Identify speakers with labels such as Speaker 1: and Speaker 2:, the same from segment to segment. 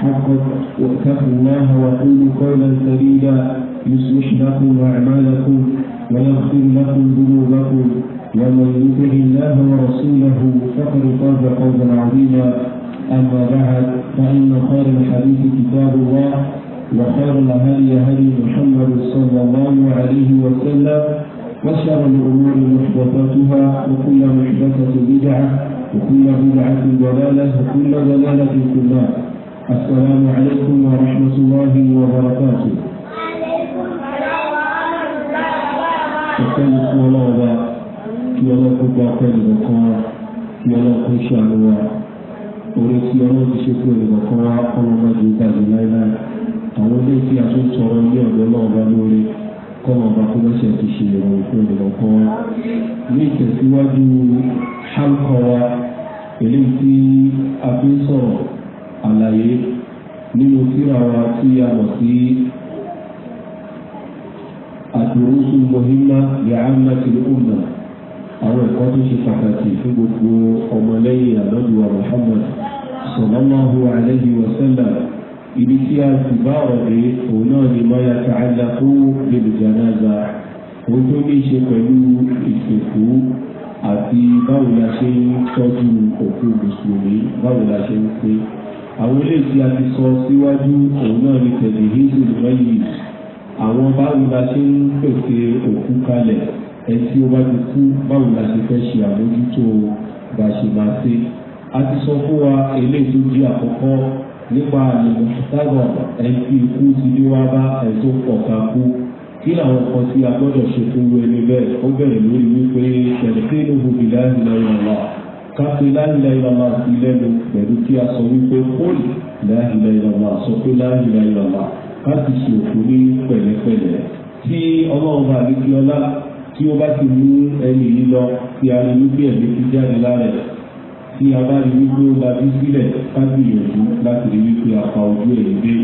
Speaker 1: حقا واتقوا الله وقولوا قولا سديدا يصلح لكم أعمالكم ويغفر لكم ذنوبكم ومن يطع الله ورسوله فقد فاز قولا عظيما أما بعد فإن خير الحديث كتاب الله وخير الهدي هدي محمد صلى الله عليه وسلم وشر الأمور محدثاتها وكل محدثة بدعة وكل بدعة ضلالة وكل ضلالة في النار السلام عليكم ورحمة الله وبركاته ọ̀pẹ́ni fún ọlọ́ọ̀bá kí ọlọ́kùn gba ọ̀pẹ́ni nìkan wá kí ọlọ́kùn ṣàánú wa orí tí ọlọ́run ti ṣe fún ẹnìkan wá ọlọ́mọdé ìbàdàn láíláí àwọn ilé tí a tún tọrọ ní ọ̀dọ́ ọlọ́ọ̀bá lórí kọ́nà ọba tó lọ́sẹ̀ ti ṣe ìrọ̀rùn fún ẹnìkan wá ní ìtẹ̀síwájú ṣálùkọ́ wa eléyìí tí a fi ń sọ̀rọ̀ àlàyé nínú síra wa tí a mọ̀ sí àdúrósù mọ̀hímà ní àmàtì ọ̀nà àwọn ẹ̀kọ́ tó ṣe pàtàkì fún gbogbo ọmọlẹ́yìn àlọ́dúnwà Muhammad sallallahu alayhi wa sallam ibi tí a ti bá ọ̀rẹ́ òun náà ni ma yata'allaqu bil janaza òun tó ní ṣe pẹ̀lú ìsìnkú àti báwo la ṣe ń tọ́jú òkú mùsùlùmí báwo la ṣe ń pín àwọn ilé tí a ti sọ síwájú òun náà ni tẹ̀lé hídùn lẹ́yìn àwọn báwo la ṣe ń pèsè òkú kalẹ̀ ẹ tí ó bá ti kú báwo la ṣe fẹ́ ṣe àmójútó bá a ti sọ fún wa eléyìí tó di àkọ́kọ́ nípa àlùmọ̀ táwọn ẹ̀fí ikú ti dé wá bá ẹ̀tọ́ ọ̀ka kú kí làwọn kan tí a gbọ́dọ̀ ṣe fún ẹni bẹ́ẹ̀ ó bẹ̀rẹ̀ lórí wípé ṣẹ̀dẹ̀kẹ́ ló bu bìlá ìlànà kápẹ́ láìlẹ̀ ìlànà ìlẹ́nu pẹ̀lú kí a sọ wípé kóòlì láìlẹ̀ ìlànà sọ pé láìlẹ̀ ìlànà láti ṣe òkú ní pẹ̀lẹ́pẹ̀lẹ́ tí ọlọ́run bá ní kí ọlá tí ó bá ti mú ẹni yìí lọ tí a rí wípé ẹ̀mí ti jáde lára ẹ̀ tí a bá rí wípé ó lajú sílẹ̀ láti yòókù láti rí wípé a pa ojú ẹ̀yìn dé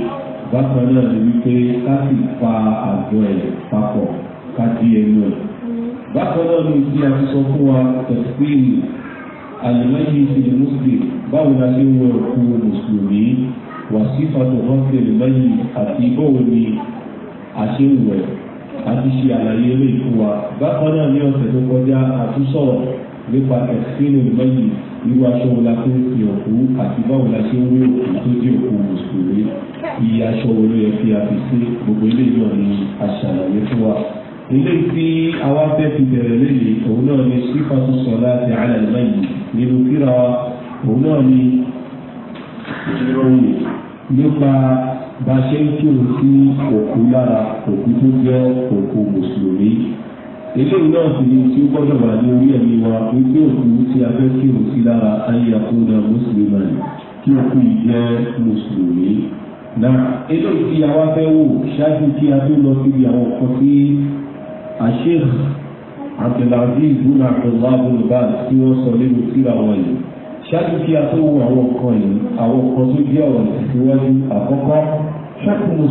Speaker 1: bákan náà ni wípé láti pa àgọ́ ẹ̀ papọ̀ ká dí ẹnu ẹ̀ bákan náà ni tí a ti sọ fún wa tẹ̀síìlì àlùmọ́yì ìsìlẹ̀ muslim báwo la ṣe ń wọ òkú mùsùlùmí wàsífàtò hostel lẹ́yìn àti bóun ni àṣewẹ̀ àti ṣe àlàyé ilé ìfún wa bákan náà ní ọ̀sẹ̀ tó kọjá àtúnṣọ̀rọ̀ nípa ẹ̀sìnù lẹ́yìn irú aṣọ wo la fi ń fi òkú àti báwo la ṣe ń wé òkú tó jẹ́ òkú mùsùlùmí iye aṣọ wo ló yẹ fi àfi gbogbo ilé náà ni àṣàlàyé fún wa ilé tí àwa fẹ́ fi bẹ̀rẹ̀ lẹ́yìn òun náà ni sífàtúnṣọ̀lá ti àlẹ́ lẹ́yìn nínú kíra òun náà ni ìròyìn nípa bá ṣe ń kírun sí òkú lára òkú tó jẹ́ òkú mùsùlùmí eléyìí náà sì ni tí ó gbọ́dọ̀ wà ní orí ẹ̀mí wa wípé òkú tí a fẹ́ kírun sí lára ayé àkóńdà mùsùlùmí kí òkú yìí jẹ́ mùsùlùmí náà eléyìí tí a wá fẹ́ wò ṣáájú kí a tó lọ síbi àwọn kan sí àṣehàn abdulaziz ibn abdullah ibn baz tí wọ́n sọ nínú síra wọn yìí ṣáájú kí a tó wo àwọn kan yìí àwọn kan tó jẹ́ ọ̀rọ̀ ìsíwájú àkọ́kọ́ ṣọ́kùnmù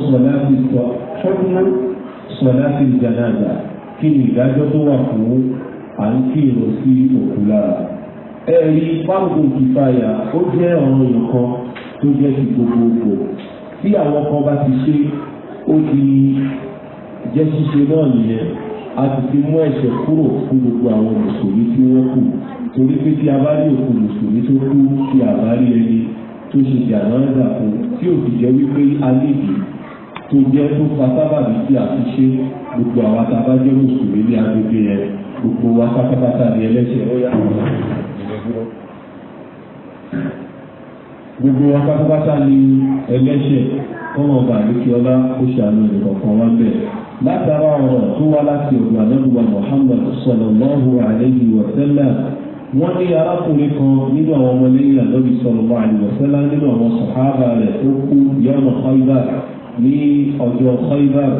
Speaker 1: sọ̀láfì janaza kí ni ìdájọ́ tó wà fún à ń kí ìrọ̀ sí òkú lára ẹ̀rí fáwọn òkìfàyà ó jẹ́ ọ̀rọ̀ nǹkan tó jẹ́ ti gbogbogbò tí àwọn kan bá ti ṣe ó ti jẹ́ ṣíṣe náà nìyẹn a ti fi mú ẹ̀ṣẹ̀ kúrò fún gbogbo àwọn mùsùlùmí tí wọ́n kù torí pé tí a bá rí òkú mùsùlùmí tó kú tí a bá rí ẹni tó ṣe jàǹdà fún tí ò sì jẹ́ wípé alébì tó jẹ́ tó fa sábàbí tí a fi ṣe gbogbo àwa tá a bá jẹ́ mùsùlùmí ní agbègbè yẹn gbogbo wa pátápátá ni ẹlẹ́ṣẹ̀ ó yà wọ́n gbogbo wa pátápátá ni ẹlẹ́ṣẹ̀ ọmọ ọba àdúkì ọlá ó ṣàánú ẹnìkọ̀ọ̀kan wá bẹ̀. látara ọ̀rọ̀ tó wá láti ọ̀dọ̀ àdẹ́gbùwà Muhammad sallallahu alayhi wa sallam wọ́n ní arákùnrin kan nínú àwọn ọmọlẹ́yìn àdọ́bí sallallahu alayhi wa sallam nínú àwọn sàhábà rẹ̀ tó kú yọ̀nà Khaybar ní ọjọ́ Khaybar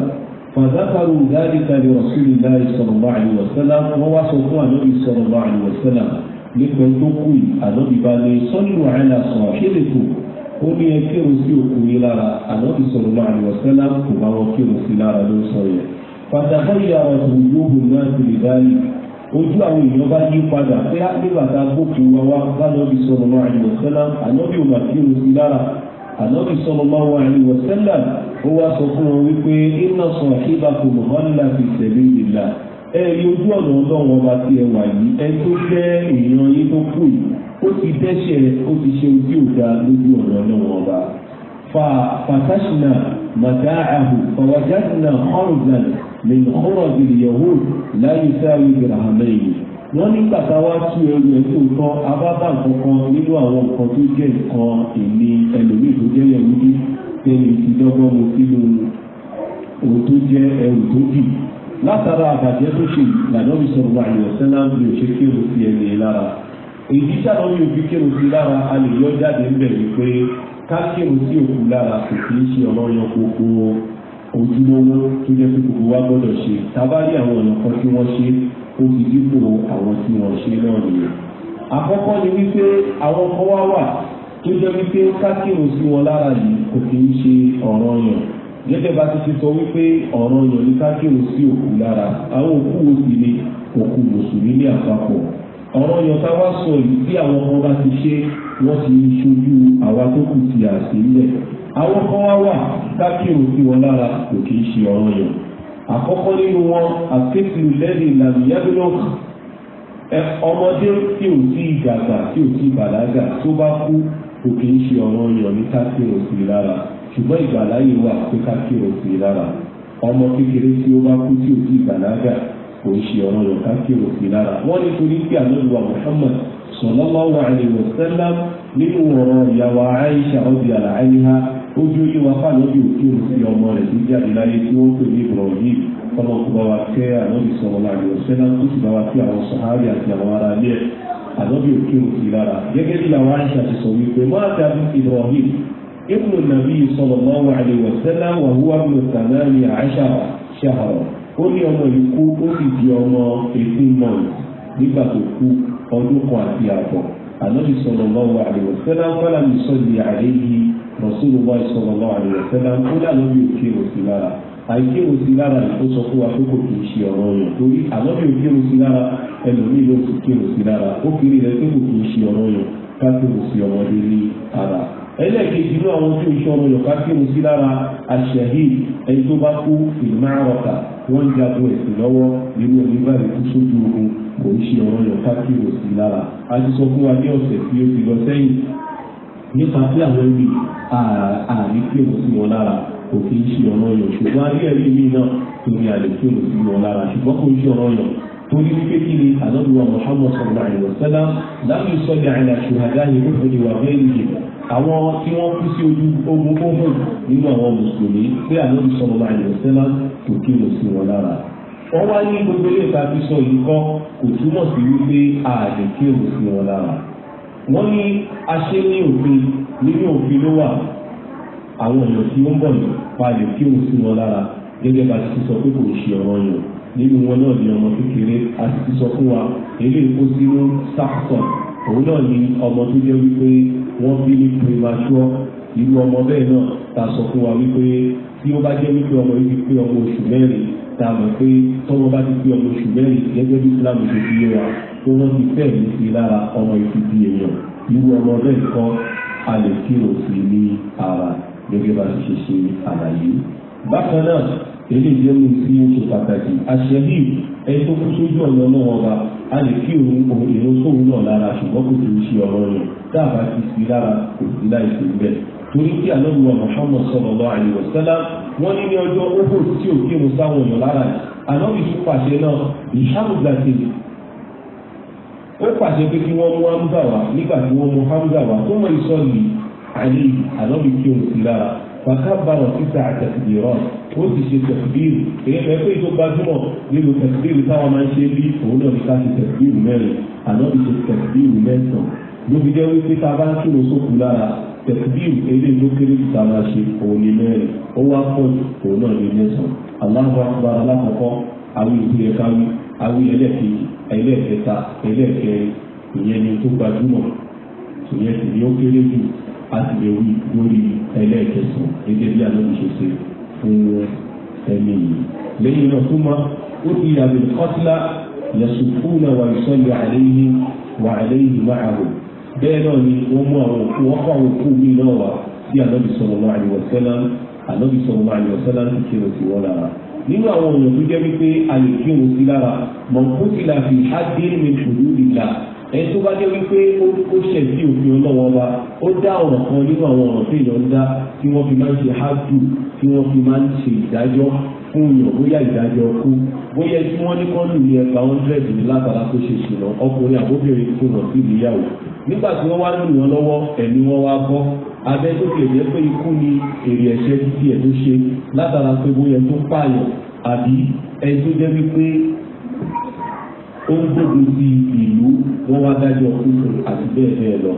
Speaker 1: fàdákàrù dáríkà li Rasulillahi sallallahu alayhi wa sallam wọ́n wá sọ fún àdọ́bí sallallahu alayhi wa sallam nípa tó kù yìí ànábì bá lè sọ́nù àìlà sọ̀rọ̀ kéde kù ó ní ẹ kírun sí òkú yìí lára ànábì sọ̀rọ̀ máa ní ọ̀sẹ̀ náà kò bá wọn kírun sí lára ló sọ yẹn. pàtàkì ìyá wọn kò yóò hù náà ti lè dání ojú àwọn èèyàn bá yí padà pé nígbà tá a gbókè wa wá ànábì sọ̀rọ̀ máa ní ọ̀sẹ̀ náà ànábì ò máa sí lára ànábì sọ̀rọ̀ máa wà ní ó wá sọ fún wọn wípé iná sọ̀rọ̀ kí ẹ rí ojú ọ̀nà ọlọ́run ọba tí ẹ wà yìí ẹ tó jẹ́ èèyàn yín tó kù yìí ó ti dẹ́ṣẹ̀ ó ti ṣe ojú òdà lójú ọ̀nà ọlọ́run ọba fa fatashina mata'ahu fawajadna kharuzan min khurazi yahud la yusawi dirhamayn wọ́n ní bàtà wá tú ẹrù ẹ̀ tó tọ́ abábà kankan nínú àwọn nǹkan tó jẹ́ nǹkan ìní ẹlòmíì tó jẹ́ yẹ̀wù bí tẹ̀lé ìdọ́gbọ́n mu sínú látara àbàjẹ́ tó ṣe ìgbàdàn mi sọ̀rọ̀ àyẹ̀wò sẹ́lá mi ò ṣe kírun sí ẹni lára èyí sábà mi ò fi kírun sí lára a lè yọ jáde ńbẹ̀ wípé ká kírun sí òkú lára kò kì í ṣe ọ̀rọ̀ yan gbogbo ojúlówó tó jẹ́ pé gbogbo wa gbọ́dọ̀ ṣe tábà rí àwọn ọ̀nà kan tí wọ́n ṣe ó ti dípò àwọn tí wọ́n ṣe náà nìyẹn. àkọ́kọ́ ni wípé àwọn kan wá wà tó jẹ́ wípé ká kírun sí wọn lára yìí kò kì í ṣe ọ̀rọ̀ yan gẹ́gẹ́ bá ti ṣe sọ wípé ọ̀ràn yàn kákìrò sí òkú lára àwọn òkú wo sì ni òkú mùsùlùmí ní àpapọ̀ ọ̀ràn yàn tá wá sọ yìí bí àwọn ọmọ bá ti ṣe wọ́n ti ń ṣojú àwa tó kù ti àṣẹ ilẹ̀ àwọn kan wá wà kákìrò sí wọn lára kò kì í ṣe ọ̀ràn yàn àkọ́kọ́ nínú wọn àkéṣì lẹ́yìn ìlànà yẹ́dúnlọ́kù ọmọdé tí ò sí ìgbàgbà tí ò sí ìbàlágà tó bá kú kò kì í ṣe ọ̀ràn yàn ní kákìrò sí lára ṣùgbọ́n ìgbàláyè wà pé ká kí o sí lára ọmọ kékeré tí ó bá kú tí ò sí ìgbàlágà kò ń ṣe ọ̀rọ̀ rẹ̀ ká kí o sí lára wọ́n ní torí pé àlọ́lùwà Muhammad sallallahu alaihi wasallam nínú ọ̀rọ̀ ìyàwó Aisha ọ̀bì àlàáyíhá ojú yìí wá fàlọ́bì òkè òsì ọmọ rẹ̀ tó jáde láyé tí wọ́n pè ní Ibrahim ọlọ́kùnbá òkè òsì lára gẹ́gẹ́ bí làwọn Aisha ti sọ wípé má dàbí Ibrahim ابن النبي صلى الله عليه وسلم وهو ابن ثمانية عشر شهرا ó ní ọmọ yìí kú ó sì di ọmọ eighteen months nígbà tó kú ọdún kan àti àbọ̀ ànábì sallallahu alaihi wasallam falam yusalli alaihi rasulullah sallallahu alaihi wasallam ó dà lórí òkè òsì lára àìké òsì lára ìkó sọ fún wa pé kò kì í ṣe ọ̀rọ̀ yẹn torí ànábì òkè òsì lára ẹlòmíì ló sì ké òsì lára ó kiri rẹ pé kò kì í ṣe ọ̀rọ̀ yẹn ká tó òsì ọmọdé ní ara ẹlẹ́ẹ̀kejì ní àwọn tí oṣù ọmọ yorùbá kí mo sí lára àṣẹ̀hí ẹni tó bá kú ìmárọ̀kà wọ́n ń jagun ẹ̀sìn lọ́wọ́ nínú ẹni báyìí kú sójú ogun kò ń ṣe ọ̀rọ̀ yorùbá kí mo sí lára a ti sọ fún wa ní ọ̀sẹ̀ tí ó ti lọ sẹ́yìn nípa pé àwọn ẹbí ààrí pé mo sí wọn lára kò kí ń ṣe ọ̀rọ̀ yorùbá ṣùgbọ́n a rí ẹ̀rí mi náà tó ní torí wípé kí ni ànábìwá muhammad sallallahu alayhi wa sallam lábì sọ́jà àyà ṣùhàdá yìí kò ní wà bẹ́ẹ̀ nìyí àwọn tí wọ́n kú sí ojú ogun ogun nínú àwọn mùsùlùmí pé ànábì sallallahu alayhi wa sallam kò kí lọ sí wọn lára wọ́n wá ní gbogbo ilé ìta fi sọ yìí kọ́ kò túmọ̀ sí wípé ààrẹ kí lọ sí wọn lára wọ́n ní aṣẹ́ ní òfin nínú òfin ló wà àwọn èèyàn tí ó ń bọ̀ nípa ààrẹ kí lọ sí wọn lára gẹ́gẹ́ bá ti sọ pé kò ń ṣe ọ̀rọ̀ yẹn nínú wọn náà ni ọmọ kékeré àti ti sọ fún wa eléyìí kó sínú sáàtọ̀ òun náà ni ọmọ tó jẹ́ wípé wọ́n bí ní premature irú ọmọ bẹ́ẹ̀ náà ta sọ fún wa wípé tí ó bá jẹ́ wípé ọmọ yìí ti pé ọmọ oṣù mẹ́rin ta mọ̀ pé tọ́wọ́ bá ti pé ọmọ oṣù mẹ́rin gẹ́gẹ́ bí Islam ṣe fi yé wa tó wọ́n ti fẹ́ ní sí lára ọmọ ìfìdí èèyàn irú ọmọ bẹ́ẹ̀ kọ́ a lè o sí ní ara gẹ́gẹ́ bá ti ṣe ṣe àlàyé bákan náà èyí jẹ́ mi tí ó ṣe pàtàkì àṣẹbí ẹni tó kú sójú ọ̀nà náà ọba a lè kí òun kò èrò sóun náà lára ṣùgbọ́n kò sì ń ṣe ọ̀rọ̀ rẹ̀ dáàbà ti sí lára kò sí láì sí bẹ́ẹ̀ torí kí alọ́lùwà Muhammad sallallahu alaihi wasallam wọ́n ní ní ọjọ́ ogún tí ò kírun sáwọn èèyàn lára rẹ̀ alọ́bì tún pàṣẹ náà ìṣàmùgbàtì ó pàṣẹ pé kí wọ́n mú Hamza wá nígbà tí wọ́n mú Hamza wá tó mọ ìsọ̀lì fàkàbàrọ̀ títà àtẹ̀sìdìrọ̀ ó sì ṣe tẹ̀sìdìrù èyí fẹ́ pé tó gbajúmọ̀ nínú tẹ̀sìdìrù táwọn máa ń ṣe bí òun náà ní ká ṣe tẹ̀sìdìrù mẹ́rin àná ti ṣe tẹ̀sìdìrù mẹ́sàn-án ló fi jẹ́ wípé tá a bá ń kírun sókù lára tẹ̀sìdìrù eléyìí ló kéré jù tá a máa ṣe òun ní mẹ́rin ó wá pọ̀ jù òun náà ní mẹ́sàn-án Allahu akbar alákọ̀ọ́kọ́ àwọn ìpìlẹ̀ káwí àwọn ẹlẹ́kejì ẹlẹ́kẹta ẹlẹ́kẹrin ìyẹn ni tó gbajúmọ̀ ìyẹn àti lè wí lórí ẹlẹ́ẹ̀kẹsàn gẹ́gẹ́ bí alẹ́ ṣe ṣe fún ẹni yìí. lẹ́yìn náà fún ma ó fi àmì kọ́tílá yẹ̀sùn fún wa ìsọ̀lẹ̀ àlẹ́yìn wà àlẹ́yìn máàrò bẹ́ẹ̀ náà ni wọ́n mú àwọn òkú wọ́n kọ́ àwọn òkú mi náà wá sí ànábì sallallahu alaihi wasallam ànábì sallallahu alaihi wasallam ti kírun sí wọn lára nínú àwọn ọ̀nà jẹ́ wípé a ẹni tó bá jẹ́ wípé ó ṣẹ̀ sí òfin ọlọ́wọ́n wa ó dá ọ̀rọ̀ kan nínú àwọn ọ̀rọ̀ tí èèyàn ń dá tí wọ́n fi máa ń ṣe hájú tí wọ́n fi máa ń ṣe ìdájọ́ fún èèyàn bóyá ìdájọ́ kú bóyá tí wọ́n ní kọ́ńtù ní ẹgbàá hundred ní lábàlá tó ṣe ṣùnà ọkùnrin àbóbìnrin tó rọ̀ sí ìgbéyàwó nígbà tí wọ́n wá lù wọ́n lọ́wọ́ ẹ̀mí wọn wá bọ́ abẹ́ tó fi ẹ̀jẹ̀ pé ikú ni èrè ẹ̀ṣẹ̀ títí ẹ̀ tó ṣe látara pé bóyá tó pààyàn àbí ẹni tó jẹ́ wípé ó ń gbógun sí ìlú wọ́n wá dájọ́ kúkú àti bẹ́ẹ̀ bẹ́ẹ̀ lọ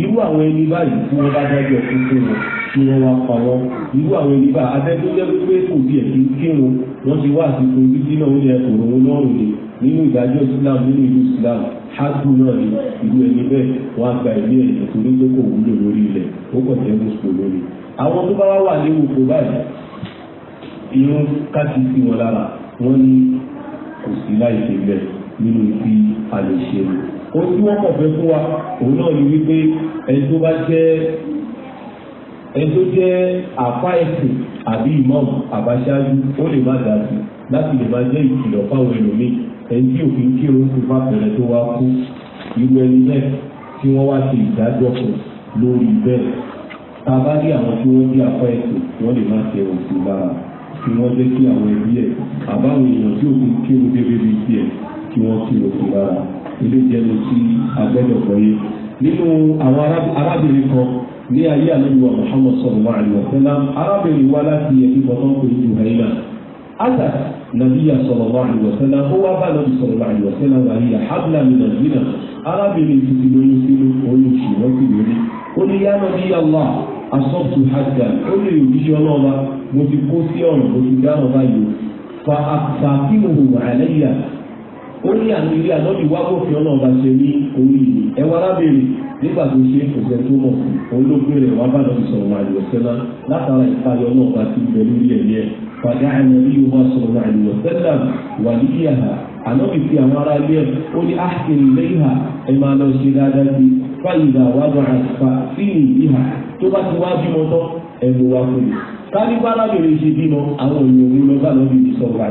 Speaker 1: irú àwọn ẹni báyìí tí wọ́n bá dájọ́ kúkú wọn tí wọ́n wá pa wọ́n irú àwọn ẹni báyìí adẹ́gbẹ́jẹ́ pé kò bí ẹ̀kí kírun wọ́n ti wá àsìkò títí náà ó yẹ kòrò wọn lọ́rùn ni nínú ìdájọ́ Islam nínú ìlú Islam ṣáàtú náà ni irú ẹni bẹ́ẹ̀ wọ́n á gba ìlú ẹ̀yìn torí pé kò wúlò lórí ilẹ̀ ó kàn jẹ́ mùsùlùmí lórí àwọn kò sí láì ṣe bẹ́ẹ̀
Speaker 2: nínú tí a lè ṣe
Speaker 1: o tí wọ́n kọ̀ fẹ́ fún wa òun náà ni wípé ẹni tó bá jẹ́ ẹni tó jẹ́ àfa ẹ̀sìn àbí ìmáàmù àbáṣáájú ó lè má dà sí láti lè má jẹ́ ìkìlọ̀ fáwọn ẹlòmíì ẹni tí òfin kí o ti fàbẹ̀rẹ̀ tó wá kú irú ẹni bẹ́ẹ̀ tí wọ́n wá ṣe ìdájọ́ fún lórí bẹ́ẹ̀ tá a bá rí àwọn tí wọ́n jẹ́ àfa ẹ̀sìn wọ́n lè má ṣe òfin lára kí wọ́n jẹ́ kí àwọn ẹbí ẹ̀ àbáwọn èèyàn tí òfin kí o débi bíi tiẹ̀ kí wọ́n kí wọ́n fi lára ilé jẹnu sí agbẹ́dọ̀gbọ́ yìí nínú àwọn arábìnrin kan ní ayé àlejò Muhammad sallallahu alaihi wa sallam arábìnrin wa láti ẹbí bọ́tán pé ju haila ata nabiya sallallahu alaihi wa sallam ó wá bá nabi sallallahu alaihi wa sallam wà yíyá habla mi nàìjíríà arábìnrin ti ti lóyún sínú oyún sí wọ́n ti lórí ó ní yá nabi Allah asọ́tù hajjá ó lè ríṣẹ́ ọlọ́ọ̀la mo ti kó sí ọ̀rùn mo ti dáhùn báyìí fa àkíwòwò àlẹ́yà ó ní àná ilé ànábì wá bófin ọ̀nà ọba ṣe ní orí ìlú ẹwà lábẹ́rẹ́ nígbà tó ṣe ìfẹsẹ̀ tó mọ̀ olóògbé rẹ̀ wá bá lọ́sọ̀ sọ̀rọ̀ àdìọ̀sẹ́lá látara ìpayọ náà bá ti bẹ̀ lórí ẹ̀mí ẹ̀ fàdá yóò wà ní kí àhà fi àwọn ará ilé ó ní ah, ẹ máa lọ ṣe dáadáa bá sí tó bá ti wá wá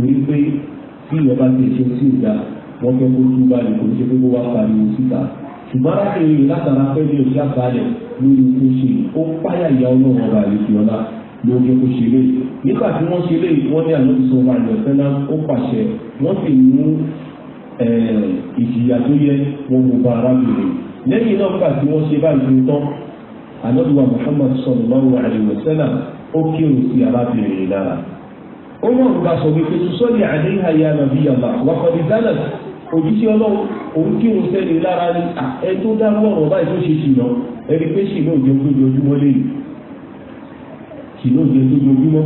Speaker 1: wípé bí ìyẹn bá ti ṣe sí ìgbà wọ́n fẹ́ kó tún bá nìkan ṣe pé kó wá pariwo síta ṣùgbọ́n arákùnrin yìí látara pé ní oṣù àbálẹ̀ lórí ikú ṣe ó páyà ìyá ọlọ́run ọba àlejò ọlá ló ń jẹ́ kó ṣe lé nígbà tí wọ́n ṣe lé wọ́n ní àlọ́ ìṣòro ọba àlejò ọ̀fẹ́ náà ó pàṣẹ wọ́n sì mú ìjìyà tó yẹ wọn mú ba arábìnrin lẹ́yìn náà nígbà tí wọ́n ṣe báyìí tán àlọ́dúnwà Muhammad sallallahu alaihi wasallam ó kírun sí arábìnrin lára ó mọ̀ nígbà sọ wípé sọ́ọ̀lì àdéhà ya nàbí yàrá wàkọ̀dì dáná òjísé ọlọ́run òun kí òun sẹ́ni lára ni ẹ tó dárú ọ̀rọ̀ báyìí tó ṣe ṣìnà ẹni pé ṣìnà òjò ojoojúmọ́ lẹ́yìn ṣìnà òjò ojoojúmọ́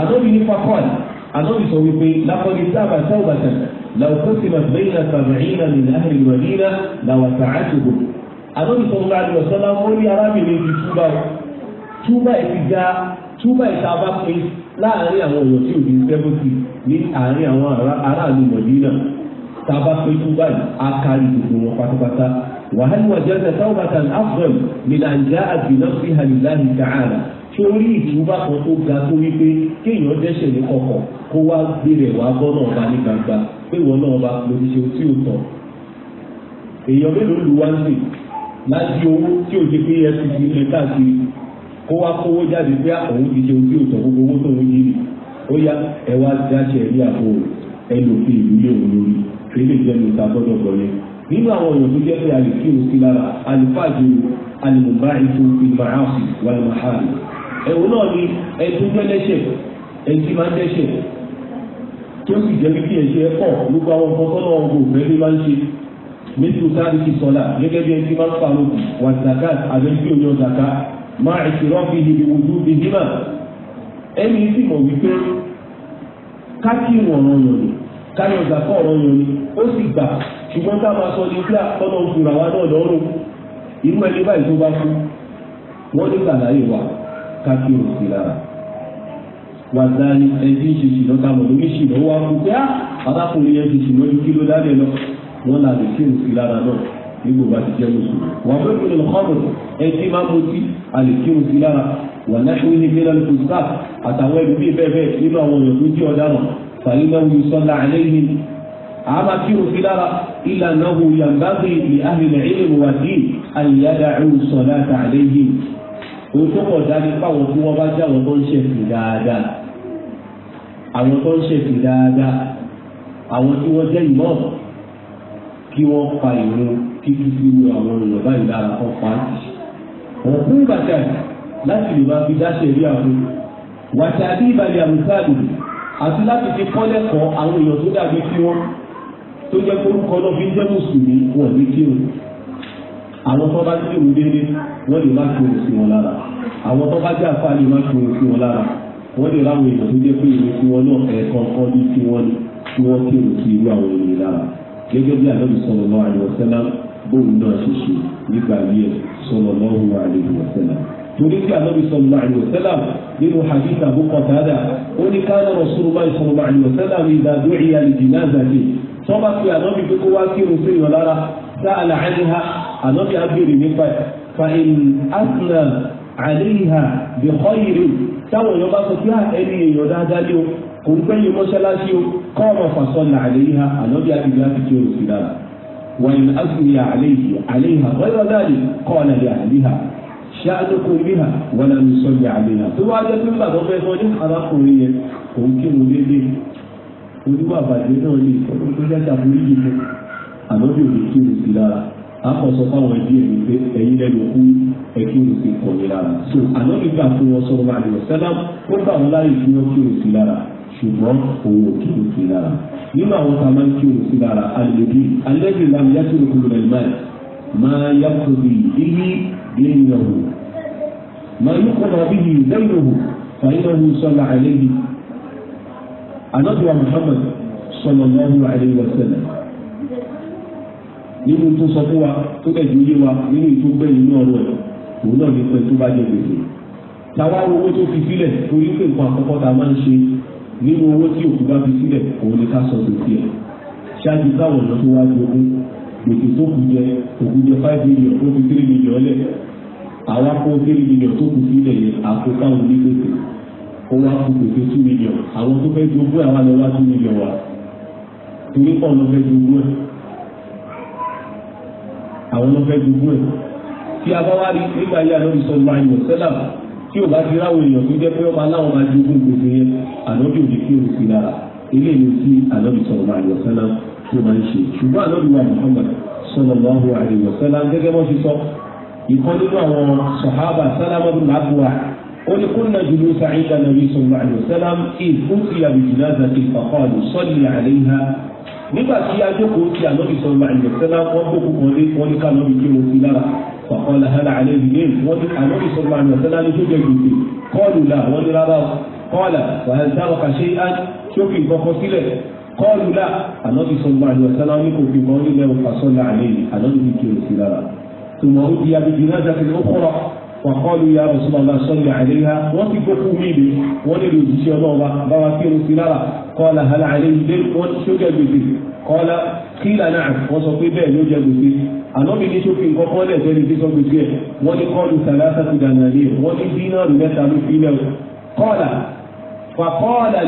Speaker 1: ànábì ní fakọ́ọ̀lì ànábì sọ wípé lákọ̀dì sábà sábà tẹ̀lẹ̀ làwùkọ́sìmọ̀ bẹ́yìnà sàbẹ̀yìnà nínú ahìrì wàlínà làwàtà àtùkù ànábì sọ wípé àdìọ̀sọ́lá túbà ìta bá pé láàrin àwọn èèyàn tí ò ní sẹ́fọ́tì ní àárín àwọn aráàlú mọ̀dínà tá a bá pé túbà àkárí gbogbo wọn pátápátá wàhálì wàjẹ́ tẹ̀sán tawbatan afdal min an ja'a bi nafsiha lillahi ta'ala torí ìtúbà kan tó ga tó wípé kéèyàn dẹ́ṣẹ̀ ní kọ̀kọ̀ kó wá gbé rẹ̀ wá bọ́ náà bá ní gbangba pé ìwọ náà bá mo ti ṣe tí ò tọ̀. èèyàn mélòó lu wá ń sè láti owó tí ò kó wá kówó jáde pé àwọn ti ṣe ojú òtọ̀ gbogbo owó tó ń yí rí ó yá ẹ wá dáṣẹ rí àpò ẹlòfin ìlú lé òun lórí eré ìjẹun ìta gbọ́dọ̀ gbọlẹ nínú àwọn èèyàn tó jẹ́ pé àlùfíò sí lára àlùfáàjò àlùmọ̀bá ètò ìmọ̀ràǹsì wà lùmọ̀hárì ẹ̀wọ̀n náà ni ẹtún jẹ́ lẹ́sẹ̀ ẹtí máa ń dẹ́sẹ̀ tó sì jẹ́ bí ẹ̀ṣẹ̀ ẹ̀kọ́ gbogbo àwọn ọmọ sọ́nà ọgbọ̀n òfẹ́lẹ́ máa ń ṣe mẹ́tò sáré ti sọ́lá gẹ́gẹ́ bí ẹtí máa ń fa lóògùn wà zakat àbẹ́bí òyìn ọ̀zakat máa ìṣòro fi níbi ojú ti dìbà ẹni sì mọ̀ wípé káàkì ìwọ̀nràn yàn ni káyọ̀ gbà kọ́ ọ̀rọ̀ yàn ni ó sì gbà ṣùgbọ́n ká máa sọ ní fúlà tọ́nà òṣùrà wa náà lọ́rùn irú ẹni báyìí tó bá kú wọ́n ní gbàláyè wa káàkì òsì lára wàzáni ẹbí ìṣèṣì lọ́ta mọ̀ lórí ìṣìlọ́wọ́ àkùkẹ́ àbákùnrin ah, yẹn ti ṣùgbọ́n kí ló dábẹ́ lọ wọ́n làbẹ̀ nígbò bá ti jẹ́ mùsùlùmí. wọ́n fẹ́ fún ìlọ́kọ́rọ̀ ẹ tí máa mú sí àlèkírun sí lára wà láṣọ ilé gbé lálẹ́ fún sáà àtàwọn ẹbí bíi bẹ́ẹ̀ bẹ́ẹ̀ nínú àwọn èèyàn tó jẹ́ ọ̀daràn fàyínà wù sọ́lá àlẹ́yìn àmà kírun sí lára ìlànà wù yàgbágbé ìlú àhìlẹ̀ ìlú wà dín àyíyáda ẹ̀rù sọ̀lá àtàlẹ́yìn. òun tó dání fáwọn tí wọ́n bá kí wọ́n fa ìrun títí sí irú àwọn èèyàn báyìí lára kan pa á tì. wọ́n fún bàtà láti lè máa fi dáṣẹ̀ rí àwọn wàtí àti ìbàlẹ̀ àmúsáàdì àti láti fi kọ́lẹ́kọ̀ọ́ àwọn èèyàn tó dàbí sí wọn tó jẹ́ orúkọ náà fi ń jẹ́ mùsùlùmí wọn ní kí òun àwọn tó bá ti lè wù déédéé wọ́n lè má fi òun sí wọn lára àwọn tó bá jẹ́ àfa lè má fi òun sí wọn lára wọ́n lè láwọn èèyàn tó jẹ́ pé ìwé sí wọn náà ẹ̀ẹ̀kan kan ní sí kí wọ́n kí òun sí irú àwọn èèyàn lára gẹ́gẹ́ bí àlọ́bí sallallahu alaihi wasallam bóun náà ṣe ṣe nígbà yẹ sallallahu alaihi wasallam torí pé àlọ́bí sallallahu alaihi wasallam nínú hadith Abu Qatada ó ní kana Rasulullah sallallahu alaihi wasallam idha du'iya li janazati sọ́ba pé àlọ́bí pé kó wá kírun sí ìyàn lára sa'ala anha àlọ́bí abèrè nípa ẹ̀ fa'in asna alayha bi khairin kò ń gbẹ́yìn mọ́ṣáláṣí o kọ́ na fasọ́nà àléyìnà ànábì àdìgbò láti kí oòrùn sí dára wàyìn asùnìyà àléyìí àléyìnà wáyọ̀ dáàlì kọ́ ọ̀nà lè àléyìnà ṣáàdókò bíhà wọn làmì sọ ní arákùnrin yẹn kò ń kírun déédéé oníwà bàjẹ́ náà so ṣùgbọ́n òun ò kí òun sí lára nínú àwọn tá a máa ń kí òun sí lára alẹ́bí alẹ́bí làwọn yá sí òkúlù rẹ̀ máa máa yá kóbi ilé lẹ́yìn ọ̀hún máa yí kọ́nà bí yìí lẹ́yìn ọ̀hún fàyínà ọ̀hún sọ́nà alẹ́bí anábìwá Muhammad sọ̀nà lọ́wọ́ àlẹ́ wọ́sẹ̀lẹ̀ nínú tó sọ fún wa tó bẹ̀ yé wa nínú ìtó gbẹ̀yìn náà rẹ̀ òun náà ní pẹ́ tó bá jẹ gbèsè táwa owó tó fi sílẹ̀ torí pé nǹkan àkọ́kọ́ tá máa ń ṣe nínú owó tí òkú bá fi sílẹ̀ òun ni ká sọ tòkí ẹ̀ ṣáàjú táwọn ọ̀nà tó wá jogún gbèsè tó kù jẹ òkú jẹ five million tó fi three million lẹ̀ àwa kó three million tó kù sílẹ̀ yẹn àpò táwọn onígbèsè ó wá kú gbèsè two million àwọn tó fẹ́ jogún àwa lọ wá two million wa torí pọ̀ lọ fẹ́ jogún ẹ̀ àwọn lọ fẹ́ jogún ẹ̀ tí a bá wá rí nígbà yà lórí sọ́ọ́ tí ò bá ti ráwọ èèyàn tó jẹ́ pé ọmọ aláwọ̀ máa jogún gbèsè yẹn ànábì òde kí òun fi lára eléyìí tí ànábì sọ̀rọ̀ máa yọ̀ sẹ́lá tó máa ń ṣe ṣùgbọ́n ànábì wa Muhammad sallallahu alaihi wasallam gẹ́gẹ́ bọ́ ṣe sọ ìkan nínú àwọn sọ̀hábà sálámà bin Abwa ó ní kunna julusa 'inda nabi sallallahu alaihi wasallam ìfúnfìyà bìjìlá nígbà tí ajókòó ti ànábì sọ̀rọ̀ àìlẹ̀sẹ́lá wọ́n gbókù kan dé wọ́n ní kánọ́bì kí wọ́n fi lára kọ̀ọ̀kan làhánà alẹ́ ìdílé wọ́n ní ànábì sọ̀rọ̀ àìlẹ̀sẹ́lá ní sójú ìgbèsè kọ́ọ̀lù là wọ́n ní rárá kọ́ọ̀là wàhálà kàṣe á ṣókè kọ́kọ́ sílẹ̀ kọ́ọ̀lù là ànábì sọ̀rọ̀ àìlẹ̀sẹ́lá ní kò fi kan nílẹ̀ òfàsọ́lá àlẹ́ ànábì kí wọ́n fi lára tòmọ̀ wàkọ́lù ya Rasulullah sọ́lù àìlera wọ́n ti gbókù mílì wọ́n nílò òjíṣẹ́ ọlọ́ọ̀bá báwa kí irun sí lára kọ́lá hàlà àìlera wọ́n ti ṣókè gbèsè kọ́lá kílà náà wọ́n sọ pé bẹ́ẹ̀ ló jẹ gbèsè ànọ́bì ní sófin kọ́kọ́ lẹ̀ fẹ́ni tí sọ gbèsè ẹ̀ wọ́n ní kọ́lù sàlásà ti dànà lé wọ́n ní dínárù mẹ́ta ló fi lẹ̀ kọ́lá fàkọ́lá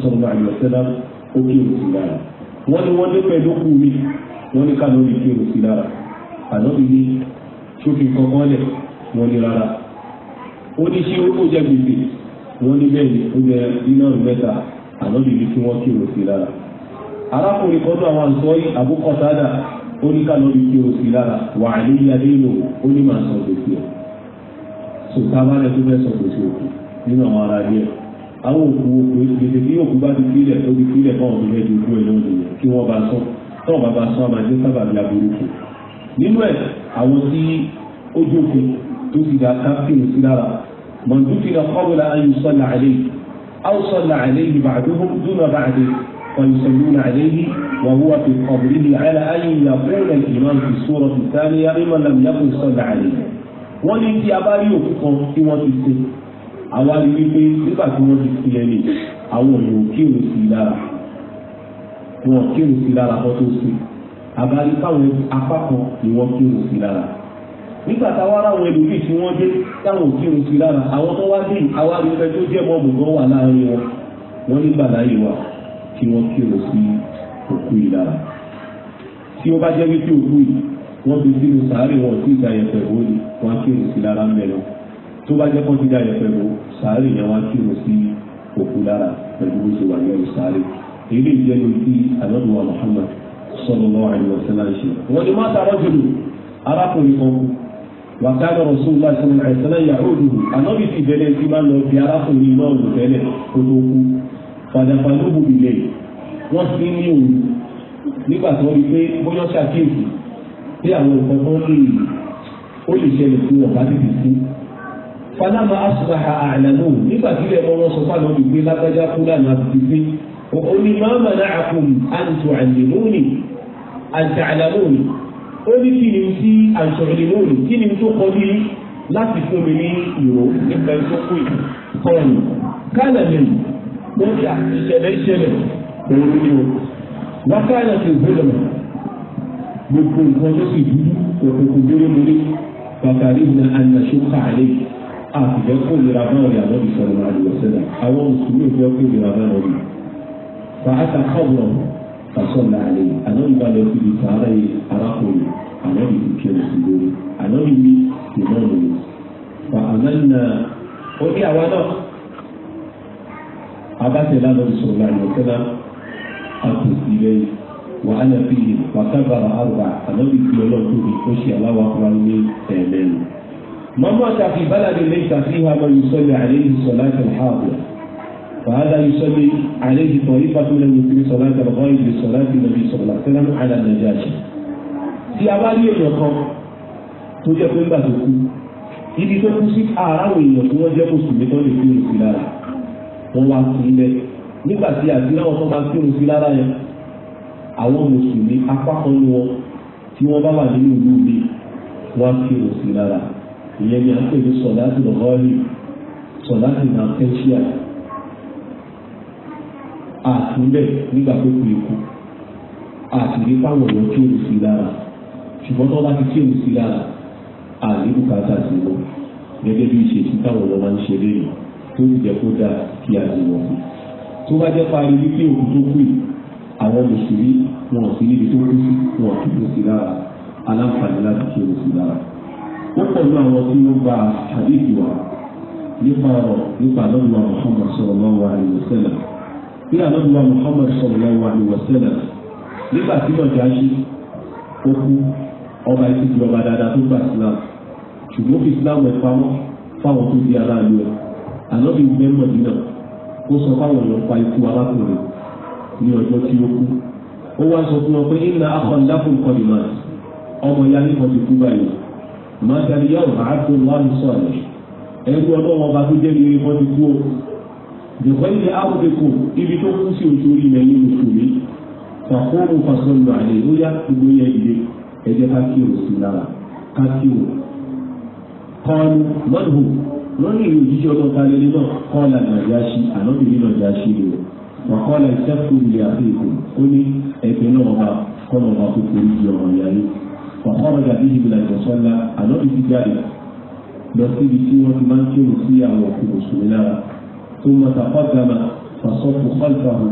Speaker 1: sọ̀rọ̀ àlè ó kí òkú náà wọ́n ní wọ́n dépẹ̀ ló kú mi wọ́n ní ká lórí kí òsì lára ànábi ní ṣókè kankan lẹ̀ wọ́n ní rárá ó ní ṣé ó jẹ gbèsè wọ́n ní bẹ́ẹ̀ ni ó jẹ iná mẹ́ta ànábi ní kí wọ́n kí òsì lára arákùnrin kan tó àwọn àǹsọ́ yìí àbúkọ̀tàdà ó ní ká lórí kí òsì lára wà á ní ilé ìlú ó ní màá sọ gbèsè ẹ̀ sọ̀tà bá rẹ̀ tó fẹ́ sọ gbèsè òkú nínú àwọn ará ilé ẹ̀ àwọn òkú òkú ìgbésẹ̀ tí òkú bá ti kílẹ̀ tó ti kílẹ̀ fún ọ̀dún mẹ́jọ ojú ẹ̀ lọ́dún yẹn kí wọ́n bá sọ tọ́wọ́n bá bá sọ àmàjẹ sábà bí aburúkú nínú ẹ̀ àwọn tí ó jókòó tó ti dá káfíìn sí lára mọ̀ndúkìlá kọ́bùlà ayùsọ̀là àlẹ́ àlẹ́ yìí bàdúhùn dúnà bàdé ويصلون عليه وهو في قبره على أن يقول الإمام في السورة الثانية لمن لم يكن صلى عليه. wọ́n ní tí a bá rí àwa rí wípé nígbà tí wọ́n ti ti ẹni àwọn èèyàn kírun sí i lára wọn kírun sí i lára kó tó sí àbáyé táwọn apá kan ni wọ́n kírun sí i lára nígbà táwa ráwọn ẹlòmíì tí wọ́n dé táwọn kírun sí i lára àwọn tó wá dé àwa rí fẹ́ tó jẹ́ mọ́ọ̀mù kan wà láàrin wọn wọ́n nígbà láyé wa kí wọ́n kírun sí òkú yìí lára tí ó bá jẹ́ wípé òkú yìí wọ́n fi sínú sàárè wọn sí ìdáyẹ̀fẹ̀ wọ́n ni wọ́n á kírun sí i mẹ́rin tó bá jẹ́ kọ́ńtì dáyẹ pẹ̀lú sàárè yẹn wá kírun sí òkú lára pẹ̀lú bó ṣe wà ní ẹ̀rù sàárè èyí jẹ́ ní ti àdọ́dúnwà Muhammad sallallahu alaihi wasallam ṣe. wọ́n ní máa tààrọ́ jùlọ arákùnrin kan wàkàdà rasulullah sallallahu alaihi wasallam ya'udu anábì ti bẹ̀rẹ̀ sí máa lọ bí arákùnrin náà lò tẹ́lẹ̀ kó tó kú fàdàfàlóbù ilẹ̀ wọ́n ti ní òun nígbà tó rí pé bóyá ṣàkíyèsí pé àwọn ń falama asubaha alamu nígbà tí ilẹ̀ ọmọ sọ fáwọn olùgbé lágbájá fúlàní àbùkùgbé òní máa mọ̀ náà àkùn àǹtò àlèmónì àǹtà àlàmónì ó ní kí ni tí àǹtò àlèmónì kí ni tó kọ́ ní láti fún mi ní ìró nípa ẹjọ́ pé kọ́ọ̀nù kálẹ̀ mi ó yà ìṣẹ̀lẹ̀ ìṣẹ̀lẹ̀ òun ni o wákàlà ti gbọ́dọ̀ gbogbo nǹkan tó sì dúdú òkùnkùn dúró lórí bàbá rí na ànàṣó kàlẹ́ yìí àtìlẹ́ kó lera náà rí ànábì sọ̀rọ̀ àdìgbòsẹ́lẹ̀ àwọn mùsùlùmí ò fẹ́ kó lera náà rí. fàáta káwọn fasọ́lá rẹ̀ ànábì bá lọ síbi sàárẹ̀ arákùnrin ànábì ti kí ẹ̀sùn lórí ànábì mi kò náà lò ní. fa àmẹ́nà ó ní àwa náà abátẹ̀lá lọ́dún sọ̀rọ̀ àdìgbòsẹ́lẹ̀ àtòsí lẹ́yìn wàhálà fìlì wàkàbàrà àrùbà ànábì fi ọlọ́ọ̀tòbi ó aláwọ̀ akọ́wá ní ẹ̀ẹ́mẹ́rin mọ́mọ́ ta fi bálàdé lẹ́yìn fi hàn mọ́ yusalli alayhi salata al-hadira fàhádà yusalli alayhi tọ̀rí fàtúlẹ̀ yusalli salata al-ghaib bi salati nabi sallallahu alaihi wasallam ala Najashi. tí a bá rí èèyàn kan tó jẹ́ pé ńgbà tó kú ibi tó kú sí àárọ̀ èèyàn tí wọ́n jẹ́ mùsùlùmí tó lè fi òsì lára wọ́n wá sí ilẹ̀ nígbà tí àti náà wọ́n máa fi òsì lára yẹn àwọn mùsùlùmí apá kan ní wọn tí wọ́n bá wà nínú ìlú mi wọ́n á fi òsì lára ìyẹn ni a ń pè ní sọ̀láàtì lọ́ọ́lì sọ̀láàtì náà kẹ́ṣíà àtúnbẹ̀ nígbà tó kù ikú àtìrí fáwọn èèyàn tí òun sí lára ṣùgbọ́n tó bá ti tí òun sí lára àléébù kàtà sí wọn gẹ́gẹ́ bí ìṣe tí táwọn èèyàn máa ń ṣe lẹ́yìn tó sì jẹ́ kó dáa kí a ti wọ̀ tó bá jẹ́ parí wípé òkú tó kù àwọn mùsùlùmí wọn ò sí níbi tó kù sí wọn ò tún sí lára aláǹfààní láti ṣe òun sí lára ó pẹ̀lú àwọn tí ó gba àdéhùn wa nípa ọ̀rọ̀ nípa àdọ́dúnwá Muhammad sallallahu alaihi wasallam bí àdọ́dúnwá Muhammad sallallahu alaihi wasallam nígbà tí lọ́jà ṣí ó kú ọba ìsìn ti ọba dáadáa tó gba Islam ṣùgbọ́n fi Islam ẹ̀ pamọ́ fáwọn tó di aráàlú ẹ̀ àlọ́bí mẹ́mọ̀ nínà ó sọ fáwọn èèyàn pa ikú arákùnrin ní ọjọ́ tí ó kú ó wá sọ fún wọn pé ìlà akọ̀ ńlá náà ọmọ ìyá nìkan ti kú báyìí mọ́tàlì yọ̀ màátó láàmú sọ̀rọ̀ ẹ̀rú ọlọ́wọ́ bá tó jẹ́ ní ẹ̀kọ́ ti kú o dùkọ́ ilẹ̀ áwùdẹ́kù ibi tó kú sí oṣù orí ilẹ̀ yìí mùsùlùmí fàkóòrò fàṣọlù àlè ó yá gbogbo yẹn ìdè ẹ̀jẹ̀ kákíò sí lára kákíò kọ́ọ̀lù lọ́dù lórí ìlú òjíṣẹ́ ọlọ́ọ̀tàlẹ́lẹ́ náà kọ́ọ̀lù àjàṣí ànábìrin àjàṣí rẹ̀ wàkọ́ọ̀lù ìṣẹ́kù ilẹ̀ àfihàn ó ní ẹgbẹ́ náà ọba kọ́ọ̀lù ọba kúkúrú di ọ̀rọ̀ yàrá fàkọ́rọ̀dà bíi ìbílẹ̀ ìwọ̀sọ́lá ànábi ti jáde lọ síbi tí wọ́n ti máa ń kírun sí àwọn òkú mùsùlùmí lára tó mọ tàpá gàmà fàṣọ́fù kọ́lùfàhù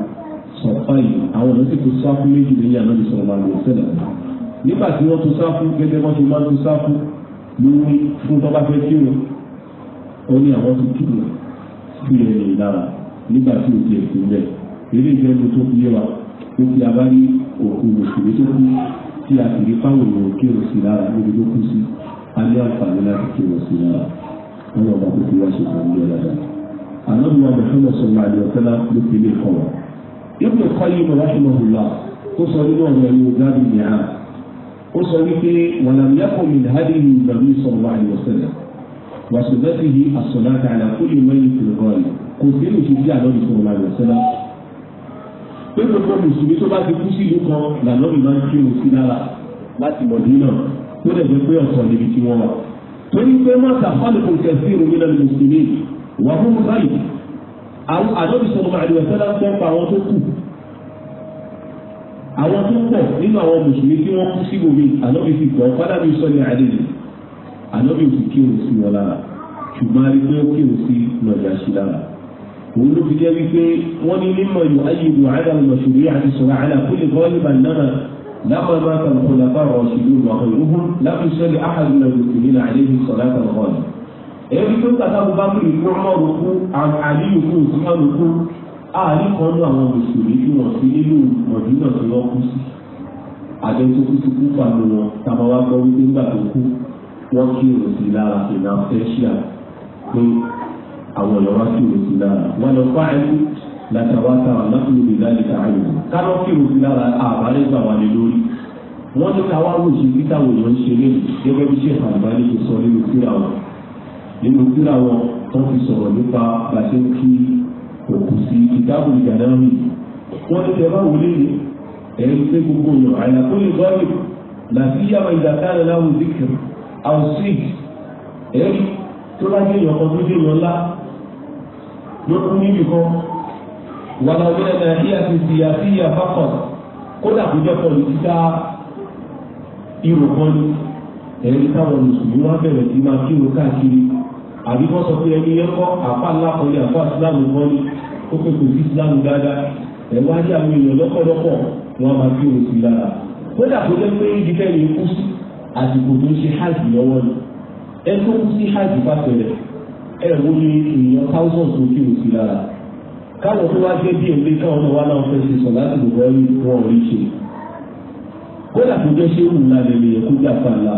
Speaker 1: sọ̀fà yìí àwọn ọ̀nà sì tún sáfù méjì lẹ́yìn ànábi sọ̀rọ̀ màlúù ìṣẹ̀lẹ̀ nígbà tí wọ́n tún sáfù gẹ́gẹ́ wọ́n ti máa ń tún sáfù lórí fún tọ́ba fẹ́ kírun ó ní àwọn ti kírun sí ẹ̀yìn lára nígbà tí òkè ẹ̀sìn bẹ́ẹ̀ eré ìfẹ́ mi tó fi yé wa ó fi abáyé òkú mùsùlùmí tó kú tí a sì rí fáwọn èèyàn kí o sì lára níbi tó kú sí alẹ́ àǹfààní láti kí o sì lára wọn lọ́ba tó fi wá ṣe fún ilé ọ̀dà. ànábi wa mọ̀fẹ́lẹ̀ sọ̀rọ̀ àdìọ́tẹ́lá ló fi lè kọ̀ wá. ibi ìkọ́ yìí mọ̀ láti mọ̀ hùwà ó sọ nínú ọ̀rọ̀ ẹ̀yìn ọ̀gáàbí nìyà ó sọ wípé wàlàmíyàkọ̀ mi hàdí ni ìgbàmí sọ̀rọ̀ àdìọ́tẹ́lá wàṣùgbẹ́sì yìí àsọ̀lá pé gbogbo mùsùlùmí tó bá ti kú sí ìlú kan ìlànà mi máa ń kí wọn sí lára láti Mọ̀dínà tó dẹ̀ jẹ́ pé ọ̀sán níbi tí wọ́n wà. torí pé mọ́tà fálùkù kẹsí ìròyìn náà mùsùlùmí wà fún báyì àdóbi sọ̀rọ̀ àdìwọ̀ sẹ́lá ń pọ́npa àwọn tó kù àwọn tó pọ̀ nínú àwọn mùsùlùmí tí wọ́n kú sí gbòmí àdóbi sì kọ́ fádà mi sọ ní àdéhùn a rí pé ó kí wọn sí lọ́jà sí lára òun ló fi jẹ́ wípé wọ́n ní nímọ̀ ìlú ayé ìlú àdàlù mọ̀ṣúrí àti sọ̀rọ̀ àdà kó lè kọ́ nípa náà lápá bá kan kó lápá rọ̀ ṣùgbọ́n ìlú ọ̀hún ìlú láti sọ́lé áhàdùn náà lòkè nínú àléhùn sọ̀rọ̀ àtàlù ọ̀hún. èyí tó ń kàtà bá kiri kó ọmọ òkú àlíyù kú òsínà òkú àárín kan ní àwọn mùsùlùmí tí wọ́n fi nínú mọ̀dúnà tí wọ́n kú sí. àbẹ́sókú tó kú àwọn èèyàn wá kírun sí lára wọn lọ fà ẹ́ látàwátà aláfíì òbí láìka àyè kánú kírun sí lára àbálẹ̀ gbà wà lé lórí wọ́n ní káwá wò sí títà wò ló ń ṣe lé gẹ́gẹ́ bí sèkà àgbáyé ti sọ nínú kíra wọn nínú kíra wọn tó fi sọ̀rọ̀ nípa bàtẹ́ kí òkú sí ìdáàbò ìjàdáwì wọ́n ní tẹ́ bá lé ní ẹ̀rí pé gbogbo yàn àyàkó lè gbọ́dọ̀ làbí yàrá ìdàkárẹ láwùjọ kìrì àwùsí ẹ̀rí tó dé yàn ńlá ló kú níbi kan wàlá ọjọ́ ẹ̀ka kí a ti di àti àfàkàn kódà kó jẹ́ pọ̀lù títà irò kan ní ẹ̀rí táwọn mùsùlùmí wá bẹ̀rẹ̀ sí máa kírun káàkiri àbí wọ́n sọ pé ẹni yẹn kọ́ àpá ńlá kan ní àpá ìsìláàmù kan ní ó pè kò sí ìsìláàmù dáadáa ẹ̀wọ́ ajé àwọn èèyàn lọ́pọ̀lọpọ̀ wọn máa kírun sí lára kódà kó jẹ́ pé ibi tẹ́lẹ̀ kú sí àsìkò tó ń ṣe hajj lọ́wọ́ ni ẹ ẹ̀rù ni èèyàn thousands ló kí òsì lára káwọn tó wá gbé bí èlé káwọn náà wá náà fẹ́ ṣe sọ láti gbogbo ẹrú wọn rí ṣe kódà tó jẹ́ ṣé òun lálẹ́ lè yẹ kó dà fà lá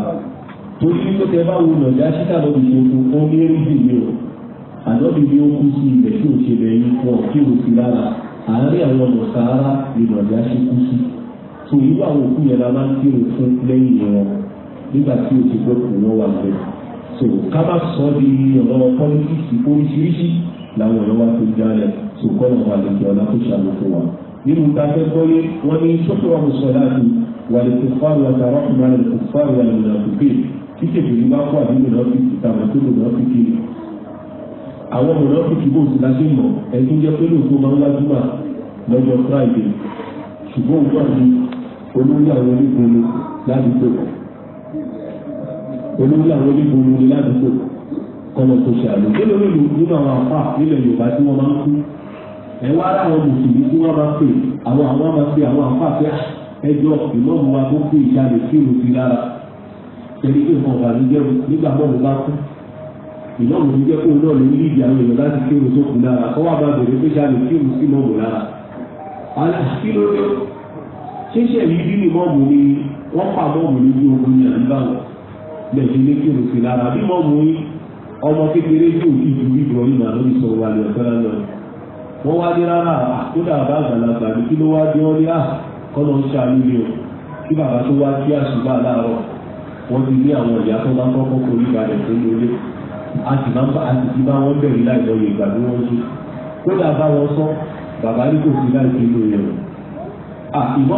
Speaker 1: torí wípé tẹ bá wo nàìjà ṣíkà lọ́bi ṣe fún ó ní eré ìdílé o àdọ́bi ni ó kú sí ibẹ̀ tí ò ṣe lẹ́yìn fún ọ kí òsì lára àárín àwọn ọ̀nà sàárà ni nàìjà ṣe kú sí tòyí wà wọ́n kú yẹn la máa ń kírun fún lẹ́yìn wọn nígbà tí òsì gbọ́kùn wọn wà lẹ́yìn so ká má sọ di ọ̀rọ̀ pọ́lítíìsì oríṣiríṣi làwọn ọ̀rọ̀ wa tó jalè so kọ́nà wa lè jẹ́ ọ̀la tó ṣàlù fún wa. nínú ta fẹ́ gbọ́yé wọ́n ní sọ́kè wa sọ láti wà lè tó fáwọn wa tààrọ́ fún wa lè tó fáwọn wa lè nà òkè tí kébìrì bá kó àdúgbò náà fi ti tàwọn tó lò fi kiri. àwọn ọmọ náà fi kìbò sí láti mọ̀ ẹ̀dún jẹ́ pé lóòótọ́ máa ń wá lọ́jọ́ Friday ṣùgbọ́n òun náà ni olóyè àwọn onígbòho ládùúgbò olówó làwọn onígun ní ládùúgbò kọ́lọ̀ tó ṣe àlọ́ nínú nínú nínú àwọn àfà nílẹ̀ Yorùbá tí wọ́n máa ń kú ẹ wá láwọn mùsùlùmí tí wọ́n máa ń pè àwọn àwọn máa pè àwọn àfà pé ah, ẹjọ́ ìmọ̀mù wa tó pè ìjáde sí ìlú ti lára ẹni pé nǹkan ọ̀gá ló jẹ́ nígbà mọ́mù bá kú ìmọ̀mù ló jẹ́ kó náà ló ní ìdí àwọn èèyàn láti kírun tó kù lára kọ́ wá bá bẹ̀rẹ̀ pé jáde kírun sí mọ́mù lára ṣíṣe yìí bí ni mọ́mù lẹ́sìn ní kí òfin lára bí mọ́ mú ọmọ kékeré jù ìlú ìbọ̀yìn náà lórí sọ̀rọ̀ wà ní ọ̀sán náà wọ́n wá dé rárá àkódà ah, bá àgbàlagbà ní kí ló wá dé ọ́lé à kọ́nà ń ṣàánú ni o kí bàbá tó wá kí àṣùbà láàárọ̀ wọ́n ti àwọn ìyá tó bá kọ́kọ́ tó lólé a sì máa ń bá a sì ti bá wọn láì ah, ìgbà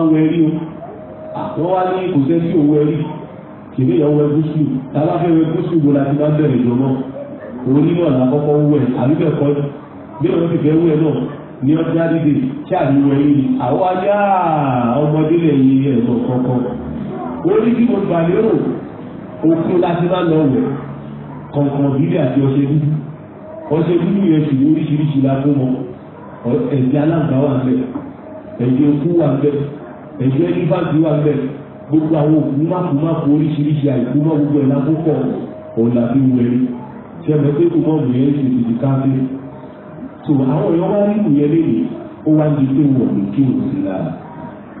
Speaker 1: wọ́n wọ́n wá ní kò sẹ́ sí òun ẹrí kìnìún yẹn wẹ gúúsù tábà fẹ́ wẹ gúúsù wo la ti bá bẹ̀rẹ̀ jọ mọ́ orí náà la kọ́kọ́ wú ẹ̀ àbí bẹ́ẹ̀ kọ́ bí wọ́n ti fẹ́ wú ẹ náà ní ọjà dídè tí àbí wọ ẹyìn ni àwọn ajá ọmọdé lè yí ẹ̀sọ̀ kọ̀ọ̀kan ó ní kí mo gbà lérò òkun láti má lọ wẹ̀ kọ̀ọ̀kan bílẹ̀ àti ọṣẹ dúdú ọṣẹ dúdú yẹn sì ní oríṣiríṣi la fún mọ ẹ̀jẹ̀ aláǹgbá wà bẹ́ẹ̀ ẹ̀jẹ̀ okú wà bẹ́ẹ̀ ẹ̀jẹ̀ ní báńkì wà bẹ́ẹ̀ gbogbo àwọn òkú mákùmákù oríṣiríṣi àìkú mọ́ gbogbo ẹ̀ lákòókò ọ̀là bí wẹ̀rí ṣẹlẹ̀ pé kò mọ́ bùyẹn ṣe tìtì káfí. tó àwọn èèyàn wá rí bùyẹn lẹ́yìn ó wá di pé wọ̀ ní kí òun sì lára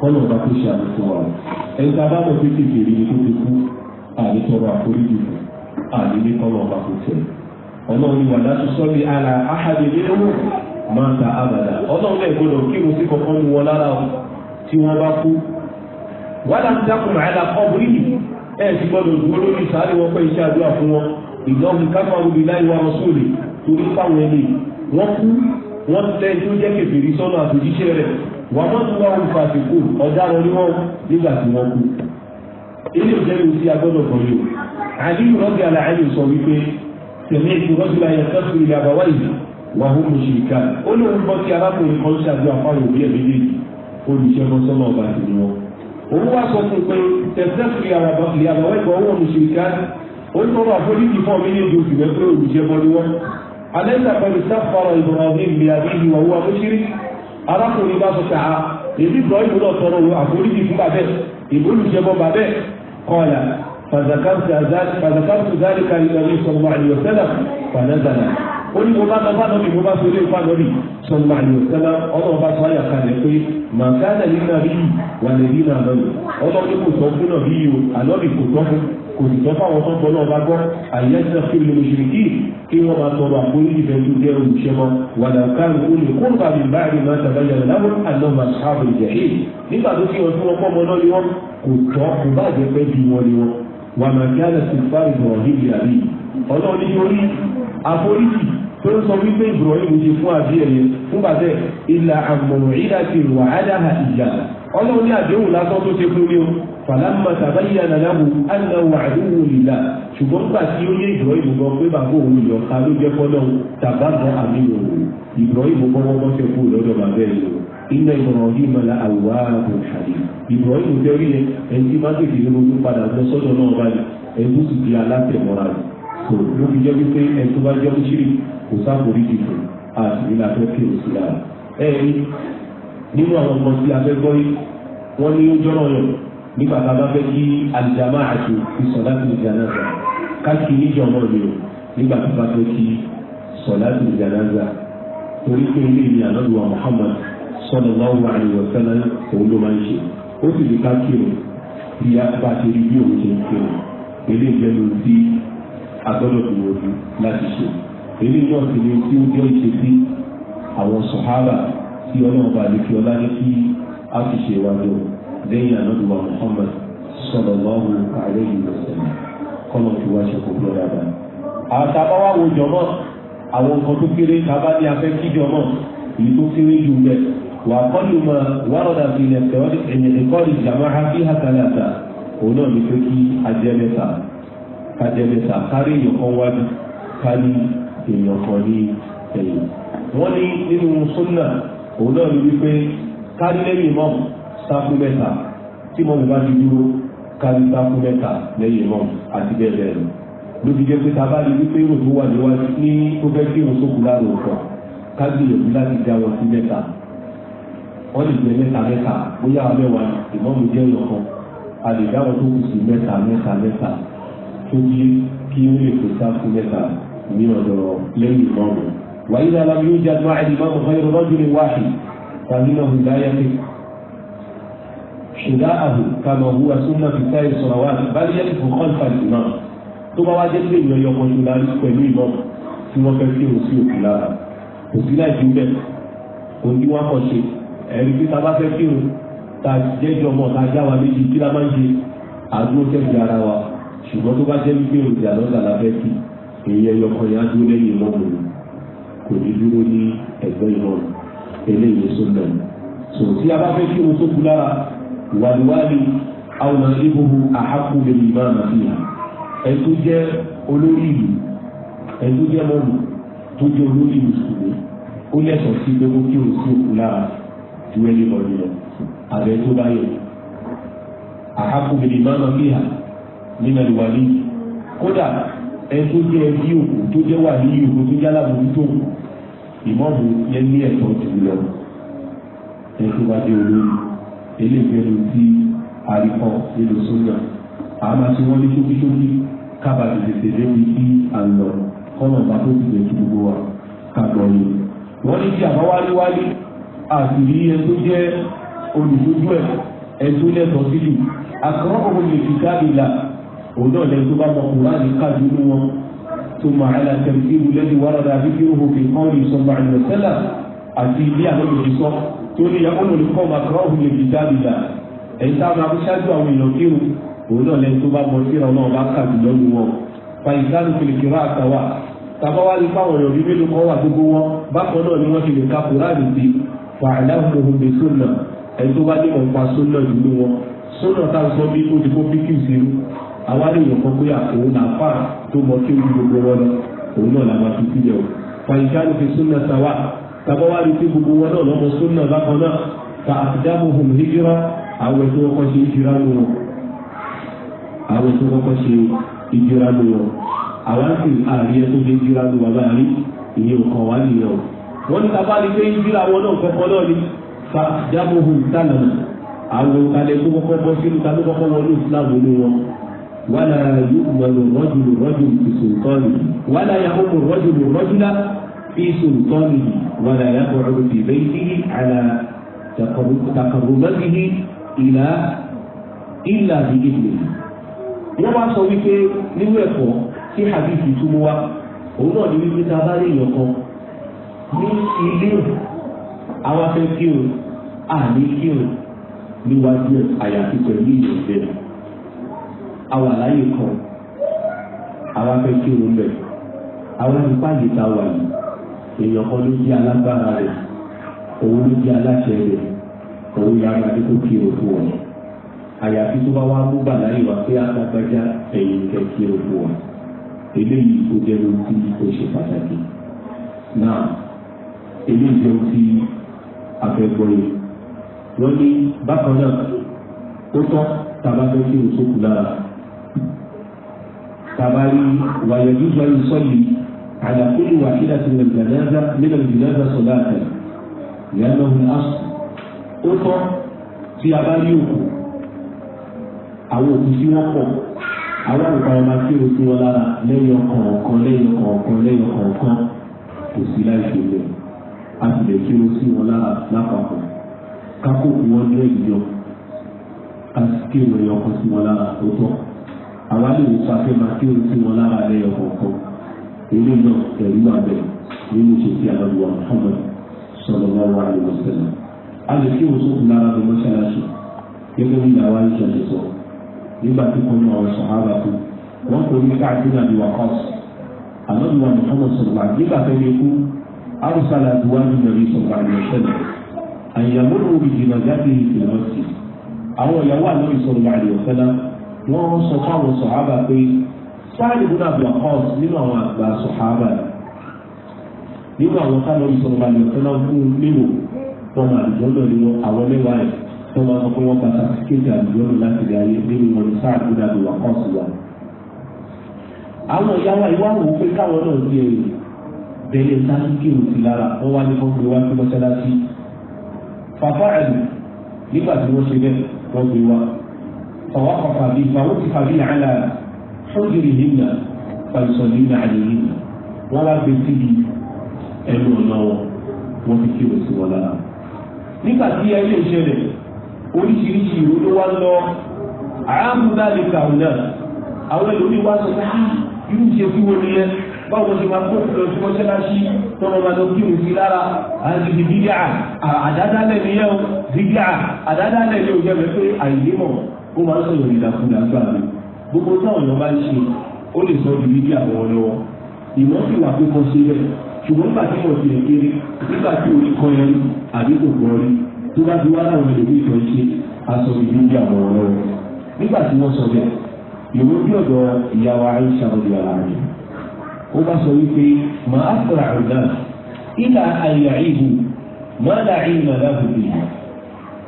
Speaker 1: kọ́nà ọba tó ṣe àmì fún wa ẹni tá a bá mọ̀ pé kékeré ni tó ti kú àní tọrọ àforíjì fún àní ní kọ́nà ọba tó tẹ̀. ọlọ́run ni wàdá tó sọ́ bí ara áhàdé nínú máa ta àbàdà ọlọ́run náà gbọ́dọ̀ kírun sí kankan nu wọn lára o tí wọ́n bá kú wàhálà ń dákùn àyàlà kọ́bùrì yìí ẹ̀ ti gbọ́dọ̀ dúró lórí sáré wọn pé iṣẹ́ àdúrà fún wọn ìdọ́gùn káfáwù bíi láì wá rọ́sọ̀lì torí fáwọn ẹni wọ́n kú wọ́n tẹ tó jẹ́ kẹfìrí sọ́nà àtòjíṣẹ́ rẹ̀ wà wọ́n tún wá wọn fà sí kú ni wọ́n nígbà tí wọ́n kú. ilé ìjẹ́rìí sí agbọ́dọ̀ kan yìí àdìyí rọ́gì àlàyé sọ wípé tẹ̀lé ètò rọ́gì láyé sọ́sùn ìlà àbáwáyé wà ó mú ṣe ìka ó lóun gbọ́ sí arákùnrin kan ṣàdúrà fáwọn òbí ẹ̀ olùṣẹ́mọsọ́mọ ọba sì ni wọn. òun wá sọ fún pé tẹ̀síẹ̀sì ìyàwó ẹ̀kọ́ wọn ò ṣe ká ó ń tọrọ àforíjì fún mi ní ìdòsì rẹ pé olùṣẹ́mọ ni wọn. alẹ́sà pẹ̀lú sáfàrọ̀ ìbọ̀nàmí mi àbíyí wà wúwa lóṣìírí arákùnrin bá sọ káà ah, èmi sọ ìlú náà tọrọ àforíjì fún bàbẹ́ ìbólùṣẹ́mọ bàbẹ́ kọ́ọ̀là fàzàkàtù zálika ìlànà ìsọ̀rọ̀ àlùyọ̀sẹ́là fànàzàlà ó ní mo bá lọ bá lọ́bì mo bá fi ilé ìfá lọ́bì sọ̀rọ̀ àlè òsèlá ọlọ́run bá sọ àyàká rẹ̀ pé màkàdà nínú àbí wà lè rí náà lọ́bì ọlọ́run ní kò sọ fún náà bí o àlọ́bì kò tọ́ fún kò sì tọ́ fáwọn tó ń bọ́ náà bá gbọ́ àyẹ́sẹ̀ fún ilé mùsùlùmí kí wọ́n máa tọrọ àforíjì fẹ́ tó jẹ́ olùṣẹ́mọ́ wàdàkàrù olùkóńtà mi báyìí máa tàbáyà láwọn àlọ́ máa sáàbù ìjẹ̀hìn nígbà tó fi ọdún ọpọ́ ọmọ náà ni wọ́n kò tọ́ kò bá jẹ́ pẹ́ bí wọn ni wọn wàmàkí àlẹ́ sì fáwọn ìbọ̀rọ̀ níbi àbí àforíjì tó ń sọ wípé Ibrahim ṣe fún àbí ẹ̀yẹ fúngbà bẹ́ẹ̀ ìlà àmọ̀ràn ìdàtì wà á dáhà ìjà ọlọ́run ní àdéhùn lásán tó ṣe fún mi o fàlámà tàbáyà nàlámù àná wà àdúgbò ìlà ṣùgbọ́n gbà tí ó yé Ibrahim gan pé bàbá òun yọ ká ló jẹ́ fọ́lọ́ tàbátà àmì òun Ibrahim gbọ́ngàn bọ́ ṣe fún ìlọ́dọ̀ bàbá ẹ̀ lò iná Ibrahim kò ló fi jẹ́ wípé ẹni tó bá jẹ́ òṣìrì kò sáfòrí dìbò àti ìlà fẹ́ kí o sí lára. ẹ ẹ nínú àwọn ọmọ tí a fẹ́ gbọ́ yìí wọ́n ní ó jọ́rọ̀ yàn nígbà tá a bá fẹ́ kí àlìjàmá àti ìsọ̀láṣí ìjànáza káàkiri níjọ náà ni o nígbà tá a bá fẹ́ kí sọ̀láṣí ìjànáza torí pé ilé ìlú ànábìwá Muhammad sallallahu alaihi wa sallam òun ló máa ń ṣe ó sì lè káàkiri ìyá bá a ti rí bí òun ṣe ń kiri ilé ìjẹun tí agbọ́dọ̀ gbìyànjú láti ṣe èyí náà sì ni tí ó jẹ́ ìṣesí àwọn sọ̀hárà tí ọlọ́run bá lè fi ọlá ní kí a fi ṣe ìwájú lẹ́yìn ànádùwà Muhammad sallallahu alaihi wasallam kọ́nà tí wá ṣe kò gbọ́ dáadáa. àtàbá wa wo jọmọ́ àwọn nǹkan tó kéré tábà ní afẹ́ kí jọmọ́ èyí tó kéré jù bẹ́ẹ̀ wà á kọ́lù mọ́ wàrọ̀dà fi ilẹ̀ ẹ̀kọ́ ìjàmọ́ ha fi hàkàlẹ̀ òun náà ní pé kí ajẹ́ mẹ́ta kájẹ mẹ́ta kárí èèyàn kan wájú kárí èèyàn kan ní ẹ̀yìn wọ́n ní nínú súnà òun náà ní wípé kárí lẹ́yìn mọ́ sáfù mẹ́ta tí mọ́ mi bá ti dúró kárí sáfù mẹ́ta lẹ́yìn mọ́ àti bẹ́ẹ̀ bẹ́ẹ̀ lọ ló fi jẹ́ pé ta bá rí wípé ìrò tó wà níwájú ní tó fẹ́ kí irun sókù láàrú ọ̀pọ̀ ká gbìyànjú láti já wọn sí mẹ́ta wọ́n lè jẹ mẹ́ta mẹ́ta bóyá mẹ́wàá ìmọ̀mù jẹ́ ìyọ̀kan a lè dá wọn tó kù sí mẹ́ta mẹ́ta mẹ́ta tó jí kí ó lè kó sáfù mẹ́ta ní ọ̀dọ̀ lẹ́yìn ìmọ̀mù. wàyí ni alámi yóò jáde máa ẹni mọ́mù fún irun lọ́dún ní wáhì tàbí náà hùdá yá pé ṣùgbọ́n àhù kàmọ̀ hu asúnmọ́ fi sáyé sọ̀rọ̀ wá báyìí yẹ́ fún kọ́ńtàkì náà tó bá wá jẹ́ pé ìyọ̀yọ̀ kan ṣe darí pẹ̀lú ìmọ̀mù tí wọ́n fẹ́ kí òsì òkú lára kò sí láì fi bẹ́ẹ̀ kò ní wọ́n kàn ṣùgbọ́n tó bá jẹ́ wípé òǹdè àlọ́dà la fẹ́ kí èyí ẹyọ kan yá dúró lẹ́yìn ìmọ̀mù kò ní dúró ní ẹ̀gbẹ́ ìmọ̀mù eléyìí sọ náà sọ tí a bá fẹ́ kí o tó kú lára wàlúwàlú àwọn ibùbù àhákù lè ní máa nà fìyà ẹ̀tú jẹ́ olórí ìlú ẹ̀tú jẹ́ mọ́mù tó jẹ́ olórí ìlú sùgbọ́n ó lẹ́sọ̀ọ́ sí gbogbo kí o sí òkú lára ju ẹni lọ nílọ àbẹ̀ tó bá yẹ àhákù lè ní máa nà fìyà nínú ìwàlí kódà ẹni tó jẹ́ ẹbí òkú tó jẹ́ wà ní ìlú tó jẹ́ alábòójútó ìmọ̀bù yẹn ní ẹ̀tọ́ jù lọ ẹni tó bá dé olórí eléyìí tí àríkọ nínú sójà àmà tí wọ́n ní ṣókíṣókí kábàtì tètè débi tí à ń lọ kọ́nà bá tó ti tẹ̀sí gbogbo wa kàgbọ́ yìí wọ́n ní tí àbá wáléwálé àtìrí ẹni tó jẹ́ olùdójú ẹ̀ ẹni tó lẹ́tọ̀ọ́ sílù àkọ́kọ́ kò lè fi dábìlà òun náà lẹ́nu tó bá mọ kùránì káàdì inú wọn tó mọ àlà tẹ̀síwù lẹ́nu wàrọ̀dà fífi òhò fi kọ́ ní sọ̀rọ̀ àlùfẹ́ sẹ́là àti ilé àlọ́yọ̀ sísọ tó ní yàgò lórí kọ́ máa kọ́ òhun lè fi dábìlà ẹ̀yìn táwọn aṣáájú àwọn èèyàn kírun òun náà lẹ́nu tó bá mọ síra náà bá káàdì lọ́nu wọn fàyíkánu kìlìkìrá àtàwà tàbáwá ní báwọn èèyàn bíbí ló kọ́ wà gbogbo wọn bákan náà ni wọ́n ti lè ka kùránì sí fàáìláhùn òhun lè sùn náà ẹ̀yìn tó bá dé mọ̀ nípa sùn náà jùlọ wọn sọ́dọ̀ tá a sọ bí ó ti kó fíkì sírú àwa lè yàn kan bóyá òun náà fà tó mọ kí ojú gbogbo wọn lọ òun náà làwọn fi sílẹ̀ o. fàyíṣà ló fi súnà sáwà tàbá wá rí sí gbogbo wọn náà lọ́mọ súnà bákan náà ta àfidámù hùm híjírá àwọn ètò ọkọ̀ ṣe ìjírá ló wọn. àwọn ètò ọkọ̀ ṣe ìjírá ló wọn. àwa sì àárí ẹ tó dé ìjírá ló wà láàrin ìyẹn ò kàn wá nìyẹn o. wọ́n ní tàbá ni pé ìjírá wọn náà kọ̀ọ̀kan náà ni ta àfidámù hùm tálàmù àwọn ìtàlẹ̀ tó kọ́kọ́ bọ́ sínú ta ló kọ́kọ́ wọlé ìsìláàmù ní wọn. wàlá yùmọ̀lù rọ́jùlù rọ́jùlù ìsòǹtọ́nì wàlá yàkùnmù rọ́jùlù rọ́jùlà ìsòǹtọ́nì wàlá yàkùnmù bìbẹ́yìí àlà takàrùmọ́síhì ìlà ìlà ìdílé. wọ́n wá sọ wípé nínú ẹ̀kọ́ tí hadith túmọ̀ wá òun náà ní wípé ta bá lè yàn kan ní
Speaker 2: ilé àwọn
Speaker 1: afẹ́ kí o àní kí o níwájú àyàfi pẹ̀lú ìyẹ̀fẹ́ rẹ̀ àwa láyé kan àwa fẹ́ kí òun bẹ̀ àwa nípa ìta wà yìí èèyàn kan ló jẹ́ alágbára rẹ̀ òun ló jẹ́ aláṣẹ rẹ̀ òun yà máa dé kó kí o fún ọ àyàfi tó bá wá mú bà láyé wá pé àgbàgbàjá ẹ̀yìn kẹ́ kí o fún ọ eléyìí ó jẹ́ ló ti ó ṣe pàtàkì náà eléyìí jẹ́ ó ti afẹ́gbọ́yé wọ́n ní bákan náà ó tọ́ tàbá fẹ́ kí òṣòkù lára tàbá rí wàyọ̀ yíyọ ìsọ̀lì àdàkùnrin wà kí láti lè jàdáza nínú ìjìnlẹ́sà sọ̀dá àtẹ ìyáná ọ̀hún asù ó tọ́ tí a bá rí òkú àwọn òkú tí wọ́n pọ̀ àwọn nǹkan ọba tí o ti wọn lára lẹ́yìn ọ̀kọ̀ọ̀kan lẹ́yìn ọ̀kọ̀ọ̀kan lẹ́yìn ọ̀kọ̀ọ̀kan kò sí láì ṣe lẹ̀ a sì lè kí o sí wọn lára lápapọ̀ kákò kí wọ́n jẹ́ ìjọ kásìkè ìròyìn ọkọ sí wọn lára tó tọ́ àwa lè wò pa fẹ́ máa kí o sí wọn lára lẹ́yọ kọ̀ọ̀kan eré náà ẹ̀rí wà bẹ́ẹ̀ nínú ìṣèṣì àlọ́lùwà Muhammad sọ̀rọ̀ bá wà ní ọ̀sẹ̀lẹ̀ a lè kí o sókun lára lọ mọ́ṣáláṣí gẹ́gẹ́ bí ìyàwó àyíṣà ṣe sọ nígbà tí kọ́ni àwọn sọ̀hábà kú wọ́n kò ní káàkiri àdìwà kọ́ọ̀sì àlọ́lùwà Muhammad sọ̀rọ̀ nígbà fẹ́ mi kú àrùsálà àdìwà ní ìrìn sọ̀rọ̀ àdìwà àyàmúrò ìjìnàjáde ìfìlànàtì àwọn ìyàwó àlọ́bí sọ̀rọ̀ láàrin ọ̀sẹ́lá wọ́n sọ fáwọn sọ̀hábà pé sáàlì bùnà abdulkọ́s nínú àwọn àgbà sọ̀hábà nínú àwọn sálọ́bí sọ̀rọ̀ láàrin ọ̀sẹ́lá fún lérò wọn máa dùn lọ́dọ̀ nínú àwọn mẹ́wàá ẹ̀ wọ́n máa sọ pé wọ́n pàtà kéde àdúgbò láti rí ayé nínú wọn ní sáàlì bùnà abdulkọ́s wa. àwọn ìyàwó ìwáwò fàfà ẹ̀lú nígbà tí wọ́n ṣe bẹ́ẹ̀ wọ́n gbé wa fàwọn kọfà bíi fàwọn ti fàbí nàálà fúnjìrì nìyà fàìsàn nìyà àlèyé wọn lá gbé síbi ẹnu ọ̀nà wọn wọn fi kí òsì wọn lára. nígbà tí ẹ lè ṣẹlẹ̀ oríṣiríṣi ìró wá lọ àrámúdá lè kàwé náà àwọn ẹlòmíín sọ pé ah irú ṣe fún wọn nílẹ̀ báwo ṣe máa kó lọ sí mọ́ṣáláṣí tó lọ́ máa lọ kí òun sí lára àdìdì bídíà àdádálẹ̀ nìyẹn o bídíà àdádálẹ̀ ni òjẹ́ mi pé àìlémọ̀ ó máa ń sọ̀rọ̀ ìdàkudà gbà mí gbogbo táwọn èèyàn bá ń ṣe ó lè sọ di bídíà wọn lọ́wọ́ ìmọ̀ sì wà pé kọ́ sí bẹ́ẹ̀ ṣùgbọ́n nígbà tí wọ́n ti lè kéré nígbà tí orí kọ́ yẹn àbí kò gbọ́ rí tó bá ti wá láwọn ẹlòmíì tó ń ṣe aṣọ ìdíje àwọn ọ̀rọ̀ rẹ̀ nígbà tí wọ́n sọ bẹ́ẹ̀ ìwé bí ọ̀dọ̀ ìyàwó Aisha ọ̀dọ̀ ara rẹ̀ ó bá sọ wípé mà á sọ̀rọ̀ àrùnà ìlà àyà ìhù má dà ìmọ̀ lábùbí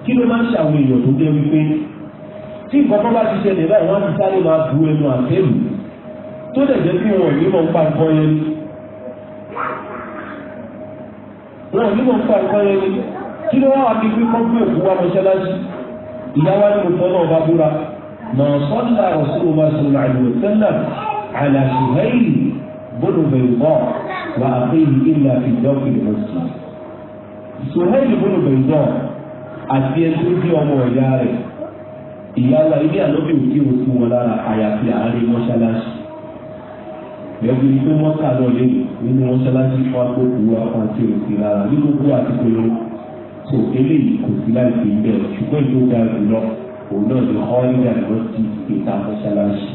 Speaker 1: kí ló máa ń ṣàwọn èèyàn tó jẹ́ wípé tí nǹkan bá bá ti ṣẹlẹ̀ báyìí wọ́n ti sáré máa bu ẹnu àtẹ́lù tó dẹ̀ jẹ́ bí wọn ò ní mọ̀ ń pa nǹkan yẹn ni wọn ò ní mọ̀ ń pa nǹkan yẹn ni kí ló wá wá fi pípọ́ gbé òkú wa mọ́ṣáláṣí ìyáwá ní mo náà bá búra mà sọ́lá ọ̀sùn gbọ́dọ̀ bẹ̀rù bọ́ wà á pé yìí ilà fi dọ́kì lọ sí i. sòhẹ́lì gbọ́dọ̀ bẹ̀rù bọ́ àti ẹni tó bí ọmọ ọ̀yá rẹ̀ ìyá wa ilé àlọ́bì òkè òkú wọn lára àyàfi àárẹ̀ mọ́ṣáláṣí. ẹ̀bùn ni pé wọ́n kà lọ lé nínú mọ́ṣáláṣí fún agbókùú àpàtì òkè lára ní gbogbo àtìkò lọ. tó eléyìí kò sí láì fi bẹ́ẹ̀ ṣùgbọ́n ìlú ga jùlọ òun náà ni ọ́ọ́lì àlọ́ ti ìta mọ́ṣáláṣí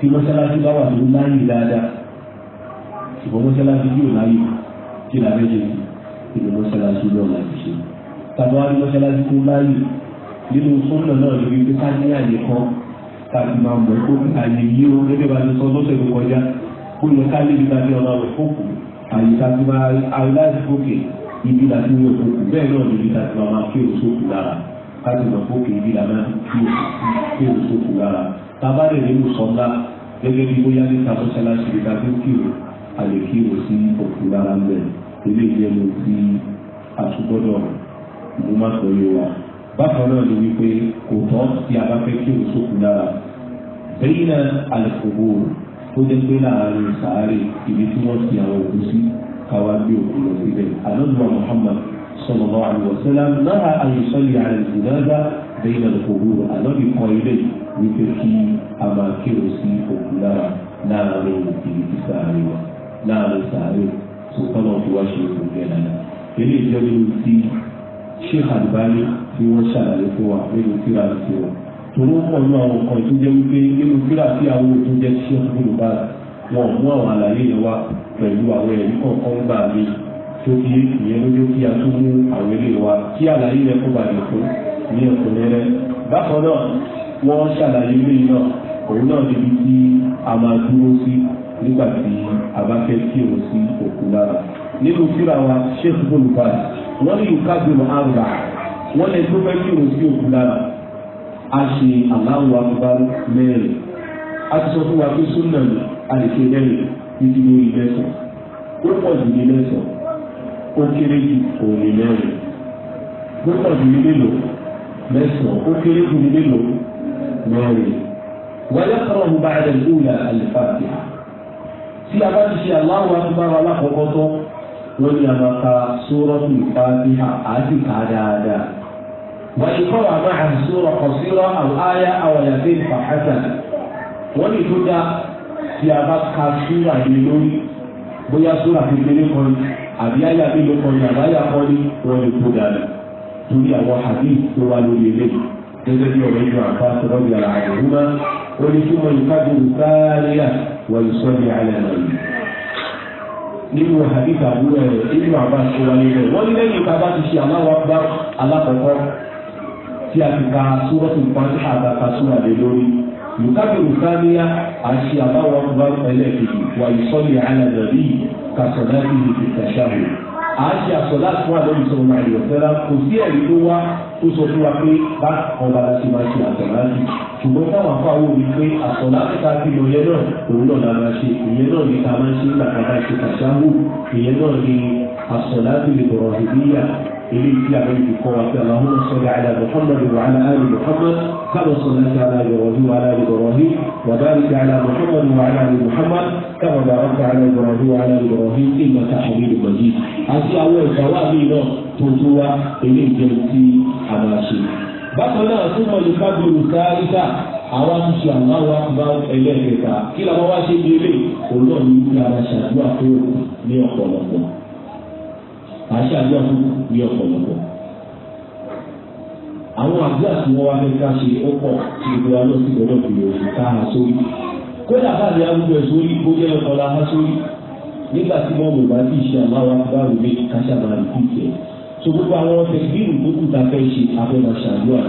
Speaker 1: tí mọ́ṣáláṣí bá wà tó láyé dáadáa ṣùgbọ́n mọ́ṣáláṣí yóò láyé kí la méje nínú mọ́ṣáláṣí náà láti ṣe tàbí wàá ní mọ́ṣáláṣí tó láyé nínú sọ́nà náà ní wípé ká ní àyè kan tàbí máa mọ̀ kó àyè yí o gẹ́gẹ́ bá ti sọ lọ́sẹ̀ tó kọjá ó yẹ ká lébi ká ní ọ̀nà rẹ̀ fòkù àyè ká ti máa aláìsí fòkè ibi láti ní òkòkò bẹ́ẹ̀ náà níbi láti máa máa kí òṣòkù lára ká ti mọ̀ fòkè ibi láti máa kí òṣòkù lára bàbá rẹ̀ ní musọ́lá gẹ́gẹ́ bí bóyá níta mọ́ṣáláṣí níta tó kírò àlè kírò sí òkú lára ń bẹ̀ ilé ìjẹun tí àtúgbọ́dọ̀ mú má sọ yé wa. bákan náà ni wípé kò tọ́ tí a bá fẹ́ kírò sókú lára lẹ́yìn náà àlùfòwò tó jẹ́ pé láàárín sàárè ibi tí wọ́n ti àwọn òkú sí káwá bí òkú lọ síbẹ̀ àlọ́dúnrún Muhammad sallallahu alaihi náà àyè sọ́lì àrẹ̀ ìdínáàdá lẹ́yìn àlùfòwò àlọ́bì kan ilé yìí wípé kí a máa kírun sí òkú lára láàrin ìlú ti sáré wa láàrin sáré sọ̀tọ́nà tí wá ṣe òkú gẹ̀ dáadáa. eléyìí jẹ́ nínú tí Sheikh Albani tí wọ́n ṣàlàyé fún wa nínú tíra ti wọn. tòun pọ̀ nínú àwọn kan tó jẹ́ wípé nínú tíra tí àwọn tó jẹ́ Sheikh Yorùbá wọn mú àwọn àlàyé yẹn wá pẹ̀lú àwọn ẹ̀rí kọ̀ọ̀kan gbà mí tó fi ìyẹn lójú kí a tún mú àwọn eléyìí wá kí àlàyé yẹn kó bàjẹ́ fún ní ẹ̀kúnrẹ́rẹ́ bákan náà wọ́n ṣàlàyé lóyìn náà òun náà níbi tí a máa dúró sí nígbà tí a bá fẹ́ kí òun sí òkú lára nínú síra wa sheikh bolubal wọ́n ní yóò kábìrò àrùbà wọ́n lè tó fẹ́ kí òun sí òkú lára a ṣe Allahu akbar mẹ́rin a ti sọ fún wa pé súnà ní àlèkè mẹ́rin títí lórí mẹ́sàn ó pọ̀ jù ní mẹ́sàn ó kéré jù òun ní mẹ́rin ó pọ̀ jù ní mélòó mẹ́sàn ó kéré jù ní mélòó mẹ́rin wẹ́lẹ́kọ̀rọ̀ ń bá ẹ̀rẹ̀ lóòlà àlìfàtìhà tí a bá ti ṣe Allahu akbar alákọ̀ọ́kọ́ tó wọ́n ní àbáka sórọ́tù ìfàtìhà àti ká dáadáa wàyí kọ́ra máa sórọ̀ kọ̀sírọ̀ àwáyá àwàyàfẹ́ ìfàhásà wọ́n ní tó dá tí a bá ka súrà yìí lórí bóyá súrà kékeré kan ní àbí àyà mélòó kan ní àbáyà kan ní wọ́n ní tó dáadáa torí àwọn àbí tó wá lórí eléyìí gẹ́gẹ́ bí ọ̀rọ̀ ìlú àbá sọ̀rọ̀ bí ara rẹ̀ wúmá ó ní kí wọ́n yìí kájú sáárẹ́yà wọ́n yìí sọ́ ní alẹ́ náà yìí. nínú hadith àbúrò rẹ̀ ìlú àbá sọ̀rọ̀ nílẹ̀ wọ́n ní lẹ́yìn ti ṣe aláwọ̀ bá alákọ̀ọ́kọ́ tí a ti ka sórọ́tù pàṣẹ àbàkà sóra lé lórí lùkàbí lùkàbíyà àti àbáwọ̀ bá ẹlẹ́kejì wà yìí sọ́ ní alẹ́ náà yìí kà sọ̀rọ̀ à ń ṣe àṣọ láti fún àlọ́ ìṣòro máa lè ọ̀fẹ́ rá kò sí ẹ̀rí tó wá tó sọ fún wa pé bá ọba ṣe máa ṣe àṣọ láti ṣùgbọ́n táwọn afáwọ̀ wí pé àsọ̀lá kíkà sí ìyẹn náà òun náà la máa ṣe ìyẹn náà ní ká máa ṣe nígbà kan láti ṣàṣàwò ìyẹn náà ní àsọ̀lá tó lè bọ̀rọ̀ ìbíyà ilé tí a bẹ̀rẹ̀ kọ́ wa pé àwọn ọmọ sọ̀rọ̀ àlà Muhammad wa àlà àlè Muhammad kama sọ̀lá àlà Ibrahim wa àlà Ibrahim wa barik àlà Muhammad wa àlà àlè Muhammad kama barakta àlà Ibrahim wa àlà Ibrahim ìgbà tá a bí lùmọ̀jì àti àwọn ìgbà wà mí náà tó tó wá ilé ìjẹun tí a máa ṣe bákan náà tó mọ̀ lùkà gbòòrò káríta àwa ń ṣe àwọn àwa ń bá ẹlẹ́ẹ̀kẹta kí làwọn wá ṣe bí ilé olóò ní kí ara ṣàdúrà tó ní ọ̀pọ̀lọpọ̀ àṣàdúrà tó ní ọ̀pọ̀lọpọ̀ àwọn àdúrà tí wọ́n wá fẹ́ ká ṣe ó pọ̀ tí ìgbéra náà sì gbọ́dọ̀ fi òfin ká ha sórí kódà báyìí arúgbó ẹ̀ sórí ó jẹ́ ọ̀pọ̀lọpọ̀ sórí nígbà tí wọ́n mọ̀ bá ti ṣe so gbogbo àwọn ọ̀sẹ̀ bí ìrùkú ta fẹ́ ṣe afẹ́mọ̀ ṣàdúrà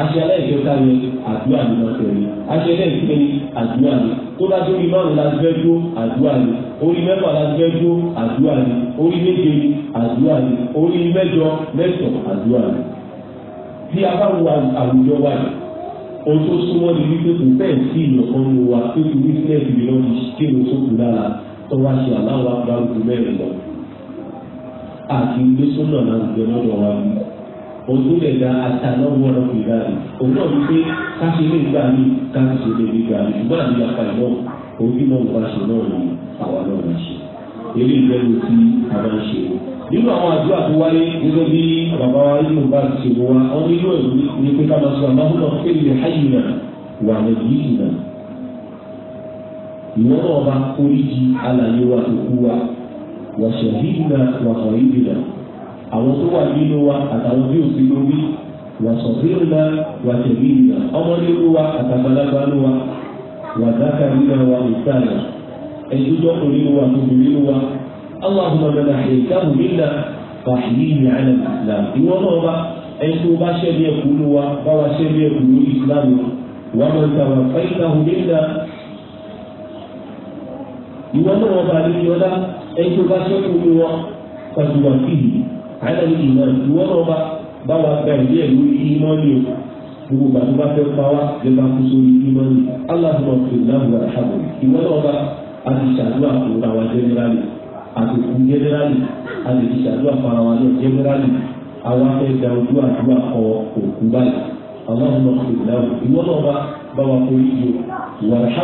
Speaker 1: aṣẹ aláìjọta ni àdúrà ni wọ́n tẹ̀lé aṣẹ aláìjọta ni àdúrà ni tó bá dórí márùn láti fẹ́ dúró àdúrà ni orí mẹ́fà láti fẹ́ dúró àdúrà ni orí méje ni àdúrà ni orí mẹ́jọ mẹ́sàn àdúrà ni. tí a bá wo àwùjọ wa yìí ohun tó súnmọ́ ni wípé kò bẹ́ẹ̀ sí ìyọ̀kan mu wa pé kí wíṣẹ́ ìbílọ́ọ̀dì kéwòn sókùn lára tó wá ṣe àláwọ̀ àgbà àti gbé sọ́nà náà gbé lọ́dọ̀ wa bí òtúlẹ̀ da àtàlọ́wọ́ ọ̀rọ̀ fi rà rẹ̀ òun náà ní pé ká ṣe lè gbà mí ká ṣe lè rí gbà mí ṣùgbọ́n àbí apá ìlọ́ òbí náà ń bá ṣe náà ní àwa náà ń ṣe eré ìgbẹ́lu tí a máa ń ṣe nínú àwọn àdúrà tó wáyé gẹ́gẹ́ bí bàbá wa yóò bá ṣe wá ọ nínú ẹ̀rù ni pé ká máa sọ àmọ́ fún ọ̀fẹ́ ilẹ̀ háyìnà wà lẹ́yìn ìlànà ìwọ́n náà bá kórìí alàyè wa tó kú wa wàṣẹ̀hìnà wàṣọ̀hìnà àwọn tó wà nínú wa àtàwọn bí òsì ló wí wàṣọ̀hìnà wàṣẹ̀hìnà ọmọ nínú wa àtàgbàlagbà ló wa wàdákà nínú wa ìsáyà ẹ̀dúdọ́kùn nínú wa tóbi nínú wa aláhùnmọ̀ lọ́la ẹ̀káhùn nílà fàṣìlì àlẹ́ ìsìlám ìwọ náà bá ẹ̀kú bá ṣẹ́bi ẹ̀kú ló wa bá wa ṣẹ́bi ẹ̀kú ló ìsìlám wà náà bá ẹjọ́ bá sẹ́kù ní wọn fàdùwà fìlì àyẹ̀lẹ̀ ìmọ̀ ìwọ náà bá bá wa gba ìdí ẹ̀rú ìmọ̀ni o gbogbo gbàtú bá fẹ́ pa wá lè bá kú sórí ìmọ̀ni aláàbò ìlànà àṣàbò ìwọ náà bá a ti ṣàdúrà fún àwa jẹnẹrálì àtòkù jẹnẹrálì a lè ti ṣàdúrà fún àwa náà jẹnẹrálì ojú àdúrà kọ òkú báyìí aláàbò ìlànà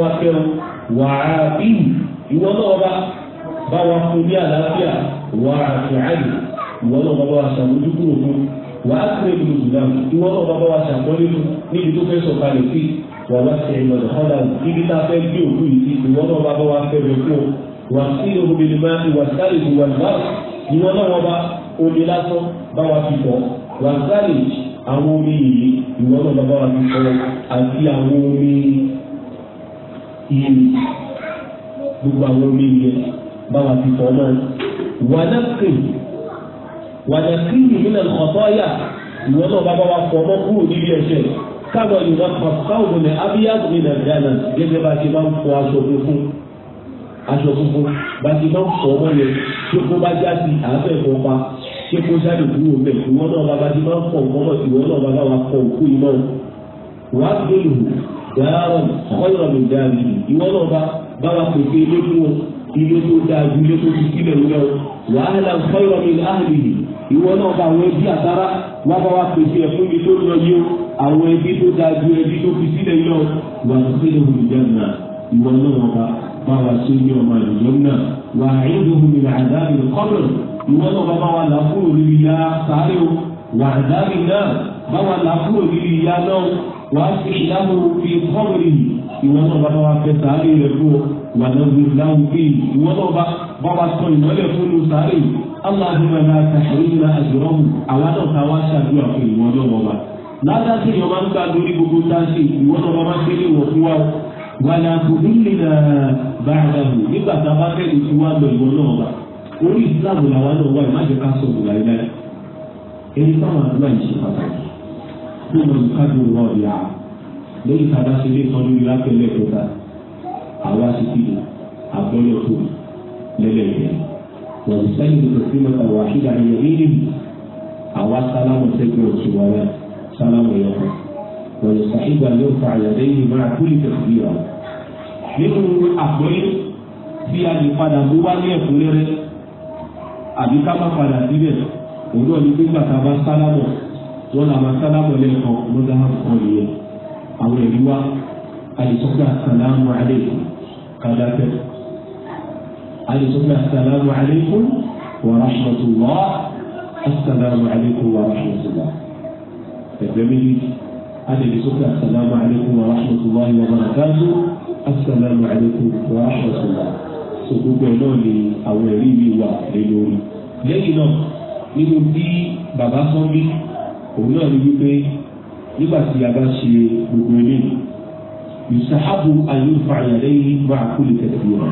Speaker 1: náà wàá bíi ìwọ náà bá bá wa fún ní àlàáfíà wàá àfihàn ìwọ náà bá wa ṣàmójú kúrò fún wàá kúrò ìlú ìlànà ìwọ náà bá wa ṣàpọ́nlé fún níbi tó fẹ́ sọ̀kalẹ̀ sí wà wá sí ẹ̀yìn ọ̀dọ̀ ọ̀dà tá a fẹ́ gbé òkú yìí sí ìwọ bá wa fẹ́ bẹ̀ fún wà sí obìnrin máa ń wà sáré ìwà náà ìwọ náà omi lásán bá wa fi bọ̀ wà sáré àwọn omi yìí ìwọ bá wa fi bọ̀ àti àwọn omi yìí gbogbo àwọn omi yẹn báwa ti fọ́ mọ́ wàdàkì wàdàkì yìí nà ọ̀tọ́ yà ìwọ náà bàbá wa fọ́ mọ́ kúrò níbi ẹ̀ṣẹ̀ káàbọ̀ ìwọ káwọn ọmọ abiyadu mi nà dáná gẹ́gẹ́ bá ti máa ń fọ aṣọ funfun aṣọ funfun bá ti máa ń fọ ọmọ yẹn tó kó bá já sí àáfẹ́ ìfọ̀pa ṣé kó jáde kúrò mẹ́ ìwọ náà bàbá ti máa ń fọ nǹkan ìwọ náà bàbá wa fọ òkú iná wàá gbé ìwò dáárọ̀ ọ̀yọ̀rọ̀ mi dáàbì ìwọ náà bá bá wa pèsè ilé fún wọn ilé tó dáa ju ilé tó fi sílẹ̀ lọ wàhálà ọ̀yọ̀rọ̀ mi láàbì ìwọ náà bá àwọn ẹbí àtàrà wá bá wa pèsè ẹ̀fún mi tó lọ yó àwọn ẹbí tó dáa ju ẹbí tó fi sílẹ̀ lọ wà sílẹ̀ olùjànà ìwọ náà bá bá wa ṣe ní ọmọ àdìyàn náà wà àìdùn mi àdáàbì kọ́ wàá ṣe ìdáhùn fi kọ́ọ̀rì ìwọ náà bá wàá fẹ́ sàárè rẹ̀ fún ọ wà lọ́wọ́ ìdáhùn fi ìwọ náà bá bá wa sọ ìmọ́lẹ̀ fún un sàárè aláàdúrà náà tàṣírí náà àjọrọ̀hùn àwa náà ká wá ṣàdúrà fún ìwọ náà wọ́n wa. ládàá sí ìyọ̀ máa ń gbà lórí gbogbo táṣì ìwọ náà máa ń kéde wọ̀ fún wa wà orí ìsìláàmù làwa kó lọ kájú wọn ọ̀dì àá lẹ́yìn tá a bá ṣe lé sọ lórí lápẹ̀lẹ̀ kọta àwa ṣe kí àgbọ̀yọ̀ tó lẹ́lẹ́yẹ wọ́n ti sẹ́yìn tó fi mọ́ta wà kí àyẹ̀yẹ yìí àwa sálámù sẹ́gbẹ̀ òtún wa sálámù yọkọ̀ wọ́n ti sàkíyàn yóò fa yìí máa kúlì tẹ̀síyà nínú àgbọ̀yẹ̀ tí a lè padà bó wá ní ẹ̀kúnrẹ́rẹ́ àbí ká má padà síbẹ̀ òun náà ní gbígbà tá sálámù wọn làwọn sálámù lẹ́ẹ̀kan ló dáhà fún ìyẹn àwọn èrí wa àdìsọ́gbà sàlámù alaykum kàdáfẹ́ àdìsọ́gbà sàlámù alaykum wa rahmatullah assalamu alaykum wa rahmatullah ẹgbẹ́ méjì àdìsọ́gbà sàlámù alaykum wa rahmatullah wa barakatuh assalamu alaykum wa rahmatullah so gbogbo ẹ̀ náà ni àwọn ẹ̀rí mi wà lẹ́yìn náà nínú bí bàbá sọ́ọ́ bí òun náà ni wípé nígbà tí a bá ṣe gbogbo ilé ìṣàhábù àyùnfà àyàlẹ́yìn máa kú lè tẹ̀sí wa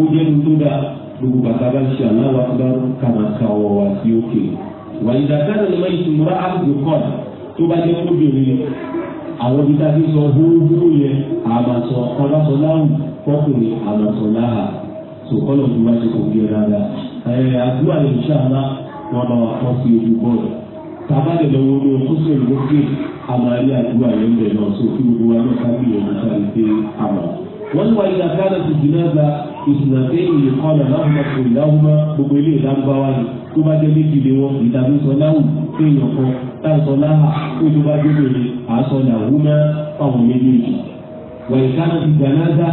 Speaker 1: ó jẹ́ ní tó dáa gbogbo bàtà bá ṣe aláwa bá kàmá ka ọ̀wọ̀ wá sí òkè wàyí dàgbàdà lè má ìtumúra àgùgbò kọ́ọ̀d tó bá jẹ́ kóbìnrin àwọn ibi tá a ti sọ húhúhú yẹn àmàsọ ọlọ́sọ láwù fọkùnrin àmàsọ láhà sòkòlò tó bá ṣe kò gbé rárá ẹ̀ àdúrà ìṣàlá wọn bá wà fọ́ sí ojú bọ́ọ̀lù tàbá lè lọ wọlé ọkọ̀sọ̀ ìgbókè àmàlẹ́ àdúgbò àyẹ̀wò náà sọ fún gbogbo wa náà kábí ìwọ̀n sáré pé àmà. wọ́n ní wàyí àkàrà ti jìnnà gba ìsìnàtẹ́ ìyè kọ́nà láwùmá kò láwùmá gbogbo ilé ìdámbáwá ni tó bá jẹ́ méjì lé wọn ìdàbí sọ láwù téèyàn kan táǹsọ láhà tó tó bá dé lórí àásọ làwùmá fáwọn méjèèjì. wàyí àkàrà ti jànáza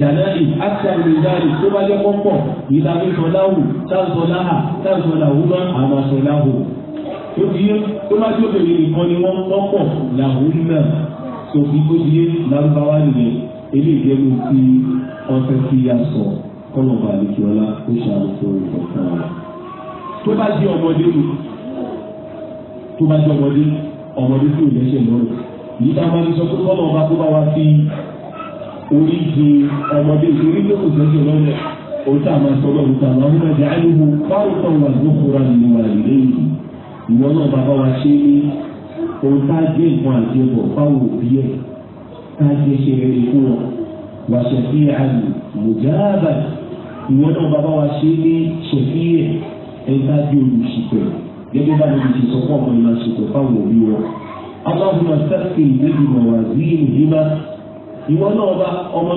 Speaker 1: jàdáì àtàlù ìdáì tó bá jẹ́ pọ́pọ̀ ìdàbí sọ láwù táǹsọ láhà táǹsọ làwùmá àmàsọ láhù tó di yé tó bá tó bèrè nìkan ni wọ́n kọ́kọ̀ làwọn náà tó fi di yé lárúbáwá nìyẹn eléyìí jẹ́ ló fi ọ̀sẹ̀ fi yà sọ kọ́nà balùwẹ̀ ọlá ó ṣàlùfẹ́ òrùkọ̀ fún tó bá di ọmọdé mi tó bá di ọmọdé ọmọdé tí ò lẹ́sẹ̀ lọ́rùn yìí ká máa ń sọ pé kọ́nà ọba tó bá wa fi orí ju ọmọdé ìtorí pé kò sẹ́sẹ̀ lọ́rùn òun tá a máa sọ lọ́rùn tá a máa ń mẹ́jẹ àìlùmọ́ fáwọn tó wà lókùnrin ìwà ìlẹ́yìn ìwọ náà bàbá wa ṣe ní ohun tá a gbé nǹkan àti ọbọ fáwọn òbí ẹ tá a ṣe ṣe rere fún wọn wà ṣẹfí àlù mùjáàbà ìwọ náà bàbá wa ṣe ní ṣẹfí ẹ ẹ tá a gbé olùṣìpẹ̀ gẹ́gẹ́ bá lóbi ṣe sọ fún ọmọ ìlànà ṣìpẹ̀ fáwọn òbí wọn. aláwọ̀ náà sẹ́kì ìdíbi mọ̀wá sí ìhìnbá ìwọ náà bá ọmọ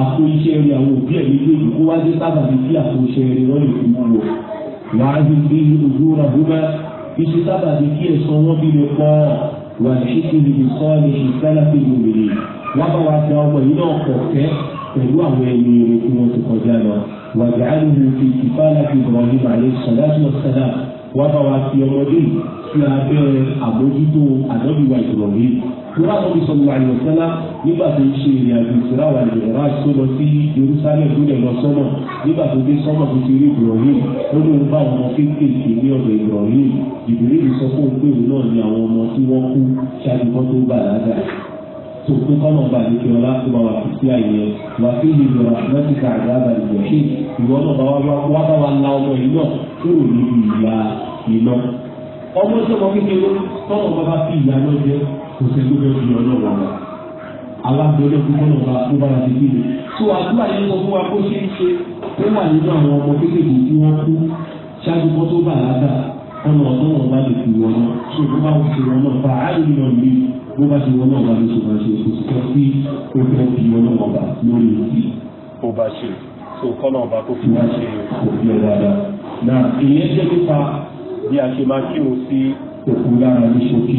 Speaker 1: àpò iṣẹ́ rẹ̀ àwọn òbí ẹ̀ méjèèjì kó wá dé sábà ní kí àpò iṣẹ́ rẹ̀ lọ́lẹ̀ fún wọn wọ̀. wàá rí bí ojú ra búbá iṣẹ́ sábà ní kí ẹ̀sán wọn bí lè pọ̀ wà ní ṣíṣe lè sọ ní ìsálà pé gbòmìnir wọ́n bá wa da ọmọ yìí náà pọ̀ kẹ́ pẹ̀lú àwọn ẹni rẹ̀ tí wọ́n ti kọjá lọ. wàjà á lè fi ìfipálà fi Ibrahim alayhi salatu wassalam wọ́n bá wa fi ọmọdé sí abẹ́ àbójútó àdọ́bíwá Ibrahim ìwà tó ń sọ wà ní ọ̀sánlá nígbà tó ń ṣe ìrìn àjò ìṣúra wà ní ìrà tó lọ sí Jerusalem tó lè lọ sọ́mọ̀ nígbà tó dé sọ́mọ̀ tó ti rí Ibrahim ó ní òun bá àwọn ọmọ kéékèèké ní ọ̀dọ̀ Ibrahim Ibrahim sọ fún òun pé òun náà ni àwọn ọmọ tí wọ́n kú ṣáájú wọn tó bàlágà tó kó kọ́nà ọba àdékè ọlá tó bá wà fi sí àyè wà sí ìlú ọ̀rọ̀mẹ́tìkà àgbàgbà ìgbọ̀nsẹ̀ ìwọ náà bá wá bá wa la ọmọ yìí náà kúrò níbi ìyá iná ọmọ tó mọ kékeré tọ́nà bá bá fi ìyá náà jẹ́ kò sí tó bẹ́ẹ̀ fi ọlọ́wọ́ wa alágbèrè gbogbo náà bá kó bára ti bí mi. tó àdúrà yìí sọ fún wa kó ṣe é ṣe ó wà nínú àwọn ọmọ kékeré tí wọ́n kú ṣáájú kó tó bàlágà ọ̀nà ọ̀tọ́nà bá lè fi wọn náà tó bó bá fi wọn náà bá a lè yàn mí bó bá ti wọn náà bá lè sọ̀rọ̀ ṣe kò sí kó sí ó fẹ́ fi wọn náà bá lórí ìdí. ó bá ṣe tó kọ́nà ọba tó fi wá ṣe òbí ẹ̀ dáadáa. na ìyẹn jẹ́ nípa bí a ṣe máa kírun sí òkú lára ní ṣókí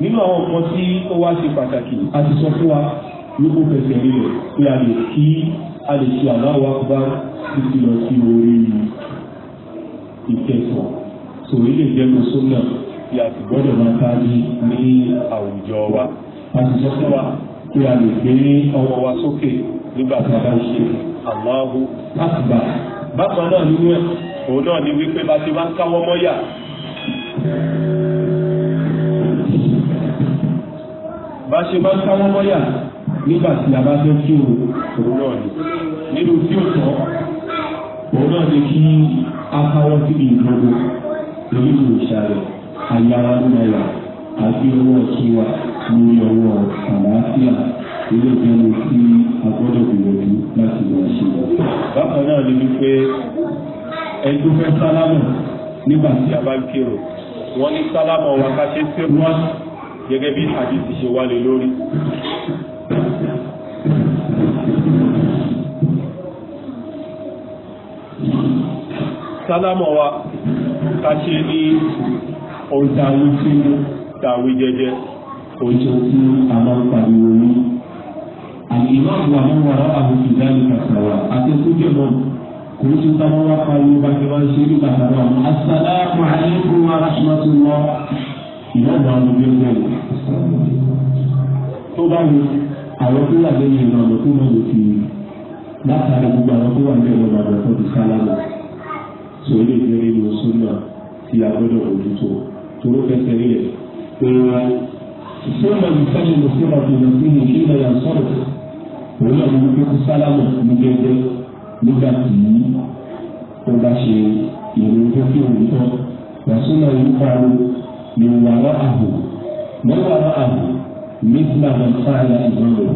Speaker 1: nínú àwọn nǹkan tí ó wá ṣe pàtàkì a ti sọ fún wa lóko fẹsẹ̀ nílẹ̀ pé a lè kí a lè ṣe aláwọ̀ akọ́bá títí lọ sí orí ìkẹsàn sòrí lè jẹ́ lọ sónà tí a sì gbọ́dọ̀ máa ká ní ní àwùjọ wa a ti sọ fún wa pé a lè gbé ọwọ́ wa sókè nígbà tí a bá ń ṣe Allahu Akbar bákan náà nínú ẹ̀ òun náà ni wípé bá ti wá ń káwọ́ mọ́yà. bá ṣe bá káwọ́ mọ́yà nígbà tí a bá fẹ́ kí òun náà ni nínú tí ó tọ́ òun náà ni kí a káwọ́ síbi ìdúró lórí ìṣàlẹ̀ àyàrá náírà àti owó ọ̀kí wa lórí ọwọ́ àlàáfíà ilé ìjẹun tí a gbọ́dọ̀ gbìyànjú láti lọ ṣe. bákan náà ni wípé ẹjọ́ fẹ́ sálámù nígbà tí a bá ń kírun wọ́n ní sálámù wa ká ṣe sí wọn gẹ́gẹ́ bí hadith ṣe wálé lórí. sálámọ̀ wa ká ṣe ní ohun tàwí tí tàwí jẹjẹ ojú tí a máa ń pariwo ní àìmáàmù àwọn wàrà àwọn ìdáni kàkàwà àtẹkùjẹ náà kò ní tún táwọn wá pariwo bá ti máa ń ṣe ní kàkàwà assalamu alaikum wa rahmatullah ìyáàgbà ọmọdé ń bẹ̀rẹ̀. tó bá ní àwọn tó wà lẹ́yìn ìlú ọ̀dọ̀ tó náà ló ti látàrí gbogbo àwọn tó wà lẹ́yìn ọ̀dọ̀ àgbà tó ti sálá lọ. sọ ilé ìjẹ́rìí ló súnmọ́ tí a gbọ́dọ̀ bójútó tóró fẹsẹ̀ rí ẹ̀ pé sọ́nà ìfẹ́lẹ̀ ló fún ọdún lọ sí ìṣẹ̀lẹ̀ yà sọ̀rọ̀ òun náà ló kó sálámù ní gẹ́gẹ́ nígbà tí ó bá ṣe ìrìn tó kí من وراءه من وراءه مثل من فعل الغلو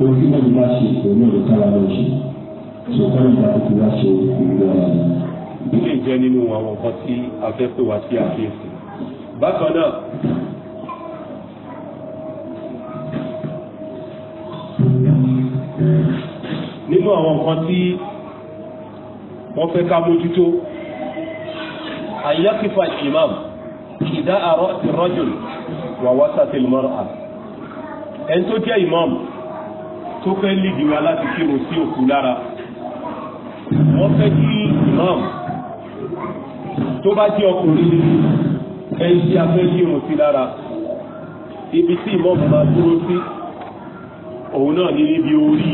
Speaker 1: ojú náà bá ṣe pẹ̀lú ìtara lọ ṣe tó kọ́ni bá ti wá ṣe ìlú ara rẹ̀. ó lè jẹ́ nínú àwọn nǹkan tí a fẹ́ pè wá sí àkíyèsí. bákan náà nínú àwọn nǹkan tí wọ́n fẹ́ ká mójútó àyàkífà ìmáàmù kìdá àrọ́ ti rọ́jùl wà wáṣà ti mọ́ra ẹni tó jẹ́ imam tó fẹ́ lídìí wa láti kírun sí òkú lára wọ́n fẹ́ kí imam
Speaker 2: tó bá jẹ́ ọkùnrin
Speaker 1: ẹni tí a fẹ́ kírun sí lára ibi tí imam máa dúró sí òun náà ní níbi orí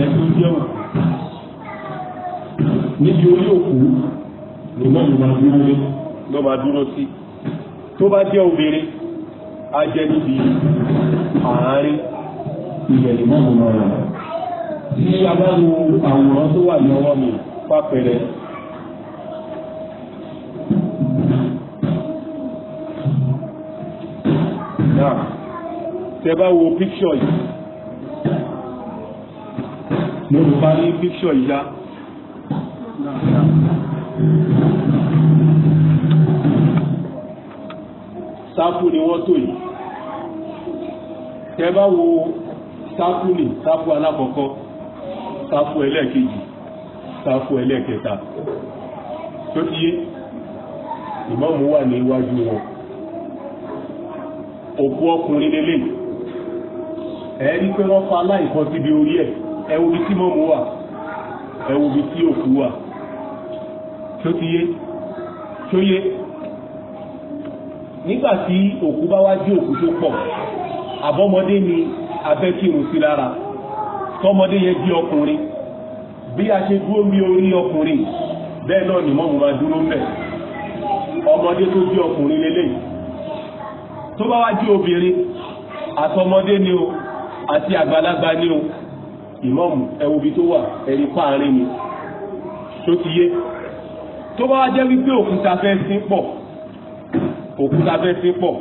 Speaker 1: ẹni tó jẹ́ òkú níbi orí òkú ni imam máa dúró ló máa dúró sí. Si tó bá jẹ́ obìnrin a jẹ́ níbi àárín ilẹ̀ ìmọ̀mọ̀ rẹ̀ tí a bá wo àwòrán tó wà lọ́wọ́ mi pápẹ̀rẹ̀ náà tẹ bá wo píkṣọ̀ yìí mo rò bá ní píkṣọ̀ yìí sáfù ni wọ́n tò yìí tẹ́ bá wo sáfù ni sáfù alákọ̀ọ́kọ́ sáfù ẹlẹ́ẹ̀kejì sáfù ẹlẹ́ẹ̀kẹta tó ti yé ìmáàmù wà ní iwájú wọn òkú ọkùnrin lélẹ̀ ẹ̀ẹ́rí pé wọ́n fa aláìkan síbi orí ẹ̀ ẹ wo bí tí mọ́mù wà ẹ wo bí tí òkú wà tó ti yé tó yé nígbà tí òkú bá wá jí òkú tó pọ̀ àbọ́mọdé ni abẹ́ kírun sí lára tọ́mọdé yẹn jí ọkùnrin bí a ṣe dúró mi orí ọkùnrin bẹ́ẹ̀ náà ni mọ́mù máa dúró mẹ́ ọmọdé tó jí ọkùnrin lélẹ̀ tó bá wá jí obìnrin àtọmọdé ni o àti àgbàlagbà ni o ìmọ̀mù ẹwù bí tó wà ẹ̀rí páàrin ni tó ti yé tó bá wá jẹ́ wípé òkúta fẹ́ sí pọ̀ òkúta fẹ́ sí pọ̀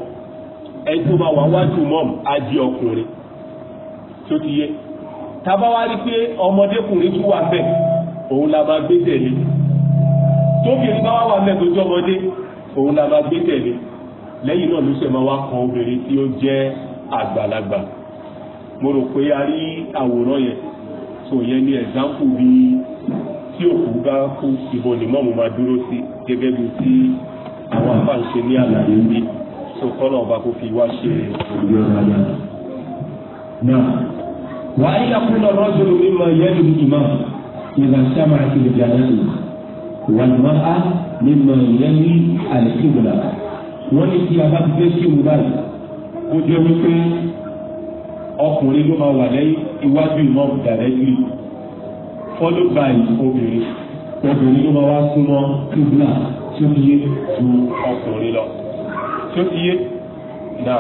Speaker 1: ẹni tó bá wà wájú mọ́ọ̀mù á di ọkùnrin tó ti yé tábà wá rí pé ọmọdékùnrin tún wà bẹ́ẹ̀ òun la máa gbé tẹ̀lé tóbìnrin bá wà wà bẹ́ẹ̀ tó jẹ́ ọmọdé òun la máa gbé tẹ̀lé lẹ́yìn náà ló ṣe wá kan obìnrin tí ó jẹ́ àgbàlagbà mo rò pé a rí àwòrán yẹn tó yẹn ní ẹ̀sáǹpù bíi tí òkú bá kú ìbọn ni máa dúró sí gẹ́gẹ́ bíi tí àwọn àbá ń ṣe ní àlàyé ní tó kọ́nà ọba kó fi wá ṣe òye ọ̀làyà náà wà á yà kúnlọ rọ́jòló mímọ yẹ́lú ìmọ̀ ìlà sábà àti ìjàdánù wà ní máa mímọ yẹ́lú àlẹ́kìmọ̀lá wọ́n ní kí a bá gbé sí òun báyìí ó jẹ́ wípé ọkùnrin ló máa wà lẹ́yìn iwájú ìmọ̀ ìdàlẹ́yìn followed by obìnrin obìnrin ló máa wá súnmọ́ kíbla tí ó ti yé ju ọkùnrin lọ tí ó ti yé náà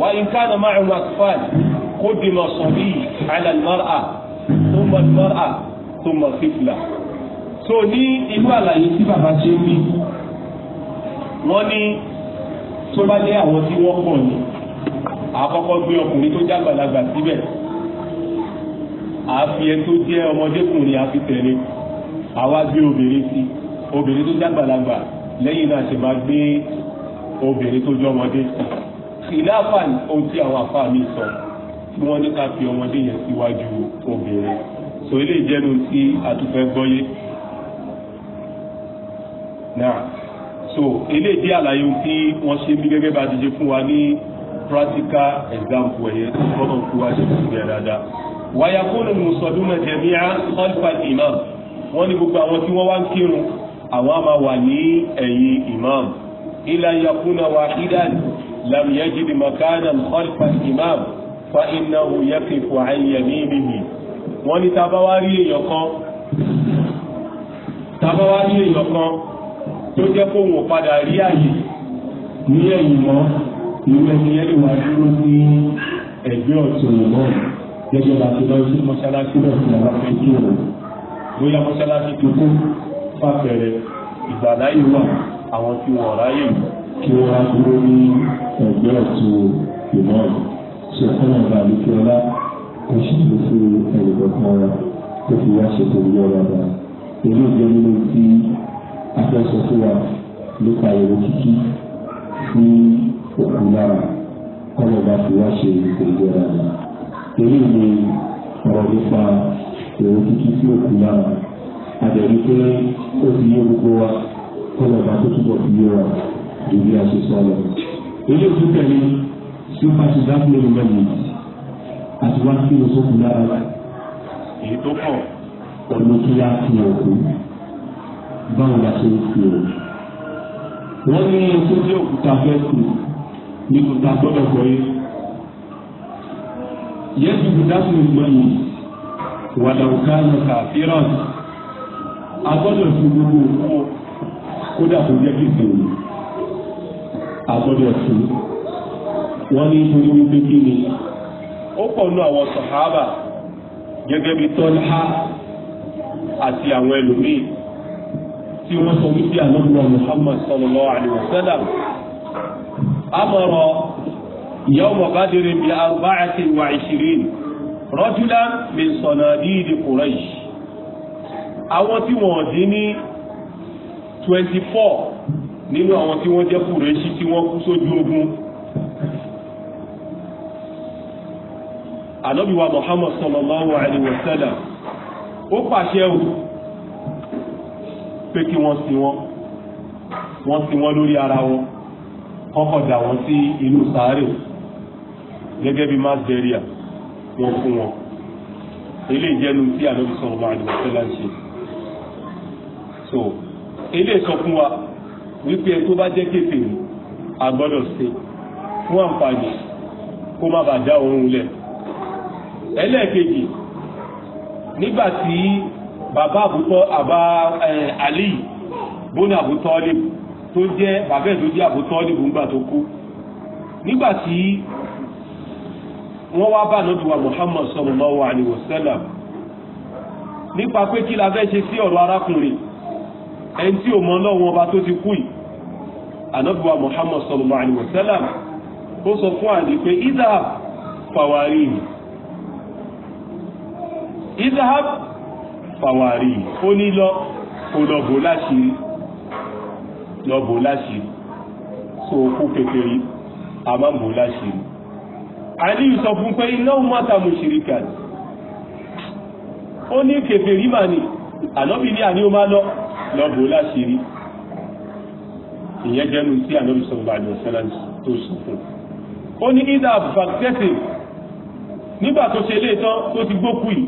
Speaker 1: wà nǹkan máa ń wà fáàlì kó di mọ̀ sọ̀bí àlà mọ́ra tó mọ̀ mọ́ra tó mọ̀ sífìlà. so ní inú àlàyé tí bàbá ṣe ń bí wọ́n ní tó bá dé àwọn tí wọ́n pọ̀ ní àkọ́kọ́ gbé ọkùnrin tó jágbàlagbà síbẹ̀ àfi tó jẹ́ ọmọdékùnrin àfi àwa gbé obìnrin sí i obìnrin tó jágbàlagbà lẹ́yìn náà ṣe máa gbé obìnrin tó jọ ọmọdé ìlàfà ohun tí àwọn àfa mi sọ tí wọ́n ní ká fi ọmọdé yẹn síwájú obìnrin so ilé ìjẹ́nu tí a tún fẹ́ gbọ́yé náà so ilé ìdí àlàyé tí wọ́n ṣe bí gẹ́gẹ́ bá jíjẹ fún wa ní practical example ẹ̀yẹ tí wọ́n náà fún wa ṣe fún ìgbẹ́ dáadáa wàyà kúrò nù sọdún mẹ́jẹ̀ mìíràn khalfa imam wọ́n ní gbogbo àwọn tí wọ́n wá ń kírun àwọn a máa wà ní ẹ̀yìn imam ilà yakuna wahidan lam yajid makanan khalfa imam fa innahu yaqifu an yaminihi wọ́n ní tabawa rí èèyàn kan tabawa rí èèyàn kan tó jẹ́ kó wọn padà rí àyè ní ẹ̀yìn mọ́ ìwé ẹni wà dúró sí ẹ̀gbẹ́ ọ̀tún ìmọ̀ gẹ́gẹ́ bá ti lọ sí mọ́ṣáláṣí fàbẹ̀rẹ̀ ìgbàláyé wà àwọn tí wọ́n ráyè kí wọ́n á dúró ní ẹgbẹ́ ọ̀tún ìmọ̀ ṣe fún ọ̀gá àlùfẹ́ọ́lá kò sì lè fi ẹ̀rù kọ̀ọ̀kan wa kó fi wá ṣètò ìyá ọ̀rọ̀ àgbà èyí ìjọ nínú tí a fẹ́ sọ fún wa nípa ìwé kíkí sí òkú lára kọ́lọ̀ bá fi wá ṣe ètò ìyá ọ̀rọ̀ àgbà èyí ni ọ̀rọ̀ nípa ìwé kíkí sí òkú lára àdẹ̀rí pé ó ti yé gbogbo wa kó lọ bá tó túbọ̀ fi yé wa lórí àṣìṣe lọ. èyí ò tún tẹ̀lé tí ó bá ti dá fún ẹnu lẹ́yìn àti wá kí ló sókun lára. èyí tó pọ̀ ọ̀nà kí
Speaker 2: á fi òkú báwo la ṣe ń fi òkú.
Speaker 1: wọ́n ní ojú tí òkúta fẹ́ kù nínú ta gbọ́dọ̀ gbọ́ yé. yẹ́n ti fi dá fún ẹnu lẹ́yìn wàdà òkú àná kàfíràn. agbọ́dọ̀ sí gbogbo kódà kò jẹ́ kìsì òní agbọ́dọ̀ sí wọ́n ní nítorí wípé kí ni ó pọ̀ nú àwọn sàhábà gẹ́gẹ́ bí tọ́lá àti àwọn ẹlòmíì tí wọ́n sọ wípé àlọ́gbọ̀n Muhammad sallallahu alaihi wasallam amara yawma Badr bi arba'atin wa ishirin rajulan àwọn tí wọ́n dín ní twenty four nínú àwọn tí wọ́n jẹ́ kùrẹ́ṣí tí wọ́n kú sójú ogun ànábìwá Muhammad sallallahu alayhi wa sallam ó pàṣẹ o pé kí wọ́n sin wọ́n wọ́n sin wọ́n lórí ara wọn kọ́kọ́ dà wọ́n sí inú sáré gẹ́gẹ́ bí mass burial wọ́n fún wọn ilé ìjẹnu tí ànábì sallallahu alayhi wa sallam ń ṣe so ilé sọ fún wa wípé ẹ tó bá jẹ́ kéfèrè àgbọ́dọ̀ ṣe fún àǹfààní kó má bàa dá òun lẹ̀ ẹlẹ́ẹ̀kejì nígbà tí bàbá àbútọ́ àbá Ali bóni àbútọ́lìbù tó jẹ́ bàbá ẹ̀ tó jẹ́ àbútọ́lìbù ńgbà tó kú nígbà tí wọ́n wá bá nàbí wa Muhammad sallallahu alaihi wasallam nípa pé kí la fẹ́ ṣe sí ọ̀rọ̀ arákùnrin ẹni tí ò mọ ọlọ́run ọba tó ti kú yìí anabuwa muhammad sallallahu alayhi wa sallam ó sọ fún àdé pé idahab fawari idahab fawari ó ní lọ kó lọ bò láṣìírí lọ bò láṣìírí so kú kékeré a máa ń bò láṣìírí àníyù sọ fún pé iná mọ́ta mùṣìríkà ó ní kèfèrí mà ní ànábì ní máa lọ lọ́bù láṣìírí ìyẹn jẹ́nu tí ànábì sọ̀rọ̀ àjọ sẹ́lá tó sọ fún un. ó ní ìdá bàtẹ́sì nígbà tó ṣe ilé tán tó ti gbókù yìí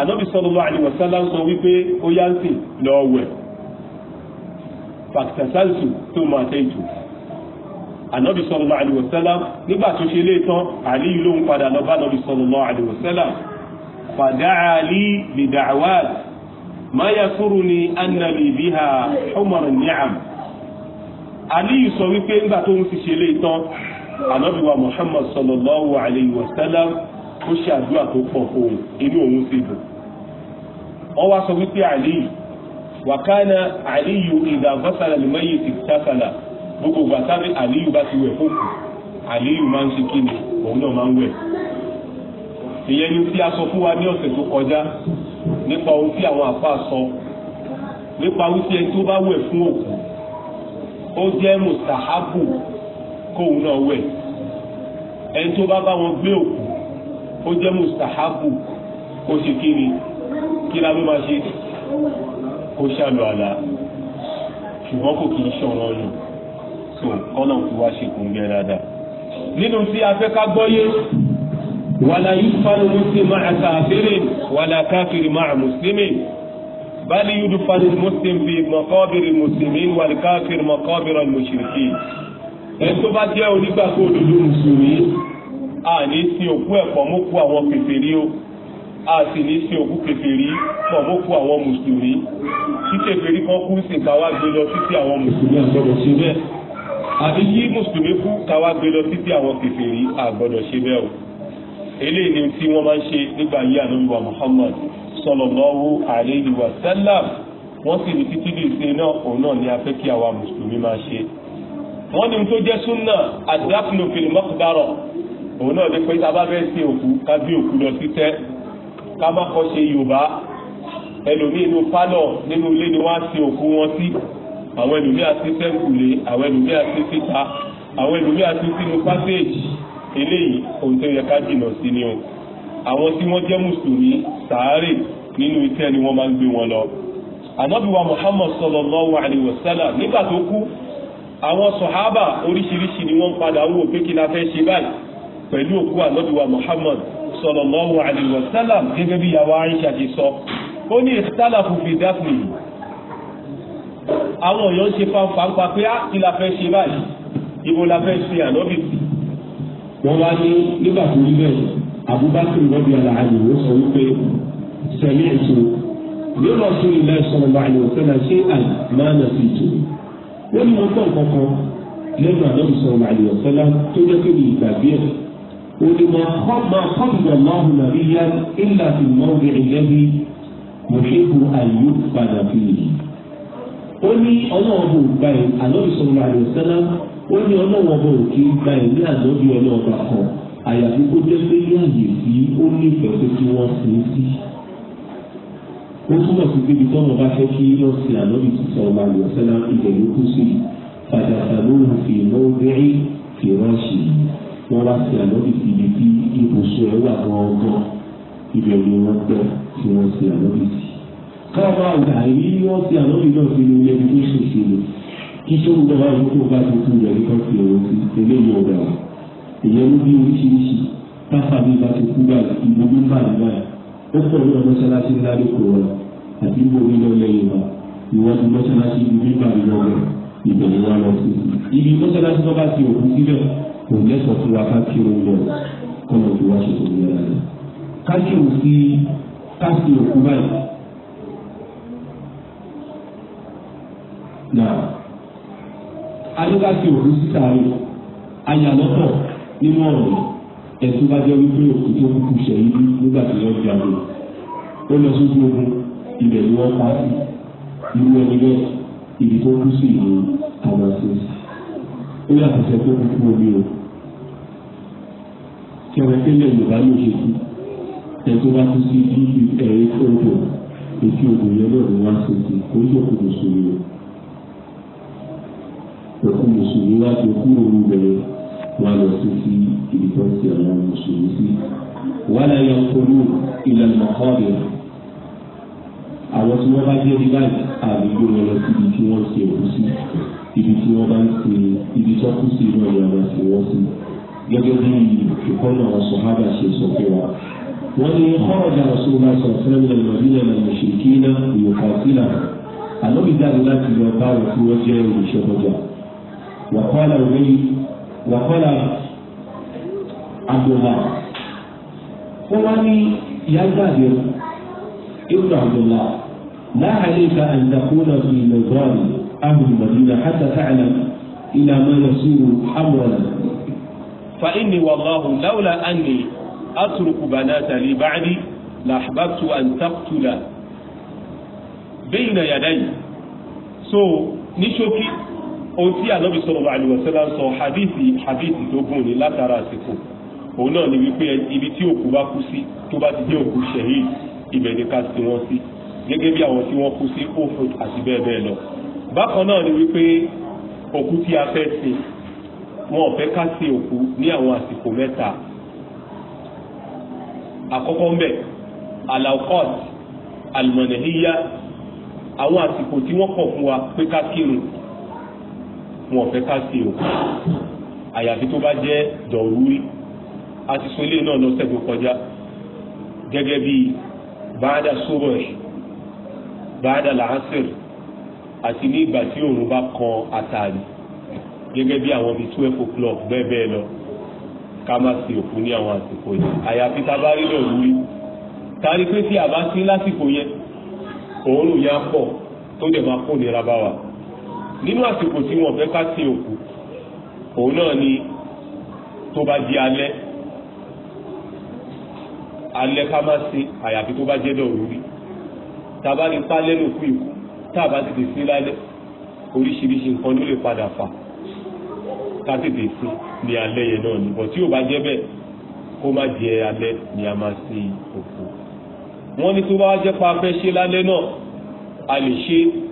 Speaker 1: ànábì sọ̀rọ̀ àjọ sẹ́lá sọ wípé ó yá ń sìn lọ́ọ́ wẹ̀ fàtẹ́sàlùsù tó máa tẹ́ ìtù ànábì sallallahu alaihi nígbà tó ṣe lé tán àlíyù ló ń padà lọ bá ànábì sallallahu alaihi wasallam fàdáàlì bìdàwàd ma yakuruni anna li biha humar ni'am aliyu sọ wípé nígbà tó ń fi ṣe lé tán anabiwa muhammad sallallahu alayhi wa sallam ó ṣe àdúrà tó pọ̀ fóun inú òun sì dùn wọ́n wá sọ wípé aliyu wakana aliyu ìdàgbàsálà lè mẹ́yìí ti tàkàlà gbogbo aliyu bá ti wẹ̀ aliyu máa ń ṣe kí òun náà máa ń wẹ̀ ìyẹn ni tí nípa ohun tí àwọn àfa sọ nípa wípé ẹni tó bá wẹ̀ fún òkú ó jẹ́ mustahabu kóun náà wẹ̀ ẹni tó bá bá wọn gbé òkú ó jẹ́ mustahabu kó ṣe kí ni kí lábẹ́ máa ṣe kó ṣàlù àlá ṣùgbọ́n kò kì í ṣọ̀rọ̀ yìí so kọ́nà tí wàá ṣe kò ń gbẹ dáadáa nínú tí a fẹ́ ká gbọ́yé wàlà yudufanu muslim ma'a kafirin wàlà káfírin ma'a muslimin bali yudufanu muslim fi maqabiri muslimin wàlì káfírin maqabiri mushrikin. ẹ̀ tó bá jẹ́ onígbàgbọ́ òdodo mùsùlùmí àní sin òkú ẹ̀ pọ̀ mọ́ kú àwọn kèfèrí o a sì ní sin òkú kèfèrí pọ̀ mọ́ kú àwọn mùsùlùmí tí kèfèrí kan kú sí káwá gbé lọ títí àwọn mùsùlùmí àgbọ̀dọ̀ ṣe bẹ́ẹ̀ àbí kí mùsùlùmí kú káwá gbé lọ títí àwọn kèfèrí àgbọ̀dọ̀ ṣe bẹ́ẹ̀ o eléyìí ni tí wọ́n máa ń ṣe nígbà yí ànábìwá Muhammad sallallahu alayhi wa sallam wọ́n sì ní títí di ìṣe náà òun náà ni a fẹ́ kí àwa mùsùlùmí máa ṣe wọ́n ní tó jẹ́ súnà àdáfínú fil maqbara òun náà ní pé tá a bá fẹ́ ṣe òkú ká bí òkú lọ sí tẹ́ ká má kọ́ ṣe yorùbá ẹlòmíì inú pálọ̀ nínú ilé ni wọ́n á ṣe òkú wọn sí àwọn ẹlòmíì àti sẹ́kùlé àwọn ẹlòmíì àti síta àwọn ẹlòmíì àti sínú pásíèjì eléyìí ohun tó yẹ ká jìnà sí ni o àwọn tí wọ́n jẹ́ mùsùlùmí sàárè nínú iṣẹ́ ni wọ́n máa ń gbé wọn lọ ànábìwá muhammad sallallahu alayhi wa sallam nígbà tó kú àwọn sọ̀hábà oríṣiríṣi ni wọ́n padà wò pé kí la fẹ́ ṣe báyìí pẹ̀lú òkú ànábìwá muhammad sallallahu alayhi wa sallam gẹ́gẹ́ bí yàwá aisha ti sọ ó ní ikhtalafu fi dafni àwọn èèyàn ṣe fanfa pa pé á ah, kí la fẹ́ ṣe báyìí ibo la fẹ́ ṣe ànábì sí wọ́n wá ní nígbà tó rí bẹ́ẹ̀ Abubakar rọ́bì aláàyè ó sọ wípé sẹ́mi ẹ̀sùn yóò lọ sí ilé sọ̀rọ̀ bá àyè òfin náà ṣé àyè máa nà sí ìtò wọ́n ní mo gbọ́ nǹkan kan lẹ́nu àdóbi sọ̀rọ̀ bá àyè òfin náà tó jẹ́ kí ni ìgbàgbé ẹ̀ ó ní mo kọ́ bùbọ̀ lọ́hùn nàbí yá ilà fi mọ́ọ̀gì ìlẹ́bí mo ṣe bu àyè padà fi yìí ó ní ọlọ́run bò gba ẹ̀ àdóbi sọ̀rọ̀ bá àyè òfin náà ó ní ọlọ́wọ́n bò kí n gba ẹ̀mí ànábì ọlọ́ọ̀gá kan àyàfi kó jẹ́ pé ní àyè tí ó nífẹ̀ẹ́ pé kí wọ́n sin sí. ó túmọ̀ sí débi tọ́nà bá fẹ́ kí yọ sí ànábì sísọ ọba àlùsẹ́lá ilẹ̀ ló kú sí pàtàkì lóhùn fi ìmọ̀ obìnrin fi ránṣẹ́ wọ́n wá sí ànábì sí ibi tí ibùsùn ẹ̀ wà gan-an ibẹ̀ ni wọ́n gbọ́ tí wọ́n sí ànábì sí. káwọn àgbà yìí wọ́n sí ànábì náà sínú kíṣó ń lọ́wọ́ àwọn tó bá tuntun rẹ̀ nípa ti ọ̀rọ̀ sí eléyìí ọ̀dà èèyàn ló bí oríṣiríṣi káfà mi bá ti kú báyìí ìlú mi bá mi báyìí ó pọ̀ ní ọmọ sálásí ńlá ló kọ̀ ọ́ àti ìbò mi lọ lẹ́yìn wa ìwádìí mọ́sálásí ìlú mi bá mi lọ bẹ̀ ìbẹ̀rẹ̀ wa lọ sí i ibi mọ́sálásí wọn bá ti òkú síbẹ̀ kò lẹ́sọ̀ fún wa ká kí òun lọ kọ́nà tó wá ṣètò ní ara rẹ̀ ká kí òun sí ká sí òkú báyìí alókàsí òru síta rẹ̀ ayàlọ́tọ̀ nínú ọ̀rọ̀ ẹ̀sùn bá jẹ́ wípé òkú tó kú sẹ́yìn nígbà tí wọ́n fi àgbẹ̀ ó lọ sójú ogun ibẹ̀ ni wọ́n pa sí irú ẹni bẹ́ẹ̀ ibi tó kú sí ìlú tàbátì ó yàtọ̀ sẹ́ tó kú omi o kẹrẹkẹlẹ yorùbá ló ṣe kú ẹ tó bá kú sí bí ẹ̀rí tó ń bọ̀ ètí ògùn yẹn náà ló wá sí ti kò ń jòkó yìí o òkú mùsùlùmí wá ti kúrò níbẹ̀rẹ̀ wá lọ sí sí ibi tó ń ti àwọn mùsùlùmí sí. wọ́n lè yan polú ilẹ̀ mọ̀kọ́ọ̀dẹ̀ àwọn tí wọ́n bá dé ní báyìí àdúgbò wọn lọ síbi tí wọ́n ṣe òkú sí ibi tí wọ́n bá ń ṣe ibi tó kú sí náà ni àwọn sì wọ́n sí gẹ́gẹ́ bí ìkọ́nà ọ̀sán hábà ṣe sọ fún wa. wọ́n ní kọ́ọ̀dà ọ̀sán ọ̀sán ọ̀sán fẹ́ẹ́ lẹ́nu ìlànà ìmọ̀ṣẹ̀kí náà ìyókàtìlà àlọ́ ìdáhùn láti lọ bá òkú wọn jẹ́ olùṣọ́gbọ́gbà. وقال أبي وقال عبد الله ومن يا جابر ابن عبد الله لا عليك أن تكون في مزار أهل المدينة حتى تعلم إلى ما يصير أمرا فإني والله لولا أني أترك بنات لي بعدي لأحببت أن تقتل بين يدي so ní ohun tí ànábì sallallahu alaihi wasallam sọ hadithi hadithi tó gùn ní látara àsìkò òun náà ni wípé ibi tí òkú bá kú sí tó bá ti jẹ́ òkú ṣẹ̀hìn ibẹ̀ ni ká sin wọn sí gẹ́gẹ́ bí àwọn tí wọ́n kú sí Uhud àti bẹ́ẹ̀ bẹ́ẹ̀ lọ bákan náà ni wípé òkú tí a fẹ́ sin wọn ò fẹ́ ká sin òkú ní àwọn àsìkò mẹ́ta àkọ́kọ́ mbẹ̀ alaukot almanahiya àwọn àsìkò tí wọ́n kọ̀ fún wa pé ká kírun wọn ò fẹ́ ká sí o àyàfi tó bá jẹ́ dọ̀rúrí a ti sọ ilé náà lọ́sẹ̀ tó kọjá gẹ́gẹ́ bí báádà sóró ẹ̀ báádà làásìrì àti ní ìgbà tí òòrùn bá kan àtàrí gẹ́gẹ́ bí àwọn bíi twelve o'clock bẹ́ẹ̀ bẹ́ẹ̀ lọ ká má sí òkú ní àwọn àsìkò yẹn àyàfi tá a bá rí dọ̀rúrí tari pé tí a bá sí lásìkò yẹn òórùn yẹn á pọ̀ tó dẹ̀ máa kó nira bá wa nínú àsìkò tí wọ́n fẹ́ ká sí òkú òun náà ni tó bá di alẹ́ alẹ́ ká má ṣe àyàfi tó bá jẹ́ dọ̀rúrí tàbá ní pálẹ́ lòkú ìkú tàbá ti tèsí lálẹ́ oríṣiríṣi nǹkan ló lè padà fà ká tètè sí ní alẹ́ yẹn náà ni bọ̀ tí ò bá jẹ́ bẹ́ẹ̀ kó má jẹ alẹ́ ni a máa sí òkú wọ́n ní tó bá wá jẹ́ pa fẹ́ ṣe lálẹ́ náà a lè ṣe é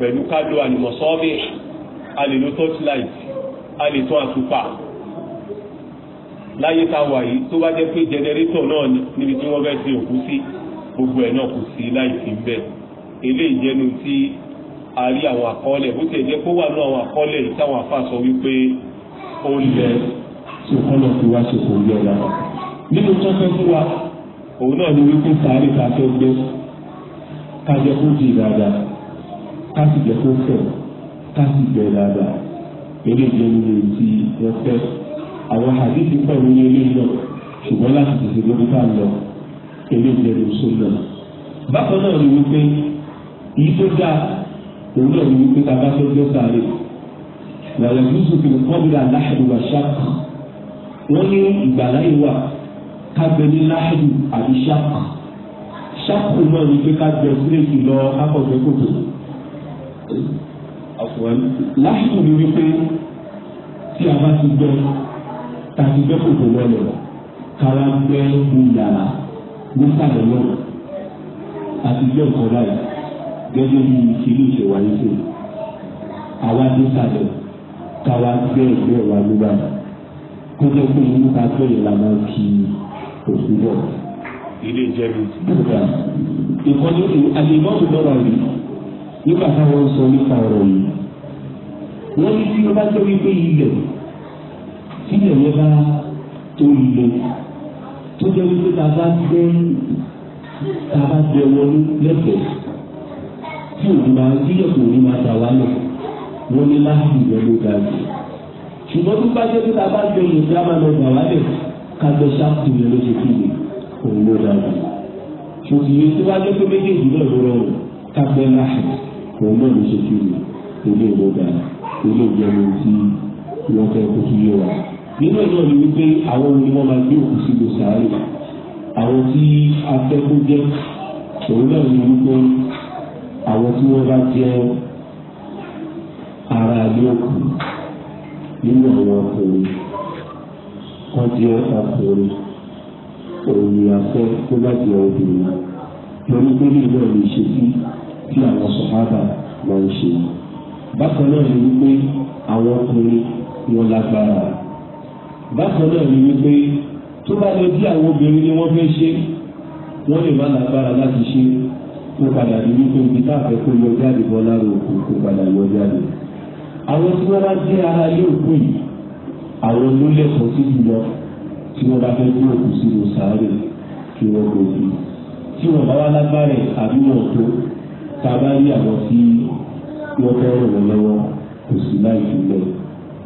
Speaker 1: pẹ̀lú kájọ àlùmọ̀sọ́ọ́bì a lè lo torchlight a lè tún àtùpà láyé tá a wà yìí tó bá jẹ́ pé jẹnẹrétọ̀ náà níbi tí wọ́n fẹ́ ṣe òkú sí gbogbo ẹ̀ náà kò sí láì fi ń bẹ̀ eléyìí jẹ́nu tí a rí àwọn àkọọ́lẹ̀ bó tiẹ̀ jẹ́ kó wà ní àwọn àkọọ́lẹ̀ yìí táwọn afá sọ wípé ó lẹ̀ sọkọ́nà tí wá ṣe kò yẹ ọ̀la nínú tó fẹ́ fún wa òun náà ni wípé sáré ta fẹ́ gbé kájọ kó di dáadáa ká sì jẹ́ kó fẹ̀ ká sì bẹ̀ dáadáa eléyìí ẹni lè ti wọ́n fẹ́ àwọn àdìsí pọ̀ nínú eléyìí náà ṣùgbọ́n láti tètè lórí ká lọ eléyìí ẹni sọ́nà. bákan náà ni wípé èyí tó dáa òun náà ni wípé ká bá fẹ́ gbé sáré lọ́yọ̀ yusuf kì í kọ́bílà láhàdù wà ṣáàkì wọ́n ní ìgbàláyé wà kábẹ́ ní láhàdù àbí ṣáàkì ṣáàkì náà ni pé ká jẹ sílẹ̀ lọ kápọ̀ jẹ́ kòtò lásìkò ni wípé tí a bá ti gbẹ ta ti gbẹ kòtò lọlẹ kára gbẹ ìyàrá nísàlẹ̀ náà àti gbẹ nǹkan báyìí gẹ́gẹ́ bí ìṣèlú ìṣèwà yìí ṣe àwa nísàlẹ̀ kára gbẹ ìgbẹ ìwà nígbà kó jẹ́ pé inú ta gbẹ ìlànà kí òṣùwọ̀. ilé ìjẹun. ìkọ́ni àlè ìmọ̀tò lọ́wọ́ rẹ̀ nígbà táwọn ń sọ nípa ọ̀rọ̀ yìí wọ́n ní tí wọ́n bá tó wípé ilẹ̀ tílẹ̀ yẹn bá tó ilẹ̀ tó jẹ́ wípé ta bá gbẹ́ ta bá gbẹ wọlé lẹ́fẹ̀ẹ́ tí òní máa tílẹ̀ kò ní máa dà wálẹ̀ wọ́n ní láti ìyẹn ló ga jù ṣùgbọ́n tó bá jẹ́ pé ta bá gbẹ yẹn dá máa lọ dà wálẹ̀ ká gbẹ ṣáàpù yẹn ló ṣe kí ni òun ló ga jù ṣùgbọ́n ìyẹn tó bá jẹ́ pé méjèèjì náà ló rọrùn ká gbẹ láti òun náà ló ṣe kiri ilé ìlọ́dà ilé ìjẹun tí wọ́n fẹ́ kó tún yé wa. nínú ẹ̀ náà ni wípé àwọn ni wọ́n máa gbé òkú sí ìlú sàárè àwọn tí afẹ́kún jẹ́ òun náà ni wípé àwọn tí wọ́n bá jẹ́ ara ilé òkú nínú àwọn ọkùnrin wọ́n jẹ́ ọkùnrin òun ni afẹ́ tó bá jẹ́ obìnrin lórí pé nígbà ìṣesí tí àwọn sọ̀hábà máa ń ṣe. bákan náà ni wípé àwọn ọkùnrin wọn lágbára. bákan náà ni wípé tó bá lè bí àwọn obìnrin ni wọ́n fẹ́ ṣe wọ́n lè má lágbára láti ṣe kó padà di wípé ibi tá a fẹ́ kó yọ jáde bọ́ lára òkú kó padà yọ jáde. àwọn tí wọ́n bá jẹ́ ara ilé òkú yìí àwọn olólẹ́kọ̀ọ́ sí jùlọ tí wọ́n bá fẹ́ gbé òkú sínú sàárè
Speaker 2: kí wọ́n gbòdì
Speaker 1: tí wọ́n bá wá lágbára àbí wọ́n tó tá a bá rí àwọn tí wọ́n fẹ́ ràn wọ́n lọ́wọ́ kò sí láì fi lẹ̀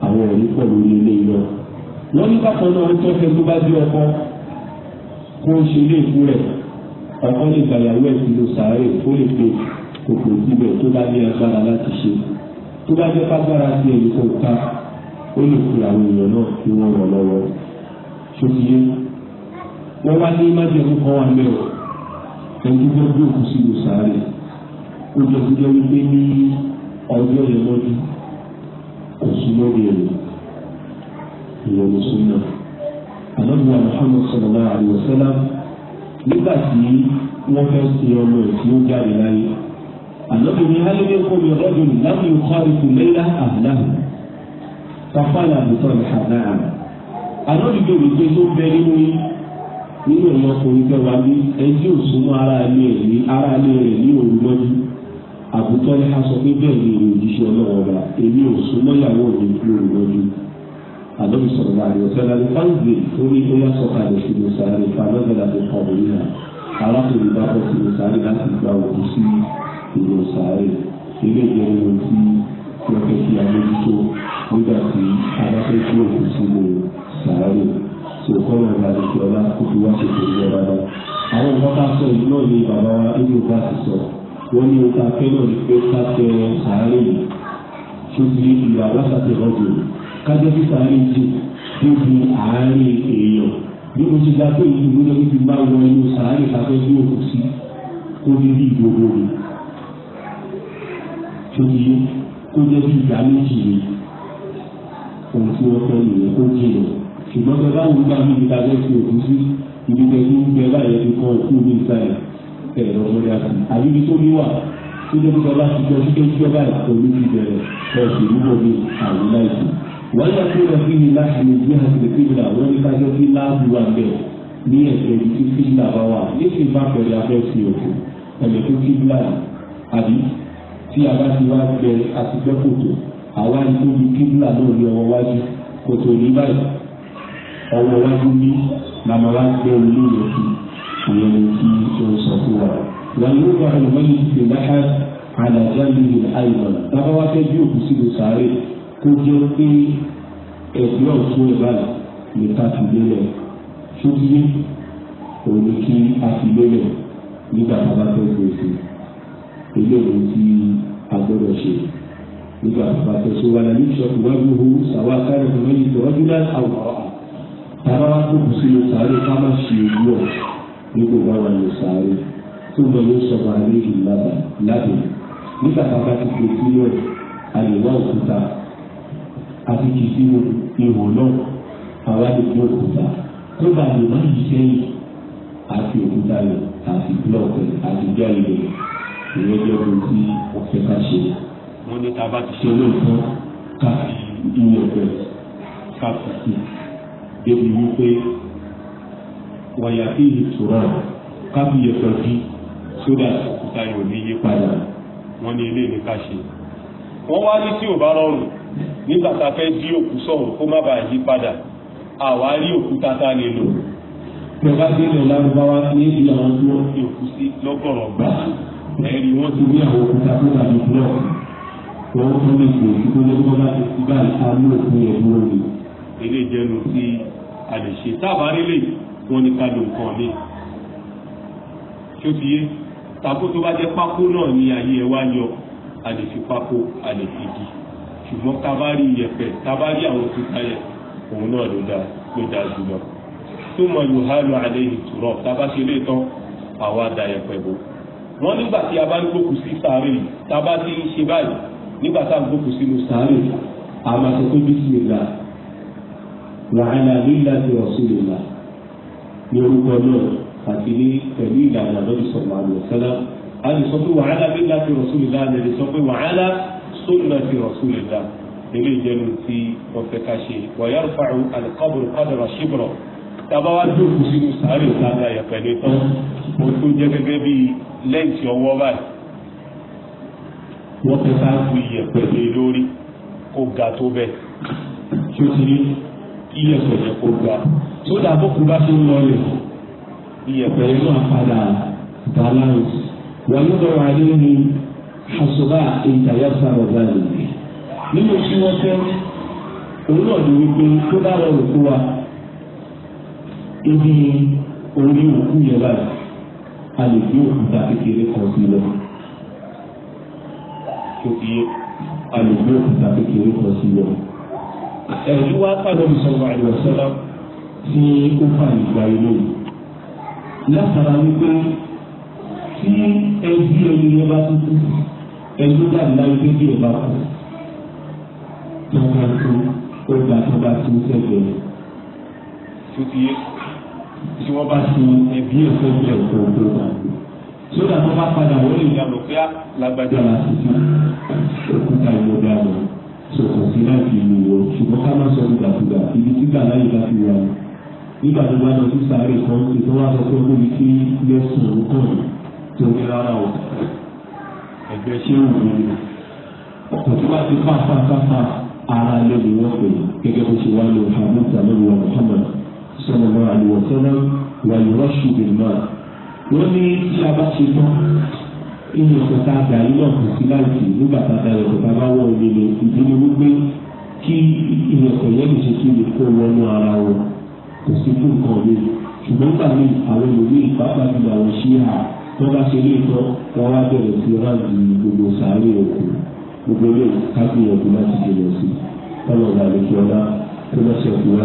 Speaker 1: àwọn ẹ̀rí pọ̀ lórí ilé iná. wọ́n ní bákan náà ó tọ́jú tó bá dé ọkọ kó o ṣe ilé ìfún rẹ̀ ọkọ lè gbàyàwó ẹ̀ sínú sàárè ó lè pe kòkò síbẹ̀ tó bá ní agbára láti ṣe tó bá jẹ́ kágbára sí ẹ̀yìn kò ká ó lè fi àwọn èèyàn náà tí wọ́n ràn lọ́wọ́ ṣókìyé wọ́n wá ní májèlú kan wà mẹ́rọ ẹni tó òkú sínú sàárè lójoojúmọ́ wípé ní ọjọ́ yẹn lọ́dún kò súnmọ́ ní ẹ̀rọ ìyẹn ló súnmọ́. àlọ́dúnrún Muhammad sallallahu alaihi wasallam nígbà tí wọ́n fẹ́ ṣe ọmọ ẹ̀ tí ó jáde láyé. àlọ́dúnrún alẹ́lẹ́ kọ́ mi rọ́dùn lábẹ́ ìkọ́ ikú lẹ́yà àdáhùn fàfàlà àbùtọ́ ìhàdáhùn. àlọ́dúnrún olùgbé tó bẹ nínú yìí nínú ìyọkùnrin fẹ́ wá ní ẹjọ́ òsùnmọ́ ara ilé rẹ̀ ní òru mọ́jú àbútọ́ ẹ̀ sọ pé bẹ́ẹ̀ ni òjíṣẹ́ ọlọ́wọ́ ọba èmi ò sún mọ́yàwó mi lórí lọ́dún àdóbi sọ̀rọ̀ náà àdìyẹ sọ́dọ̀ ní fáìlì tó ní bóyá sọ̀kalẹ̀ sí ní sáré fanọ́gẹ́lá tó kọ̀ wọ́n náà arákùnrin bá bọ̀ sí ní sáré láti gba òkú sí ìlú sáré ilé ìjẹun ohun tí wọ́n fẹ́ kí amójútó nígbà tí arákùnrin tí òkú sí ní sáré tó kọ́ wọn bá lè jọba kó fi wá ṣètò ìjọba náà àwọn ìwọ́n bá sọ ìlú náà ní bàbá wa inú bá ti sọ̀rọ̀ wọ́n ní ọta fẹ́ràn ní pé ká tẹ sàárè yìí tó di ìlà wákàtí ọdún kájọ́ sí sàárè jù tó di àárín èèyàn bí mo ti gba pé ìlú ló ti bá wọ inú sàárè káfẹ́ bí òkú sí kó ní bí ìgbòho rẹ̀ tó di kó jẹ́ bí ìgbà méjì rẹ̀ ohun tí wọ́n fẹ́ nìyẹn kó jìnà ṣùgbọ́n bẹ́ẹ̀ báwo ń gbà mí ìdájọ́ sí òkú sí ibi bẹ́ẹ̀ ní bẹ́ẹ̀ báyẹn ti kọ́ òkú mi sáyẹn bẹ̀rẹ̀ lọ́wọ́ yá sí àyíbi tó ní wà tó ló ń sọ bá ti jọ sí tó ń jọ báyìí pẹ̀lú ti bẹ̀rẹ̀ ẹ̀sìn níbo ni àwọn láìsí. wọ́n yà tó lọ sí ni láti lè gbé àtìlẹ́ fíbílà wọ́n ní kájọ́ sí láàbù wa bẹ̀ ní ẹ̀sẹ̀ ibi tí fíbílà bá wà nísìnyí bá bẹ̀rẹ̀ afẹ́ sí òkú ẹ̀jẹ̀ tó fíbílà àbí tí a bá ti wá bẹ ìyẹn tí ó sọ fún wa. wọ́n yóò wá ìwọ́nyí ti láhà àlàjáde àìmọ̀nà bàbá wa fẹ́ bí òkú síbi sáré kó jẹ́ pé ẹ̀gbẹ́ ọ̀tún ẹ̀ báyìí lè ká fi lélẹ̀ ṣókíyé òun ni kí a fi lélẹ̀ nígbà tá a bá fẹ́ gbèsè eléyìí tí a gbọ́dọ̀ ṣe nígbà bàbá tẹ̀sí wa la yíṣọ́ ìwádìí sàwọn akárẹ̀ ìwádìí tọ́jú náà àwòrán tàbá wá kó kùsùn lọ sàárè ká nígbò báwa lè sáré tó mọ yóò sọ̀rọ̀ àlẹ́ ìlànà lábẹ́ nígbà tá a bá ti fi sínú ẹ̀ a lè wá òkúta àti kì í sínú ihò náà àwa lè fi òkúta tó bá lè má yí sẹ́yìn àti òkúta lọ àti blọọkì àti jáde ìwé jẹ́ ohun tí ọ̀fẹ́ ká ṣe. wọ́n ní tá a bá ti ṣe lóòótọ́ ká fi iyọ̀ bẹ̀rẹ̀ ká fi sí débi wípé wàyà sí ìtura kábí yẹsọ sí sódà òkúta yóò ní yí padà wọ́n ní ilé ní ká ṣe wọ́n wá ní tí ò bá rọrùn nígbà a fẹ́ dí òkú sọ̀rọ̀ kó má bàa yí padà àwa rí òkúta tá a lè lò ìjọba tí ìlú lárúbáwá ní ìlú àwọn tí wọ́n fi òkú sí lọ́gọ̀rọ̀ gbà ẹ̀rí wọ́n ti ní àwọn òkúta tó dàbí blọọ wọ́n tún lè gbò kí tó lè gbọ́ láti ti báyìí ká ní òkú yẹn dúró ni. eré ìjẹun tí a lè ṣe sábà nílé wọn ní ká lo nǹkan mi tí ó ti yé tàbó tó bá jẹ pákó náà ní ayé ẹ wá yọ a lè fi pákó a lè fi di ṣùgbọ́n tabari yẹ̀pẹ̀ tabari àwọn òkúta yẹ òun náà ló dáa ló dáa jùlọ tó mọ yohanu aleyhi turọ taba ṣe lè tán àwa da yẹ̀pẹ̀ bò wọn nígbà tí a bá ń gbókù sí sáré yìí taba ti ń ṣe báyìí nígbà tá a gbókù sínú sáré yìí a máa sọ pé bísí mi là wàhálà lílà ti ní orúkọ náà àti ní pẹ̀lú ìlànà lórí sọ̀rọ̀ àlọ́ sẹ́lá a lè sọ pé wàhálà bí láti rasulillah a lè sọ pé wàhálà sunna ti rasulillah ilé ìjẹun ti ọ̀fẹ́ ká ṣe wàyà rúfàrù alikọ́bùrù kọ́dọ̀rọ̀ ṣíbùrọ̀ tábà wá dúró sínú sáré sáadà yẹ̀pẹ̀ ní tán o tó jẹ́ gẹ́gẹ́ bí lẹ́ǹtì ọwọ́ báyìí wọ́n fẹ́ sáà iyẹ̀pẹ̀ yẹn kó gbà tó dà bókú bá fi ń lọlẹ̀ iyẹ̀pẹ̀ yẹn máa padà balance wọ́n yóò dọ̀rọ̀ ayé ni àṣọba ìtàyàfà ọ̀gá rẹ̀ nínú tí wọ́n fẹ́ òun náà ní wípé tó bá lọ òkú wa ibi orí òkú yẹn báyìí a lè gbé òkúta kékeré kan sí lọ a lè gbé òkúta kékeré kan sí lọ ẹ̀rù wá pàdánù sọ̀rọ̀ àìwọ̀sọ́lá tí ó fà ìgbà ilé yìí látara wípé tí ẹbí ẹni yẹn bá tó kú ẹni dà láyé pé bí ẹ bá kú tó bá tó ó gbà tó bá tó sẹ́gbẹ̀ẹ́ tó ti yé tí wọ́n bá sin ẹbí ẹ̀ sẹ́gbẹ̀ẹ́ tó tó bá sódà tó bá padà wọlé ìyàwó pé lágbájá la ti sùn òkúta ìwọ́dà so kò sí láti ìlú wọn ṣùgbọ́n ká má sọ gbàgbà ibi tí gbàgbà yìí láti wà ní. nígbà tó bá lọ sí sáré kan ṣe tó wá sọ pé ó níbi tí lẹ́sùn ń kàn tó ní rárá o ẹgbẹ́ ṣé wù mí ni. ọkọ̀ tí wàá ti fà fà fà fà ara lé ní wọ́n pè gẹ́gẹ́ bó ṣe wá lọ hamid salomu wa muhammad sọlọ mọ àlùwọ̀ sọlọ wà lọ́ọ́ ṣùgbọ́n náà. wọ́n ní tí a ṣe tán inú kòtà àgbáyé náà kò sí láǹtì nígbà tá a dára kòtà bá wọ̀ ọ́ lélẹ̀ ìdílé wípé kí ìyẹ̀kọ̀ yẹn lè ṣe kí lè kó wọnú ara wọn kò sí fún nǹkan mi ṣùgbọ́n nígbà míì àwọn ènìyàn pàápàá ti gbà wọ́n ṣí hà wọ́n bá ṣe ilé ìtọ́ wọn wá bẹ̀rẹ̀ sí ráàdì gbogbo sàárè òkú gbogbo ilé kábíyànjú láti jẹ̀lẹ̀ sí ọlọ́ọ̀dà àlejò ọlá tó lọ́sẹ̀ òkú wá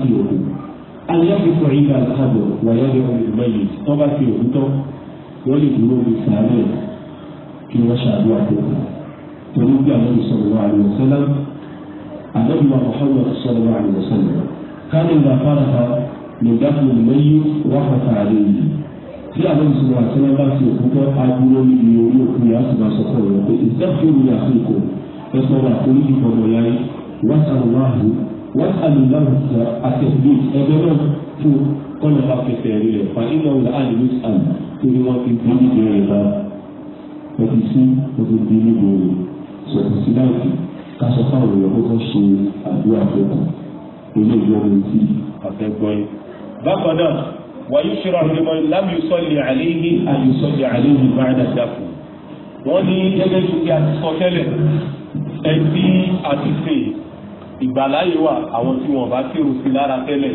Speaker 1: ṣe òkú ayébùkọ̀ ìgbà àkàbọ̀ wọ̀nyẹ́dẹ̀ ọ̀rẹ́dẹ̀mẹ́yìn tó bá fi òkú tán wọ́n lè dúró ní sàárẹ̀ kí wọ́n ṣàdúrà tó kù torí bí àwọn ìsọ̀rọ̀ àlùsọ́lá àdébùwà Muhammad sọ̀rọ̀ àlùsọ́lá káàdì ìgbà fárahà lè dákun lẹ́yìn wákàtà àlẹ́ yìí tí àwọn ìsọ̀rọ̀ àṣẹlẹ̀ bá fi òkú tán adúró níbi orí òkú wọ́n àlùláwù sọ àtẹ̀síbí ẹgbẹ́ náà fún kọ́nà bá fẹsẹ̀ rí rẹ̀ fa iná wùlá àlùlù sàn tó ní wọ́n fi bí níbi rẹ̀ bá wọ́n ti sí wọ́n ti bí níbi rẹ̀ sọ ti sí láìpẹ́ káṣọ fáwọn èèyàn kó tó ṣe àdúrà fẹ́kù ilé ìjọba ti àfẹ́gbọ́ yìí. bákan náà wàyí ṣọ́ra ìdìbò lábì sọ́lì àléhìn àyùsọ́lì àléhìn bá dàdáfù wọ́n ní gẹ́gẹ́ bí a ti ìgbàláyé wà àwọn tí wọ́n bá kírun sí lára tẹ́lẹ̀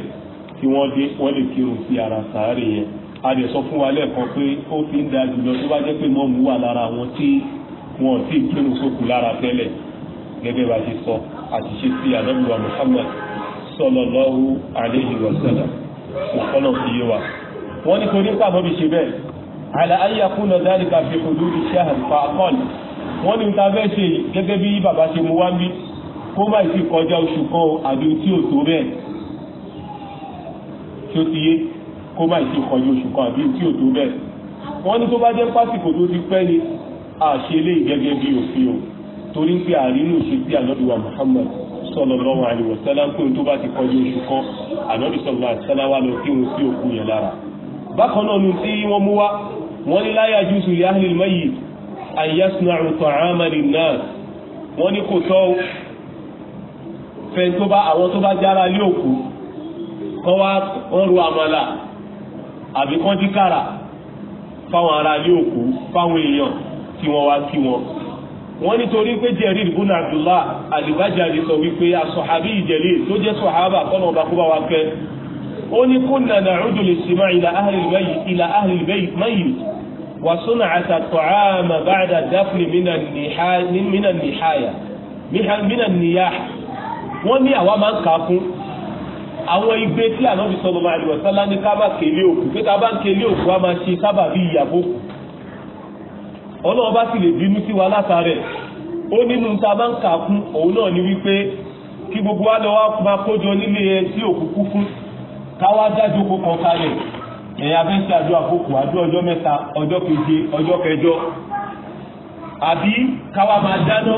Speaker 1: tí wọ́n dé wọ́n lè kírun sí ara sàárè yẹn a lè sọ fún wa lẹ́ẹ̀kan pé ó fi ń da jùlọ tó bá jẹ́ pé mọ́mù wà lára wọn tí wọn ti kírun sókù lára tẹ́lẹ̀ gẹ́gẹ́ bá ṣe sọ àti ṣe sí ànábìwà Muhammad sallallahu alayhi wa sallam òkọ́nà fi yé wa wọ́n ní torí pàmò bí ṣe bẹ́ẹ̀ àlà ayé kúnlọ dhalika fi hududi shahr fa wọ́n ní ta bẹ́ẹ̀ ṣe gẹ́gẹ́ bí bàbá ṣe mú wá bí kó má sì kọjá oṣù kan àbí tí ò tó bẹ́ẹ̀ tí ó ti yé kó má sì kọjá oṣù kan àbí tí ò tó bẹ́ẹ̀ wọ́n ní tó bá jẹ́ pásìkò tó ti pẹ́ ni àṣe lè gẹ́gẹ́ bí òfin o torí pé àrínú ṣe sí ànọ́bíwá Muhammad sallallahu alaihi wasallam pé tó bá ti kọjá oṣù kan ànọ́bí sallallahu alaihi wà lọ kí wọn sí òkú yẹn lára bákan náà nu tí wọ́n mú wá wọ́n ní la yajuzu li ahlil mayyit an yasna'u ta'aman lin wọ́n ní kò tọ́ fẹ́ tó bá àwọn tó bá jára lé òkú kọ́ wá wọ́n ro àmàlà àbí kọ́ díkàrà fáwọn ará lé òkú fáwọn èèyàn tí wọ́n wá kí wọn. wọ́n nítorí pé jẹ̀rí ìbùnà Abdullah alìbájáde sọ wípé asọ̀hábí ìjẹ̀lẹ̀ tó jẹ́ sọ̀hábà kọ́nà ọba kó bá wa fẹ́. ó ní kunna na'udu listima ila ahlil bayt ila ahlil bayt mayyit wa sun'ata ta'ama ba'da dafni minan nihaya wọ́n ní àwa máa ń kà á fún àwọn igbe tí ànábì sọ̀rọ̀ máa lè wọ̀sálá ní ká bá kélé òkú pé ká bá ń kélé òkú a máa ṣe sábà bí ìyàbò ọlọ́run bá sì lè bínú sí wa látàrẹ̀ ó nínú ta bá ń kà fún òun náà ni wípé kí gbogbo wa lọ wá máa kójọ nílé ẹ sí òkú kú fún káwá dájú kó kan kalẹ̀ ẹ̀yà abẹ́sẹ̀ àjọ àkókò àjọ ọjọ́ mẹ́ta ọjọ́ keje ọjọ́ kẹjọ àbí káwá máa dáná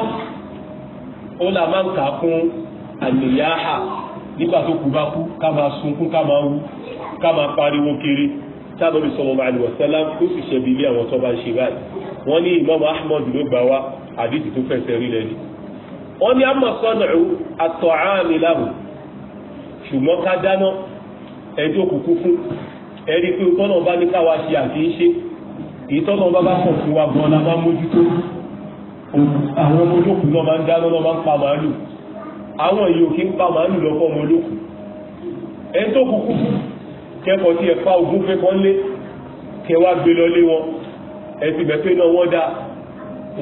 Speaker 1: ó là máa ń kà fún àníyáhà nígbà tó kú bá kú ká máa sunkún ká máa wú ká máa pariwo kiri tábàbí sallallahu alaihi wasallam ó sì ṣẹbi ilé àwọn tó ṣe báyìí wọ́n ní Imam Ahmad ló gbà wá àdìsí tó fẹsẹ̀ rí lẹ́nu wọ́n ní àmọ́ sọ́nà àtọ̀áàmì láwù ṣùgbọ́n ká dáná ẹjọ́ òkùnkù fún ẹ̀rí pé tọ́nà bá ní káwa ṣe àti ń ṣe ìtọ́nà bá bá àwọn ọmọ olókùn náà ń dáná náà ń pa màálù àwọn èyí òkè ń pa màálù lọ́pọ̀ ọmọ olókùn ẹ tó kúkú kẹ́kọ̀ọ́ tí ẹ pa ogún fẹ́ kọ́ lé kẹwa gbé lọlé wọn ẹ ti bẹ̀ pé náà wọ́n dá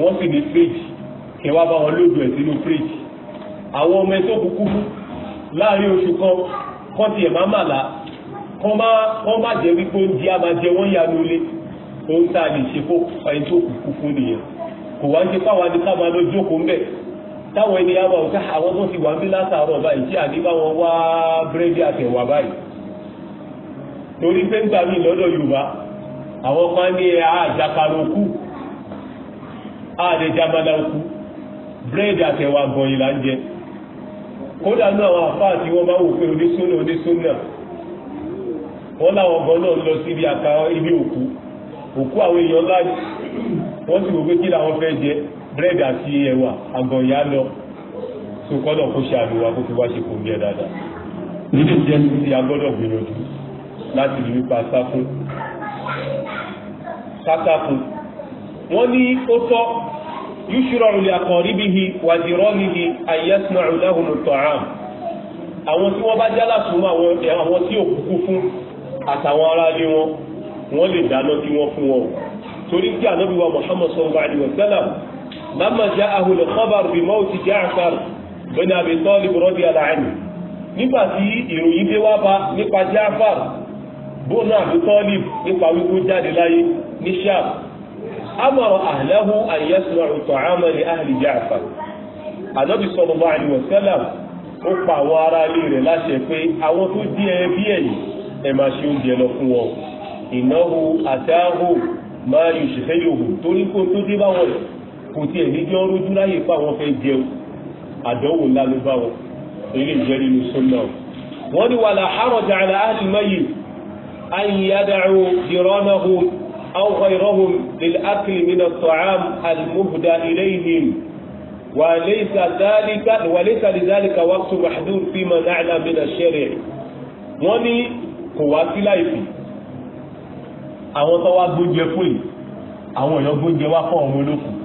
Speaker 1: wọ́n sì ní fíríjì kẹwa bá wọn lóògùn ẹ̀ sínú fíríjì àwọn ọmọ ẹ tó kúkú láàrin oṣù kan kọ́ ti ẹ̀ má màlá kọ́ má jẹ́ wípé oúnjẹ á máa jẹ wọ́n yà lólé ohun tá a lè ṣe fún ẹni tó kúkú fún nìyẹn kò wá ń ṣe fáwọn adìkámọ́ lójókòó ń bẹ̀ táwọn ẹni yá máa ń ká àwọn tó ti wà mí látàárọ̀ báyìí tí àní bá wọn wá búrẹ́dì àtẹ̀wà báyìí torí pé ń gbà mí lọ́dọ̀ Yorùbá àwọn kan ní ẹ àjàkàrọ̀kù àdèjàmàlàkù búrẹ́dì àtẹ̀wà gbọ̀nyìn là ń jẹ kódà náà àwọn àfáà tí wọ́n bá wò pé onísúnà onísúnà wọ́n láwọn gan náà lọ síbi àkà ibi òkú òkú àwọn èèyàn láàyè wọ́n sì wò pé kí làwọn fẹ́ jẹ bírèdì àti ẹ̀wà àgọ̀nyà lọ tó kọ́lọ̀ kó ṣe àlùwà kó fi wá ṣe kò gbẹ dada. nílé jẹ́ sí agbọ́dọ̀ gbìyànjú láti rí nípa sáfún
Speaker 2: sáfún wọ́n ní ó tọ́
Speaker 1: yúṣúrọ̀ ìlú àkọ̀ríbihi wàdìrọ́ níhi àyẹ́sùn àrùláhùn fún wọn wọn lamma ja'ahu al-khabar bi mawti Ja'far bin Abi Talib radiyallahu anhu nígbà tí ìròyìn dé wá bá nípa Ja'far bóná Abi Talib nípa wípé jáde láyé ní Sham amara ahlahu an yasna'u ta'ama li ahli Ja'far Ànábì sallallahu alaihi wa sallam ó pa àwọn ará ilé rẹ̀ láṣẹ pé àwọn tó dí ẹbí ẹ̀yìn ẹ máa ṣe oúnjẹ lọ fún wọn ìnáwó àtàhù máa yùsùfẹ́ yòówù torí kó tó dé báwọn rẹ̀ kò tiẹ̀ ní jọ́ rójú láyè pa àwọn fẹ́ jẹun àdánwò ńlá ló bá wọn ilé ìjẹ́ nínú sunna wọ́n ní wàlà àròjà àlà àlì mẹ́yì ayé adáru ìrọ́nàhù aw ghayrahum lil àwọn tó gbóúnjẹ fún yìí àwọn èèyàn gbóúnjẹ wá fún ọmọ olókùn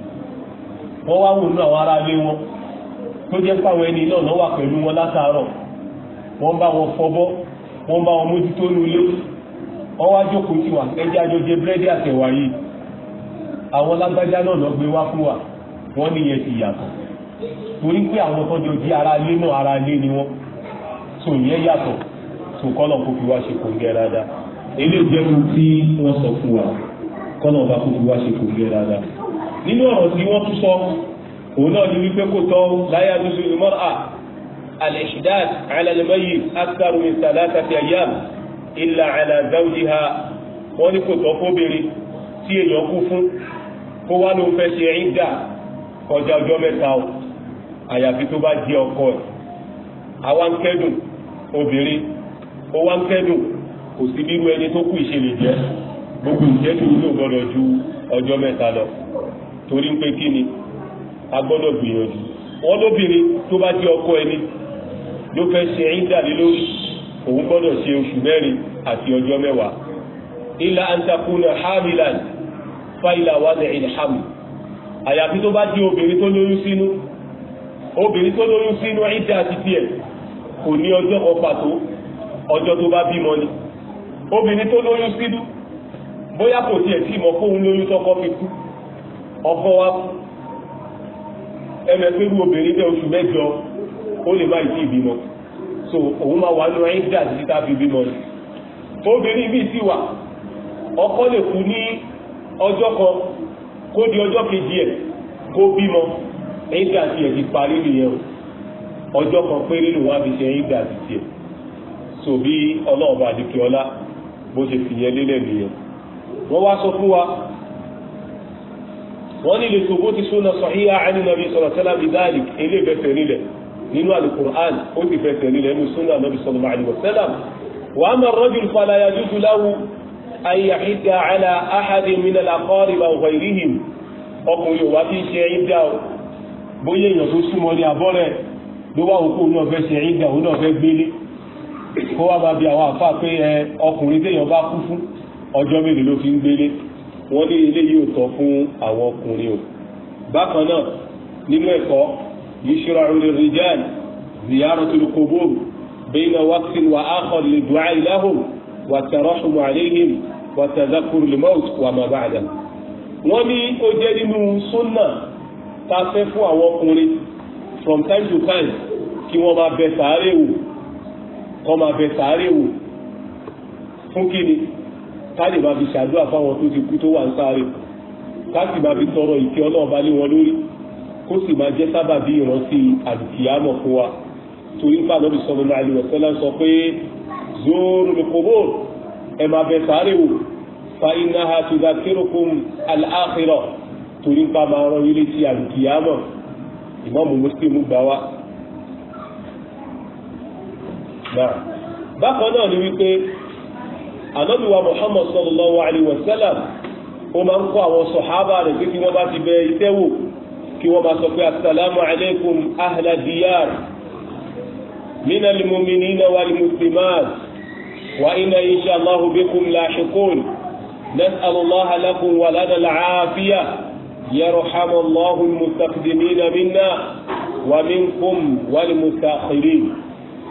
Speaker 1: wọ́n wá wùnú àwọn ará ilé wọn tó jẹ́ pàwọn ẹni náà lọ́wà pẹ̀lú wọn látàárọ̀ wọ́n bá wọn fọbọ́ wọ́n bá wọn mójútó nulé wọ́n wá jókòó sí wa ẹjẹ́ àjọ jẹ búrẹ́dì àtẹ̀wà yìí àwọn lágbájá náà lọ gbé wá fún wa wọ́n ní yẹn yàtọ̀ torí pé àwọn tó jọ jí ara ilé náà ara ilé ni wọ́n tó yẹn yàtọ̀ tó kọ́lọ̀ kó fi wá ṣe kò gẹ́ dáadáa eléyìí jẹ́ ohun tí wọ́n sọ fún wa kọ́lọ̀ bá kó fi wá ṣe kò gẹ́ dáadáa nínú ọ̀rọ̀ tí wọ́n tún sọ òun náà ni wípé kò tọ́ láyé àdúgbò ìmọ̀ à alẹ́ṣidáàt alẹ́lẹ́mẹ́yì akitaru mi sàlátà ti àyàm ìlà àlàzáwùjì ha wọ́n ní kò tọ́ fóbìnrin tí èèyàn kú fún kó wá ló ń fẹ́ ṣe ẹ̀yìn dà kọjá ọjọ́ mẹ́ta o àyàfi ọjọ́ mẹ́ta lọ torí pé kí ni a gbọ́dọ̀ gbìyànjú wọn lóbìnrin tó bá jẹ́ ọkọ ẹni ló fẹ́ ṣe ìdá lé òun gbọ́dọ̀ ṣe oṣù mẹ́rin àti ọjọ́ mẹ́wàá ilà antakuna hamilan fáìlà wàlẹ̀ ìlhàmù àyàfi tó bá jẹ́ obìnrin tó lóyún sínú obìnrin tó lóyún sínú ìdá àti tiẹ̀ kò ní ọjọ́ kan pàtó ọjọ́ tó bá bímọ ni obìnrin tó lóyún sínú bóyá kò tiẹ̀ tí mọ̀ fóun lóyún tọ́kọ́ fi kú ọkọ wa ẹmẹ̀pẹ̀rú obìnrin bẹ́ oṣù mẹ́jọ ó lè má ìdí ìbímọ so òun máa wà ní ọ̀rẹ́ dà sí tábí bímọ ni obìnrin bíi sì wà ọkọ lè kú ní ọjọ́ kan kó di ọjọ́ kejì ẹ̀ kó bímọ ẹ̀yìn dà sí ẹ̀ ti parí nìyẹn o ọjọ́ kan péré ló wá fi ṣe ẹ̀yìn dà sí tiẹ̀ so bí ọlọ́ọ̀bà àdìkẹ́ ọlá bó ṣe fìyẹn lélẹ̀ nìyẹn wọ́n wá sọ fún wa wọ́n ní lè tòbó ti súnà sọ̀híyá ànínàbí sọ̀rọ̀ sẹ́lá bìdáàlì ilé ìfẹsẹ̀ nílẹ̀ nínú alukur'an ó ti fẹsẹ̀ nílẹ̀ nínú súnà nàbí sọ̀rọ̀ àlùwọ̀ sẹ́lá wàá mọ̀ rọ́jùl falaya dúdú láwù ayàhídà àlà áhàdì mìnà làkọ́rì wà wà ìrìhìm ọkùnrin ò fi ṣe ìdá o bóyá èèyàn tó súnmọ́ ní abọ́ rẹ̀ ló wá òkú náà fẹ́ ṣe ìdá wọ́n ní ilé yìí ò tọ́ fún àwọn ọkùnrin o bákan náà nínú ẹ̀kọ́ yusra ul rijal ziyaratul qubur bayna waqtin wa akhar li du'a lahum wa tarahum alayhim wa tadhakkur li maut wa ma ba'da wọ́n ní ó jẹ́ nínú súnà tá fẹ́ fún àwọn ọkùnrin from time to time kí wọ́n máa bẹ sàárè wò kọ́ máa bẹ sàárè wò fún kíni ká lè máa fi ṣàdúrà fáwọn tó ti kú tó wà ń sáré ká sì máa fi tọrọ ìfẹ́ ọlọ́ọ̀bá lé wọn lórí kó sì máa jẹ́ sábàbí ìrántí àdìkìyámọ̀ fún wa torí pàdé bí sọ́dọ̀ náà lè sọ́lá sọ pé zoro lè kó bóòlù ẹ máa bẹ sáré wò fa iná ha tó dá kérókùn aláàkírọ̀ torí pa máa rán ilé ti àdìkìyámọ̀ ìmọ̀mù mùsùlùmí gbà wá. bákan náà ni wípé ànọ́bìwá Muhammad sallallahu alayhi wa sallam ó máa ń kọ́ àwọn sọ̀hábà rẹ̀ pé kí wọ́n bá ti bẹ iṣẹ́ wò kí wọ́n máa sọ pé asalaamu alaykum ahla diyar mina limuminina wa limuslimat wa inna insha allahu bikum lahiqun nas'al allah lakum wa lana allahu al minna wa minkum wal-musta'khirin.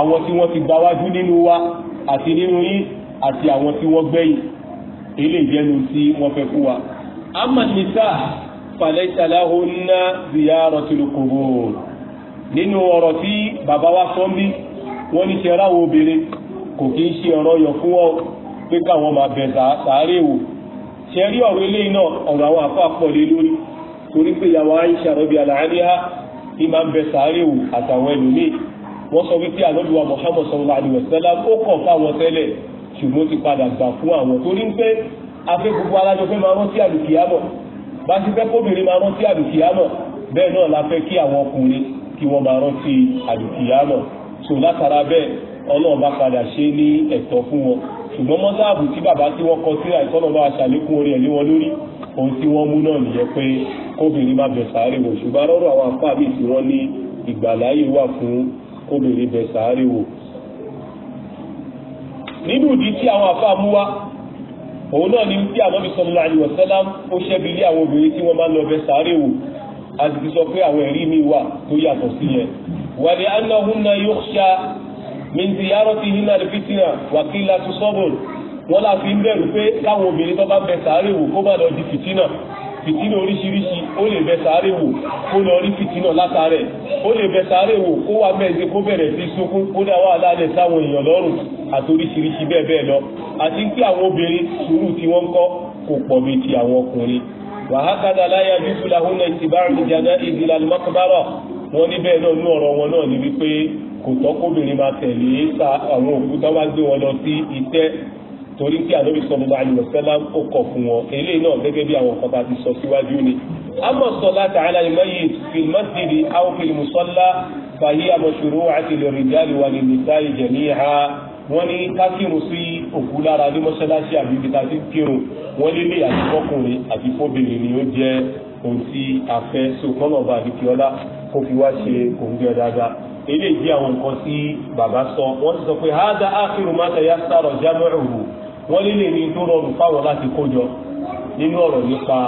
Speaker 1: àwọn tí wọ́n ti gbáwájú nínú wa àti nínú yín àti àwọn tí wọ́n gbẹ̀yìn ilé ìjẹnu tí wọ́n fẹ́ fún wa. àmọ́ nìta falaysa lahunna ziyaratul qubur nínú ọ̀rọ̀ tí bàbá wa sọ mí wọ́n ní ṣe ráwọ̀ obìnrin kò kí ń ṣe ọ̀rọ̀ yọ̀ fún wọn pé káwọn máa bẹ̀ sàárè wò ṣe rí ọ̀rọ̀ eléyìí náà ọ̀rọ̀ àwọn àfa pọ̀ lé lórí torí pé ìyàwó Aisha rọ̀bì àlàáníà ní máa ń bẹ̀ sàárè wò àtàwọn ẹlòmíì wọ́n sọ wípé àlọ́lùwà Muhammad sallallahu alaihi wasallam ó kọ̀ fáwọn tẹ́lẹ̀ ṣùgbọ́n ti padà gbà fún àwọn torí ń pé afẹ́ gbogbo alájọ fẹ́ máa rántí àlùkìyámọ̀ bá ti fẹ́ kóbìnrin máa rántí àlùkìyámọ̀ bẹ́ẹ̀ náà la fẹ́ kí àwọn ọkùnrin kí wọ́n máa rántí àlùkìyámọ̀ so látara bẹ́ẹ̀ ọlọ́run bá padà ṣe ní ẹ̀tọ́ fún wọn ṣùgbọ́n mọ́sáàbù tí bàbá tí wọ́n kọ síra ìtọ́nà bá ṣàlékún orí ẹ̀lé wọn lórí ohun tí wọ́n mú náà nìyẹn pé kóbìnrin má bẹ̀ sáré wọ̀ ṣùgbọ́n rọ́rọ̀ àwọn àfáàbì tí wọ́n ní ìgbàláyè wà fún kó bèrè bẹ sàárè wò
Speaker 2: nínú ìdí tí àwọn àfa
Speaker 1: mú wá òun náà ni tí ànábì sallallahu alaihi wasallam ó ṣẹ́bi lé àwọn obìnrin tí wọ́n máa ń lọ bẹ sàárè wò a sì ti sọ pé àwọn ẹ̀rí mi wà tó yàtọ̀ sí yẹn wa li annahunna yukhsha min ziyaratihinna al-fitna wa qillatu sabr wọ́n láfi ń bẹ̀rù pé káwọn obìnrin tó bá bẹ sàárè wò kó má lọ di fìtínà fìtínà oríṣiríṣi ó lè bẹ sáré wò kó lọ rí fìtínà látàrẹ ó lè bẹ sáré wò kó wá mẹ́ẹ̀dẹ́ kó bẹ̀rẹ̀ sí sunkún kó dá wà lálẹ́ sáwọn èèyàn lọ́rùn àti oríṣiríṣi bẹ́ẹ̀ bẹ́ẹ̀ lọ àti pé àwọn obìnrin sùúrù tí wọ́n ń kọ́ kò pọ̀ bí ti àwọn ọkùnrin wàhákàdà láyà bíbú làhúnà ìtìbárùn ìjàdá ìdìlà mọ́kàbárọ̀ wọn ní bẹ́ẹ̀ náà ní ọ̀rọ̀ wọn náà ní wípé kò tọ́kóbìnrin máa tẹ̀lé àwọn òkú tó gbé wọn lọ sí ìtẹ́ torí pé ànábì sallallahu alaihi wasallam ó kọ̀ fún wọn eléyìí náà gẹ́gẹ́ bí àwọn kan bá ti sọ síwájú ni amma salata ala al-mayyit fil masjidi aw fil musalla fa hiya mashru'atun lirrijali wa lin-nisa'i jami'an wọ́n ní ká kírun sí òkú lára ní mọ́ṣáláṣí àbí ibi tá a ti kírun wọ́n lé lè àti fọkùnrin àti fóbìnrin ni ó jẹ́ ohun tí a fẹ́ so kọ́nà ọba àdìkíọ́lá kó fi wá ṣe kòǹgẹ́ dáadáa eléyìí jẹ́ àwọn nǹkan tí bàbá sọ wọ́n ti sọ pé hada akhiru ma tayassara jam'uhu wọ́n lè ní tó rọrùn fáwọn láti kójọ nínú ọ̀rọ̀ nípa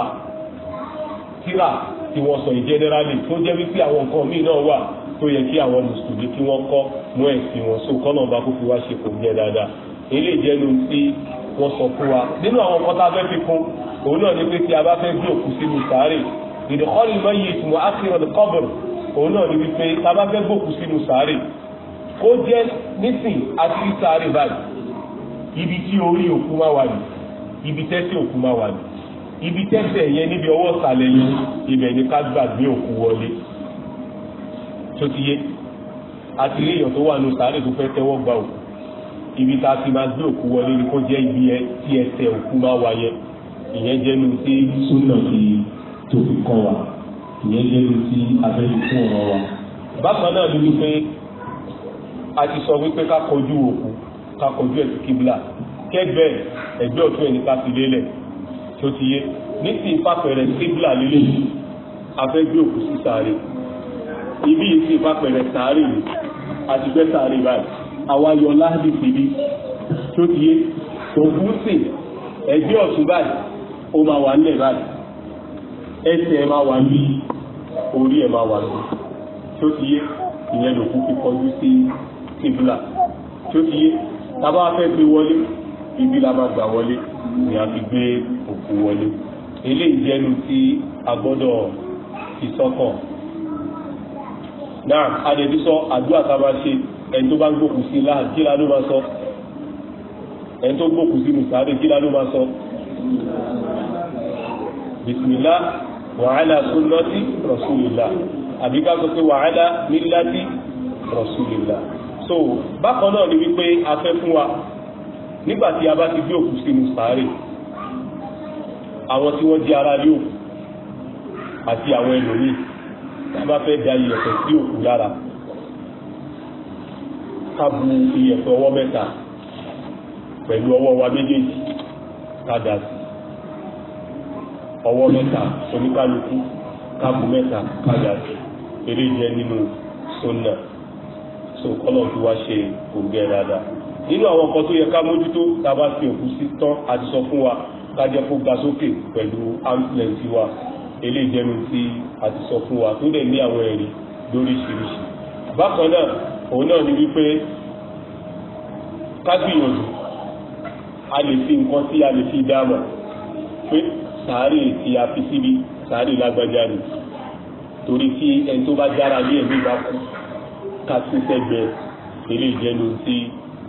Speaker 1: tírà tí wọ́n sọ ìjẹ́nẹ́rálì tó jẹ́ wípé àwọn nǹkan míì náà wà tó yẹ kí àwọn mùsùlùmí kí wọ́n kọ́ mú ẹ̀sìn wọn sóò kọ́nà bá kó fi wá ṣe kò jẹ́ dáadáa ilé ìjẹ́nu tí wọ́n sọ fún wa nínú àwọn nǹkan tá a fẹ́ fi kún òun náà ni pé tí a bá fẹ́ gbé òkú sínú sàárè ìdíkọ́lì mẹ́yì ìtumọ̀ ákìrọ̀lù kọ́bùrù òun náà ni wípé tá a bá fẹ́ gbé òkú sínú sàárè kó jẹ́ nísìn àti sàárè báyìí ibi tí orí òkú máa wà ní ibi tẹ́sẹ̀ òkú máa wà ní ibi tẹ́sẹ̀ yẹn níbi ọwọ́ ìsàlẹ̀ yẹn ibẹ̀ ni ká gbàgbé òkú wọlé tó ti yé àti ilé èèyàn tó wà ní sàárè tó fẹ́ tẹ́wọ́ gba òkú ibi tá a ti máa gbé òkú wọlé ni kó jẹ́ ibi ẹ tí ẹsẹ̀ òkú máa wà yẹn ìyẹn jẹ́nu tí súnà ti tó fi kọ́ wa ìyẹn jẹ́nu tí abẹ́lé fún ọ̀rọ̀ wa. bákan náà ló wípé a ti sọ wípé ká kọjú òkú ká kọjú ẹ̀ sí kíbla kẹgbẹ́ ẹgbẹ́ ọ̀tún ẹ̀ ní ká fi lélẹ̀ tí ó ti yé ní ti ìfapẹ̀rẹ̀ kíbla lílé afẹ́gbẹ́ òkú sí sáré ibi yìí ti ìfapẹ̀rẹ̀ sáré yìí àti gbẹ́ sáré báyìí àwa yọ láàbì síbi tí ó ti yé òkú sì ẹgbẹ́ ọ̀tún báyìí ó máa wà nílẹ̀ báyìí ẹsẹ̀ ẹ máa wà ní orí ẹ máa wà ní tí ti yé ìyẹn lòkú fi sí kíbla tí ti yé tábà fẹ́ gbé wọlé ibi la máa gbà wọlé ni a fi gbé òkú wọlé eléyìí jẹ́nu tí a gbọ́dọ̀ fi sọ́kàn náà adẹ̀bí sọ àdúrà tá a máa ṣe ẹni tó bá ń gbókù sí láà kí ládó máa sọ ẹni tó gbókù sí mùsàárè kí ládó máa sọ bisimilá wàhálà sunnati rasulillah àbíká sọ pé wàhálà millati rasulillah so bákan náà ni wípé a fẹ́ fún wa nígbà a bá ti gbé òkú sínú sàárè àwọn tí wọ́n jẹ́ ara yóò àti àwọn ẹlòmíì tá a bá fẹ́ da iyẹ̀pẹ̀ sí òkú lára ká bu iyẹ̀pẹ̀ ọwọ́ mẹ́ta pẹ̀lú ọwọ́ wa méjèèjì ká dà sí ọwọ́ mẹ́ta oníkálukú ká bu mẹ́ta ká dà sí eré jẹ nínú sunna so kọ́lọ̀ fi wá ṣe òǹgẹ́ dáadáa nínú àwọn kan tó yẹ ká mójútó tá a bá fi òkú sí tán àti sọ fún wa ká jẹ́ kó ga sókè pẹ̀lú ambulance wa eléyìí jẹ́nu tí a ti sọ fún wa tó dẹ̀ ní àwọn ẹ̀rí lóríṣiríṣi bákan náà òun náà ni wípé ká gbìyànjú a lè fi nǹkan tí a lè fi dáàmà pé sàárè tí a fi síbi sàárè lágbájá ni torí tí ẹni tó bá jára ní ẹ̀mí bá kú ká sí sẹ́gbẹ̀ ilé ìjẹnu tí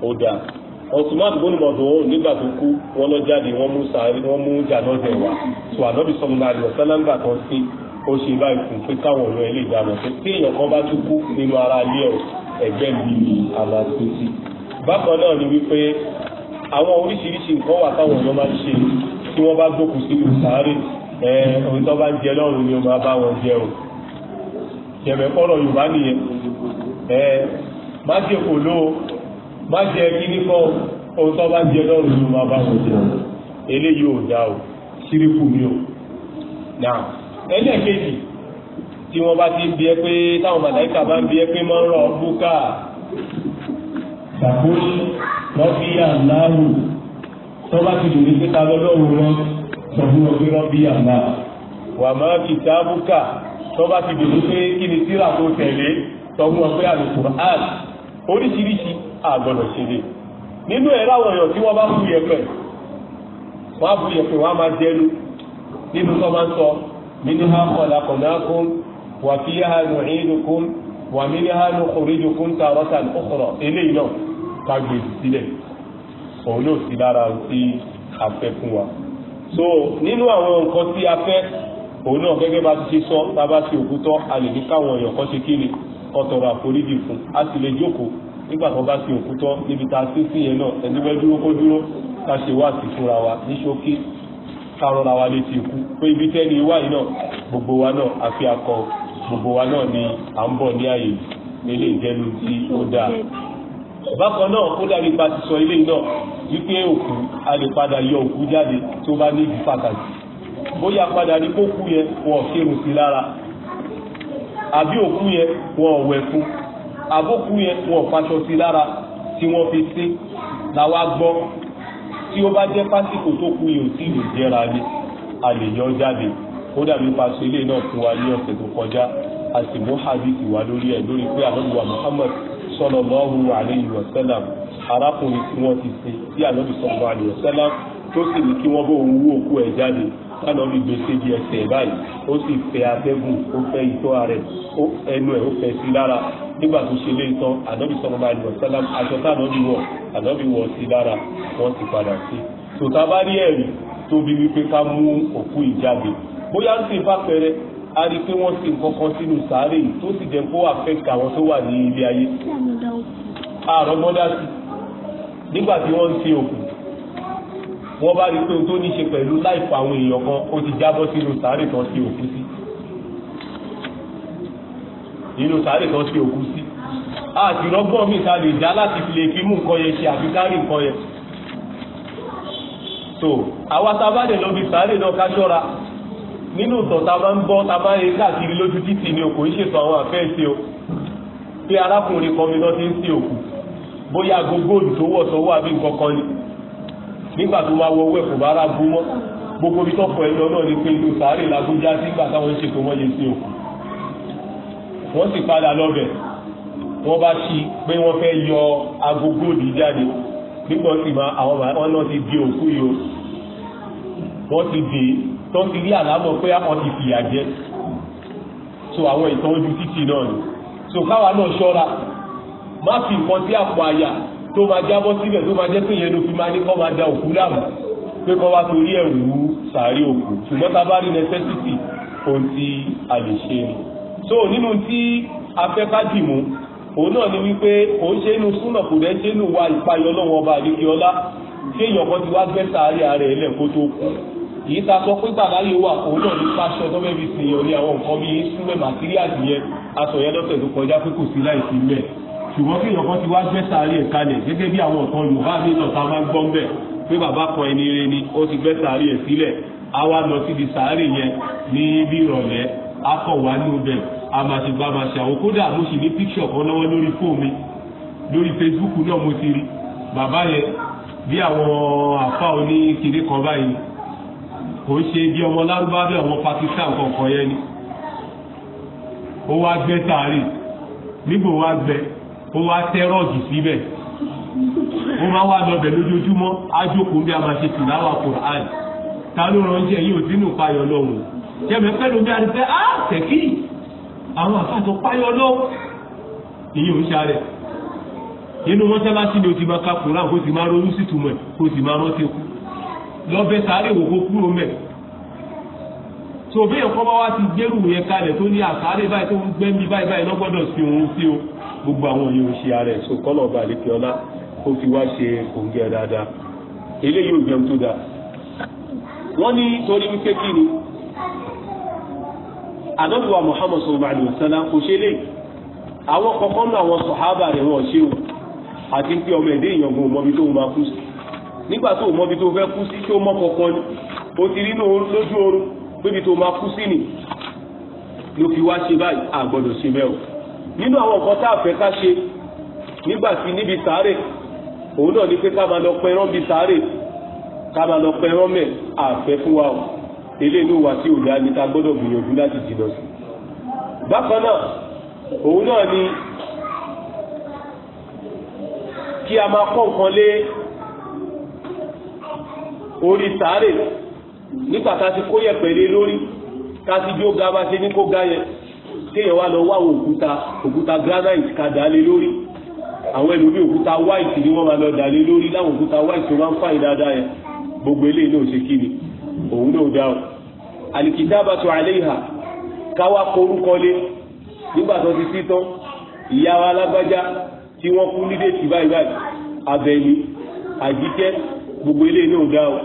Speaker 1: ó dà Osman bonu mọdọwọ nígbà tó kú wọn lọ jáde wọn mú sàárè wọn mú jàdọ jẹ wá tó ànábì sọmọ náà lọ sálángà kan sí ó ṣe báyìí fún pé káwọn ọ̀rọ̀ ilé ìdáná pé tí èèyàn kan bá tún kú nínú ara ilé ọ̀ ẹ̀gbẹ́ mi ni àmàtó sí. bákan náà ni wípé àwọn oríṣiríṣi nǹkan wà táwọn èèyàn máa ń ṣe tí wọ́n bá gbókù sínú sàárè ẹ ohun tó bá ń jẹ lọ́rùn ni ó máa bá wọn jẹun jẹ̀mẹ̀kọ́rọ̀ Yorùbá nìyẹn ẹ má jẹ kòló má jẹ kíní kan ohun tó bá jẹ lọ́rùn ló máa bá wọn jẹ eléyìí ò dá o síríkù tí wọ́n bá ti bí ẹ pé táwọn màláìka bá ń bí ẹ pé búkà tó bá ti dùn ní pé ta lọ́lọ́run wọn sọ fún sọ fún wọn pé Al-Qur'an oríṣiríṣi àgbọ̀nà ṣeré nínú ẹ̀rọ àwọn èèyàn tí wọ́n bá fún yẹpẹ̀ wọ́n á fún yẹpẹ̀ wọ́n á máa jẹ́nu nínú tó máa ń sọ minha khalaqnakum wa fiha nu'idukum wa minha nukhrijukum taratan ukhra eléyìí náà ká e sílẹ̀ òun yóò sí lára tí a fún wa so nínú àwọn nǹkan tí a fẹ́ òun náà gẹ́gẹ́ bá ti ṣe sọ tá a bá ti òkú a lè ní káwọn èèyàn kan ṣe kí kọtọrọ àforíjì fún a sì lè jókòó nígbà tó bá fi òkú tán níbi tá a sí sí yẹn náà ẹni dúró kó dúró ká ṣe wá sí fúnra wa ní ṣókí ká rọra wa létí ikú pé ibi tẹ́ni wá yìí náà gbogbo wa náà àfi akọ gbogbo wa náà ni à ń bọ̀ ní àyè nílé ìjẹnu tí ó dáa bákan náà ó dàbí pa ti sọ ilé náà wípé òkú a lè padà yọ òkú jáde tó bá ní ìdí pàtàkì bóyá padà ní kó yẹn wọn kírun sí lára
Speaker 2: àbí òkú yẹn
Speaker 1: wọn ọ̀wẹ̀ fún àbókú yẹn wọn ọ̀fàṣọ sí lára tí wọ́n fi sí làwa gbọ́ tí ó bá jẹ́ pásítọ̀ tó kú yìí ò tí ì jẹ́ra ni a lè yọ jáde ó dàbí paṣọ ilé náà fún wa ní ọ̀sẹ̀ tó kọjá a sì mú hadithi wa lórí ẹ̀ lórí pé àlọ́dún Muhammad sallallahu alayhi wa sallam arákùnrin tí wọ́n ti sin sí àlọ́dún sallallahu alayhi wa tó sì ní kí wọ́n bó òun wú òkú ẹ̀ jáde tánàbí gbé sébi ẹsẹ̀ báyìí ó sì fẹ́ atẹ́gùn ó fẹ́ ìtọ́ rẹ̀ ẹnu ẹ̀ ó fẹ́ sí lára nígbà tó ṣe lé tán ànábì sọ̀rọ̀ bá ní ọ̀sán aṣọ tánàbí wọ̀ ànábì wọ̀ sí lára wọ́n ti padà sí. tòtá bá rí ẹ̀rí tóbi wípé ká mú òkú ìjáde bóyá ń sì bá pẹrẹ a rí i pé wọ́n sì ń kọ́kọ́ sínú sàárè tó sì jẹ́ kó àfẹ́kì àwọn tó wà ní ilé ayé. àrọ́gbọ́dá sí nígbà tí wọ́n ń ṣe òkú wọ́n bá rí pé ohun tó ní ṣe pẹ̀lú láìpọ̀ àwọn èèyàn kan ó ti jábọ́ sínú sàárè kan sí òkú sí nínú sàárè kan sí òkú sí
Speaker 2: àti rọ́gbọ́n
Speaker 1: mi ta lè láti fi lè fi mú nǹkan yẹn ṣe àfi kárí nǹkan yẹn so àwa tá a bá lè lọ bí sàárè náà ká ṣọ́ra nínú ìtàn tá a máa ń gbọ́ tá a rí káàkiri lójú títì ni òkò ń ṣètò àwọn àfẹ́ ṣe o pé arákùnrin kan mi lọ́ ti ń sí òkú bóyá agogo òdù tó wọ̀ sọ́wọ́ àbí nǹkan kan ni nígbà tó máa wọ owó ẹ̀kọ́ bá rà bú mọ́ gbogbo ibi tọ́kọ̀ ẹ̀lọ náà ni pé ìlú sàárè làbújá sí ìgbà táwọn ń ṣètò mọ́yé sí òkú wọ́n sì padà lọ́bẹ̀ wọ́n bá ṣí pé wọ́n fẹ́ yọ agogo òdì jáde nígbà tí àwọn wọn náà ti di òkú yìí o wọ́n ti dè tó ti rí àlámọ̀ pé àwọn ti fìyà jẹ so àwọn ìtọ́jú títì náà ni so káwa náà ṣọ́ra má fi nǹkan sí àpò àyà tó máa jábọ́ síbẹ̀ tó máa jẹ́ pé ìyẹn ló fi máa ní kọ́ máa da òkú láàmú pé kọ́ wá torí ẹ̀ wú sàárè òkú ṣùgbọ́n tá a bá rí necessity ohun tí a lè ṣe ni. so nínú tí a fẹ́ ká dì mú òun náà ni wípé òun ṣe inú súnà kò dẹ́ ṣe inú wa ìpayọ lọ́wọ́ ọba àdékè ọlá ṣé èèyàn kan ti wá gbẹ́ sàárè ara ẹ̀ kó tó kú yìí ta sọ pé gbàgbá yìí wà òun náà ní pásọ tó mẹ́bi sèèyàn ní àwọn nǹkan bíi súnmẹ́ màtíríàdì yẹn aṣọ yẹn lọ́sẹ̀ tó kọjá pé kò sí láì sí mẹ́ẹ̀ ṣùgbọ́n kí èèyàn kan ti wá gbé sàárì ẹ̀ kalẹ̀ gẹ́gẹ́ bí àwọn nǹkan yorùbá mi náà ta máa ń gbọ́n bẹ̀ pé bàbá kan ẹni rẹ ni ó ti gbé sàárì ẹ̀ sílẹ̀ á wá lọ síbi sàárì yẹn ní bí ìrọ̀lẹ́ á kọ̀ wá ní ọbẹ̀ a máa ṣe bá máa ṣe àwọn kódà mo sì ní píkṣọ̀ kan lọ́wọ́ lórí fóònù mi lórí Facebook náà mo ti rí bàbá yẹn bí àwọn àfa òní kiri kan báyìí kò ń ṣe bí ọmọ lárúbáwá ọmọ Pakistan kọ̀ọ̀kan yẹn ni ó wá gbé sàárì nígbò wá gbé kó wá tẹ́rọ̀gì síbẹ̀ ó máa wà lọ bẹ̀ lójoojúmọ́ ájókòó bí a máa ṣe tìláwà Qur'an ta ló ránṣẹ́ yìí ò sínú payọ̀ lọ́wọ́ jẹ́mi pẹ́lú bí a ti fẹ́ áà tẹ̀kí àwọn àfáàtọ̀ payọ̀ lọ́wọ́ èyí ò ń ṣàrẹ̀ nínú mọ́ṣáláṣí ni o ti máa ka Qur'an kó o sì máa ronú sí túmọ̀ kó o sì máa rántí kú lọ́bẹ̀ sáré wò kó kúrò mẹ́ tó bẹ́ẹ̀ kọ́ bá wá ti gbẹ́rù yẹn kalẹ̀ tó ní àsáré báyìí tó ń gbẹ́mí báyìí báyìí lọ́gbọ́dọ̀ sí òun sí o gbogbo àwọn yóò ṣe ara ẹ̀sùn kọ́lọ̀ ọba àlekè ọlá ó fi wá ṣe kòǹgẹ́ dáadáa eléyìí ò jẹun tó dáa wọ́n ní torí wípé kí ni àdọ́gbà Muhammad sallallahu alaihi wasallam kò ṣe lè àwọn kọ̀ọ̀kan náà àwọn sọ̀hábà rẹ̀ wọ́n ṣe o àti pé ọmọ ẹ̀dẹ́ ìyàngún mọ́bi tó máa kú sí nígbà tó mọ́bi tó fẹ́ kú sí tó mọ́ kọ̀ọ̀kan ni ó ti rí lójú oorun pébi tó máa kú sí ni ló fi wá ṣe báyìí àgbọ̀dọ̀ ṣe bẹ́ẹ̀ o nínú àwọn nǹkan tá a fẹ́ ká ṣe nígbà tí níbi sáré òun náà ni pé ká máa lọ pẹ ẹran bí sáré ká máa lọ pẹ ẹran mẹ àfẹ fún wa o eléyìí wà tí òdà ni ká gbọ́dọ̀ gbìyànjú láti jìnnà sí. bákan náà
Speaker 2: òun náà ni kí a
Speaker 1: máa kọ́ nǹkan lé orí sáré nígbà tá a ti kó yẹ̀pẹ̀ lé lórí ká ti bí ó ga bá ṣe ní kó ga yẹn téèyàn wá lọ wá àwọn òkúta òkúta granite ká dálé lórí àwọn ẹlòmí òkúta white ni wọ́n máa lọ dálé lórí láwọn òkúta white tó máa ń fàyè dáadáa yẹn gbogbo eléyìí náà ṣe kí ni òun náà dáhùn alìkìtábàtò àléhà káwá korúkọlé nígbà tó ti sí tán ìyá wa alágbájá tí wọ́n kú ní déètì báyìí báyìí abẹni àjíkẹ́ gbogbo eléyìí náà dáhùn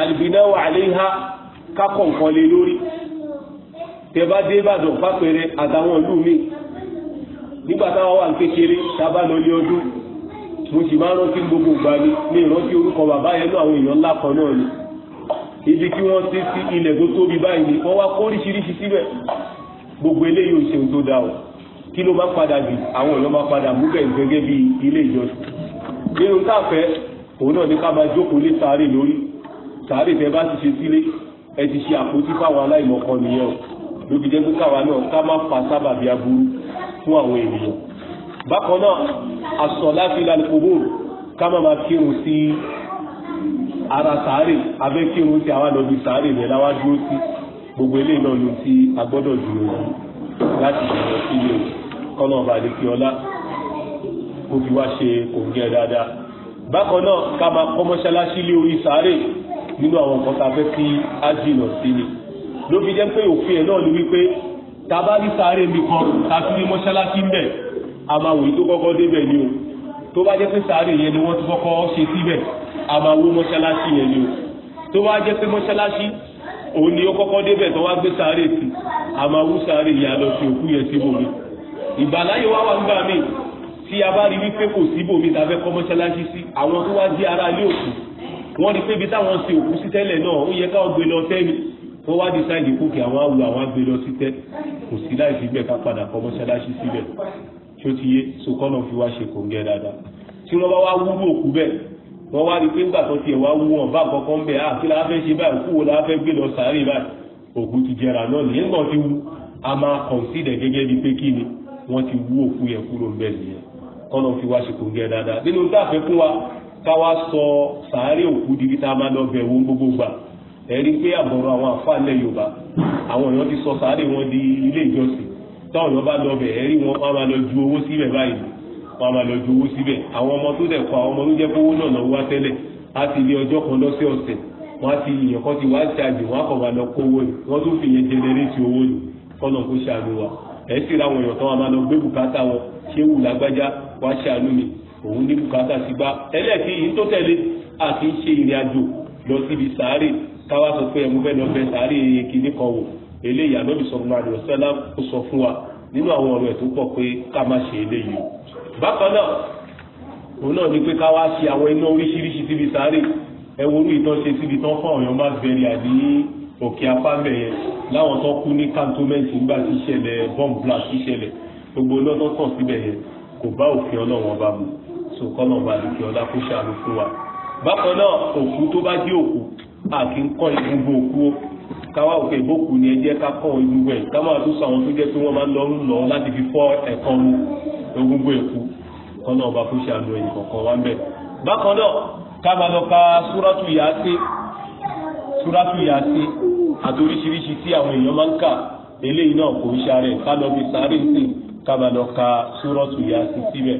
Speaker 1: alìbínáwà àléhà kákọ̀ǹkọlé lórí tẹ bá dé ìbàdàn fápẹrẹ àtàwọn ìlú mi nígbà táwọn wà kékeré tábà lọ ní ọdún mo sì máa rántí gbogbo ìgbà mi ní ìrántí orúkọ bàbá yẹn àwọn èèyàn ńlá kan náà ni ibi tí wọ́n ti sí ilẹ̀ tó tóbi báyìí ni wọ́n wá kó oríṣiríṣi síbẹ̀ gbogbo eléyìí ò ṣeun tó dáa o kí ló bá padà bì àwọn èèyàn máa padà mú bẹ́ẹ̀ gẹ́gẹ́ bí ilé ìjọsìn nínú táàfẹ́ òun náà ní ká máa jókòó lé sáré lórí sáré tẹ bá ti ṣe sílé ẹ ti ṣe àpótí fáwọn aláìmọ̀kan nìyẹn o ló fi jẹ́ pé káwa náà ká má fa sábàbí aburú fún àwọn ènìyàn bákan náà àsọ̀lá fi lálùkòbó ká má máa kírun sí ara sàárè abẹ́ kírun sí àwọn àdọ́bí sàárè rẹ̀ láwá dúró sí gbogbo eléyìí náà ló ti agbọ́dọ̀ dúró láti ṣẹlẹ̀ sílé kọ́nà ọba àdékè ọlá kó fi wá ṣe òǹgẹ́ dáadáa bákan náà ká máa kọ́ lé orí sàárè nínú àwọn nǹkan tá a fẹ́ kí á jìnà ló fi jẹ́ pé òfin ẹ̀ náà ni wípé tabali sáré mi kan tàbí ní mọ́ṣáláṣí ń bẹ̀ a máa wòye tó kọ́kọ́ débẹ̀ ni o tó bá jẹ́ pé sáré yẹn ni wọ́n ti kọ́kọ́ ṣe síbẹ̀ a máa wó mọ́ṣáláṣí yẹn ni o tó bá jẹ́ pé mọ́ṣáláṣí òun ni ó kọ́kọ́ débẹ̀ tó wá gbé sáré sí a máa wú sáré yẹn a lọ fi òkú yẹn síbò mi ìbàláyé wá wà nígbà míì tí a bá rí wípé kò síbò mi tàbí kọ́ mọ́ṣáláṣí sí wọ́n wá dísáìdì kókè àwọn awu àwọn agbè lọ sí tẹ́ kò sí láì fi bẹ́ẹ̀ ká padà kọ́ mọ́ṣáláṣí síbẹ̀ tí ó ti yé sokọ́nà fi wá ṣe kòǹgẹ́ dáadáa tí wọ́n bá wá wúrú òkú bẹ́ẹ̀ wọ́n wá rí pé ńgbà tó tiẹ̀ wá wú wọn bá kọ́kọ́ ń bẹ̀ á ah, kí láfẹ́ ṣe báyìí òkú wo láfẹ́ gbé lọ sàárè báyìí òkú ti jẹrà náà nìyẹn náà ti ni wọ́n ti wú òkú a wa ká wá sọ sàárè òkú di kí tá máa lọ ẹ̀rí pé àbọ̀rọ̀ àwọn àfáàlẹ̀ yorùbá àwọn èèyàn ti sọ sáré wọn di ilé ìjọsìn táwọn èèyàn bá lọ bẹ̀ ẹ̀rí wọn wọn máa lọ ju owó síbẹ̀ báyìí wọn máa lọ ju owó síbẹ̀ àwọn ọmọ tó dẹ̀ kọ àwọn ọmọ tó jẹ́ kówó náà lọ wá tẹ́lẹ̀ á ti lé ọjọ́ kan lọ́sẹ̀ ọ̀sẹ̀ wọn á ti èèyàn kan ti wá ṣáàjì wọn á máa lọ kówó ni wọn tún fi yẹn jẹnẹrétì owó ni kọ́nà kó ṣàánú táwa sọ pé ẹmu bẹ́ẹ̀ lọ́fẹ́ sàárè kìíní kan wò eléyìí ànábì sallallahu alaihi wasallam ó sọ fún wa nínú àwọn ọ̀rọ̀ ẹ̀ tó pọ̀ pé ká má ṣe eléyìí bákan náà òun náà ni pé ká wá ṣe àwọn iná oríṣiríṣi síbi sàárè ẹ wo orú ìtàn ṣe síbi tán fún àwọn èèyàn má bẹ̀rẹ̀ àdí òkè apámẹ̀ yẹn láwọn tó kú ní cantonment nígbà tí ìṣẹ̀lẹ̀ bomb blast ìṣẹ̀lẹ̀ gbogbo iná tó tàn síbẹ̀ yẹn kò bá òfin ọlọ́wọ́n bá mu so kọ́nà bá lè kí ọlá kó ṣàánú wa bákan náà òkú tó bá jẹ́ òkú àkí ń kọ́ ìgbúgbò òkú ó káwá òkè ìbókù ni ẹ jẹ́ ká kọ́ ìgbúgbò ẹ̀ ká máa tún sọ àwọn tó jẹ́ pé wọ́n máa ń lọ ń lọ láti fi fọ́ ẹ̀kan mu ìgbúgbò èkú kọ́nà ọba fún ṣàánú ẹ̀yìn kọ̀ọ̀kan wá ń bẹ̀. bákan náà ká máa lọ ka súrátù yàásí
Speaker 2: súrátù yàásí
Speaker 1: àti oríṣiríṣi tí àwọn èèyàn máa ń kà eléyìí náà kò ń ṣàrẹ̀ ká lọ fi sáré sí ká máa lọ ka súrátù yàásí síbẹ̀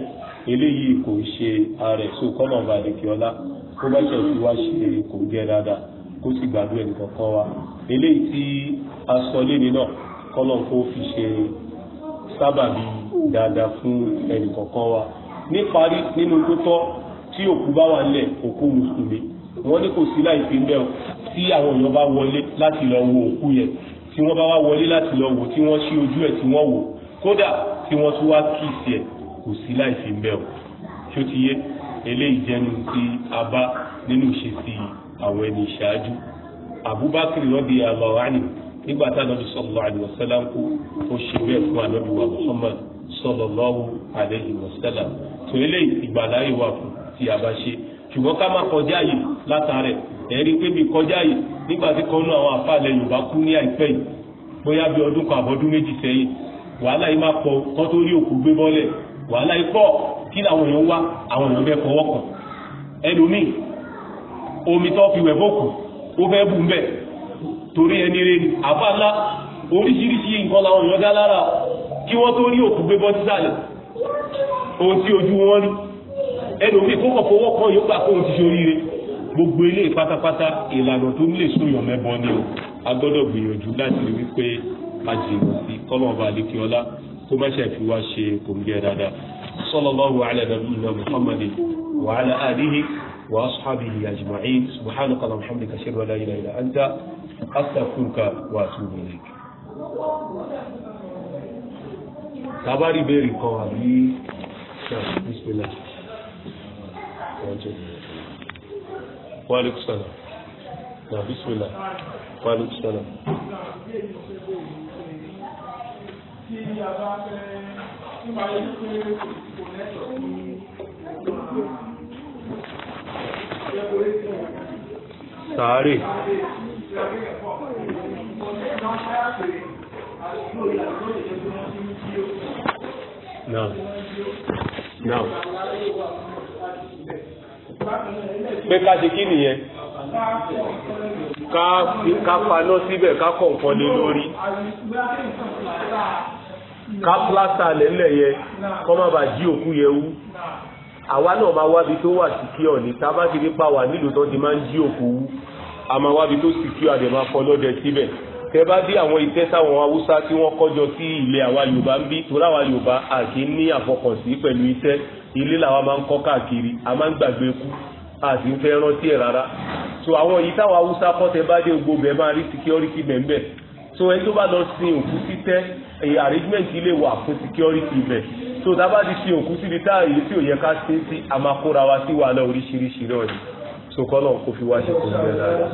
Speaker 1: eléyìí kò ń ṣe ààrẹ sókọ́nà ọba àdìkíọ́lá tó bá ṣe fi wá ṣe kò jẹ́ dáadáa kó sì gbàgbé ẹnì kọ̀ọ̀kan wa eléyìí tí a sọ léni náà kọ́lọ̀ kó fi ṣe sábàbí dáadáa fún ẹnì kọ̀ọ̀kan wa níparí nínú tó tọ́ tí òkú bá wà nílẹ̀ òkú mùsùlùmí wọ́n ní kò sí láì fi ń bẹ̀rù tí àwọn èèyàn bá wọlé láti lọ wo òkú yẹn tí wọ́n bá wá wọlé láti lọ wò tí wọ́n ṣí ojú ẹ̀ tí wọ́n wò kódà tí wọ́n tún wá kíìsì ẹ̀ kò sí láì fi ń bẹ̀rù tí ti yé eléyìí jẹ́nu tí a bá nínú ìṣesí yìí àwọn ẹni ìṣáájú abubakar lọ́dí alọ́wání nígbà tá ànábi sallallahu alaihi wasallam kú ó ṣe bẹ́ẹ̀ fún ànábi wa muhammad sallallahu alaihi wasallam tó eléyìí ìgbàláyè wà fún tí a bá ṣe ṣùgbọ́n ká má kọjá yìí látàrẹ̀ ẹ̀rí pé bí kọjá yìí nígbà tí kan nú àwọn àfàlẹ̀ yorùbá kú ní àìpẹ́ yìí bóyá bí ọdún kan àbọ̀dún méjì sẹ́yìn wàhálà yìí má pọ̀ kán tó rí òkú gbé bọ́lẹ̀ wàhálà yìí pọ̀ kí làwọn omi tó fi wẹ̀ fókù ó fẹ́ bù mbẹ̀ torí ẹni rẹ ni àfa ńlá oríṣiríṣi nǹkan làwọn èèyàn dá lára kí wọ́n tó rí òkú gbé bọ́ sísàlẹ̀ ohun tí ojú wọn rí ẹlòmíì kó kọ̀kọ́ wọ́pọ̀ yóò gbà kóhun ti ṣe oríire gbogbo ilé pátápátá ìlànà tó ń lè sóyàn mẹ́bọ ni o a gbọ́dọ̀ gbìyànjú láti rí wípé a jìnnà sí kọ́lọ́ọ̀bà àdékíọ́lá kó má ṣe fi wá ṣe kòǹgẹ́ dáadáa sallallahu ala nabiyina muhammadin wa ala alihi. وأصحابه أجمعين سبحانك اللهم وبحمدك أشهد أن لا إله إلا أنت أستغفرك وأتوب إليك tabari béèrè kan àbí bisimilá wàlúùkù sàlà na bisimilá wàlúùkù sàlà.
Speaker 2: tí a bá fẹ́ nípa ilé pé kò lẹ́tọ̀ọ́ ní sáré náà náà pé ká ṣe kí nìyẹn ká paná síbẹ̀ ká kọ̀ǹkan lé lórí ká plásà
Speaker 1: lẹ́lẹ̀ yẹ kọ́ má bàa jí òkú yẹ wú àwa náà máa wábi tó wà sí kí ọ̀ní a bá ti rí pa wà nílùú tó ti máa ń jí òkú wú a máa wábi tó sì kí àdè máa fọlọ́dẹ síbẹ̀ tẹ bá dé àwọn iṣẹ́ táwọn haúsá tí wọ́n kọjọ sí ilẹ̀ àwa yorùbá ń bí torí àwa yorùbá àti ní àfọkànsí pẹ̀lú iṣẹ́ ilé làwa máa ń kọ́ káàkiri a máa ń gbàgbé kú àti ń fẹ́ rántí ẹ̀ rárá so àwọn yìí táwọn haúsá kọ́ tẹ bá dé gbogbo bẹ́ẹ̀ máa rí security bẹ́ẹ̀ so ẹni tó bá lọ sin òkú títẹ́ arrangement ilé wà fún security bẹ́ẹ̀ so tábà ti ṣe òkú síbi tá èyí tí ò yẹ ká ṣe sí a máa kóra wa sí wàhálà oríṣiríṣi náà ni so kọ́nà kó fi wá ṣe kò ní ẹ̀dá rẹ̀.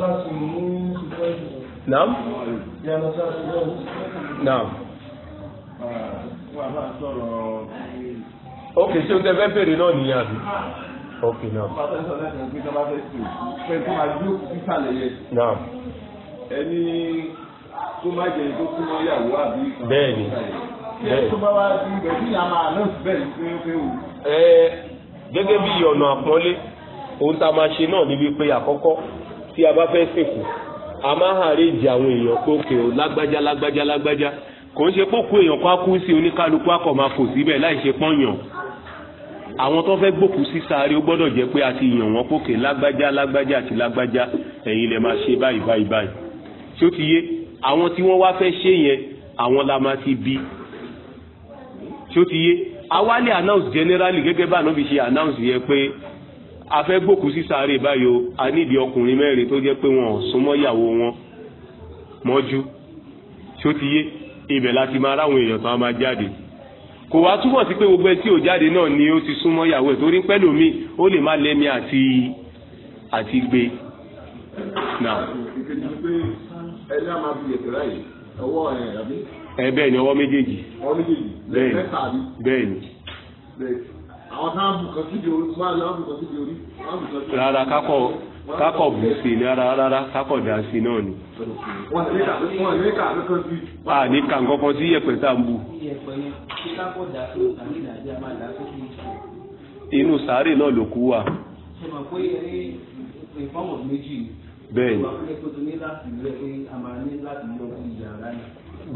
Speaker 2: naam naam. ok ṣé o tẹ fẹ́ bèrè náà nìyẹn àbí
Speaker 1: ok naam. naam. ẹni tó má jẹ tó kú mọ́ ìyàwó àbí. bẹ́ẹ̀ ni tó bá wá sí ibẹ̀ tí ìyá máa lọ sí bẹ́ẹ̀ pé ó pé wò. ẹ gẹ́gẹ́ bí ọ̀nà àpọ́nlé ohun tá a máa ṣe náà níbi pé àkọ́kọ́ tí a bá fẹ́ sìnkú a máa hàrèjì àwọn èèyàn pé òkè o lágbájá lágbájá lágbájá kò ń ṣe pókú èèyàn kan kú sí oníkálukú akọ̀ máa fò síbẹ̀ láì ṣe pọ́nyàn àwọn tó fẹ́ gbòkú sí sáré ó gbọ́dọ̀ jẹ́ pé a ti yàn wọ́n pókè lágbájá lágbájá àti lágbájá ẹ̀yin lè máa ṣe báyìí báyìí báyìí tí ó ti yé àwọn tí wọ́n wá fẹ́ ṣe yẹn àwọn la máa ti bi tí ó ti yé awálẹ̀ announce generally gẹ́gẹ́ bá ànábi ṣe announce yẹ pé a fẹ́ gbòkú sí sáré báyìí o a nídìí ọkùnrin mẹ́rin tó jẹ́ pé wọn ò súnmọ́ ìyàwó wọn mọ́jú tí ó ti yé ibẹ̀ láti máa ráwọn èèyàn tó a máa jáde kò wá túmọ̀ sí pé gbogbo ẹ tí ò jáde náà ni ó ti súnmọ́ ìyàwó ẹ̀ torí pẹ́lú mi ó lè má lẹ́mí àti àti gbé
Speaker 2: náà. ìkejì pé ẹni
Speaker 1: ètò ráyè ọwọ́ ẹ̀ àbí ẹ bẹ́ẹ̀ ni ọwọ́ méjèèjì bẹ́ẹ̀ ni bẹ́ẹ̀ ni. àwọn kan bùkọ́ síbi orí máa lọ bùkọ́ síbi orí. rárá kákọ̀ kákọ̀ bù sí ni rárá rárá kákọ̀ dà sí náà ni.
Speaker 2: wọ́n ní ká ló kàn sí. a ní ká nǹkan kan sí yẹ̀pẹ̀ tá n bù.
Speaker 1: inú sàárè náà ló kú wà. bẹ́ẹ̀ ni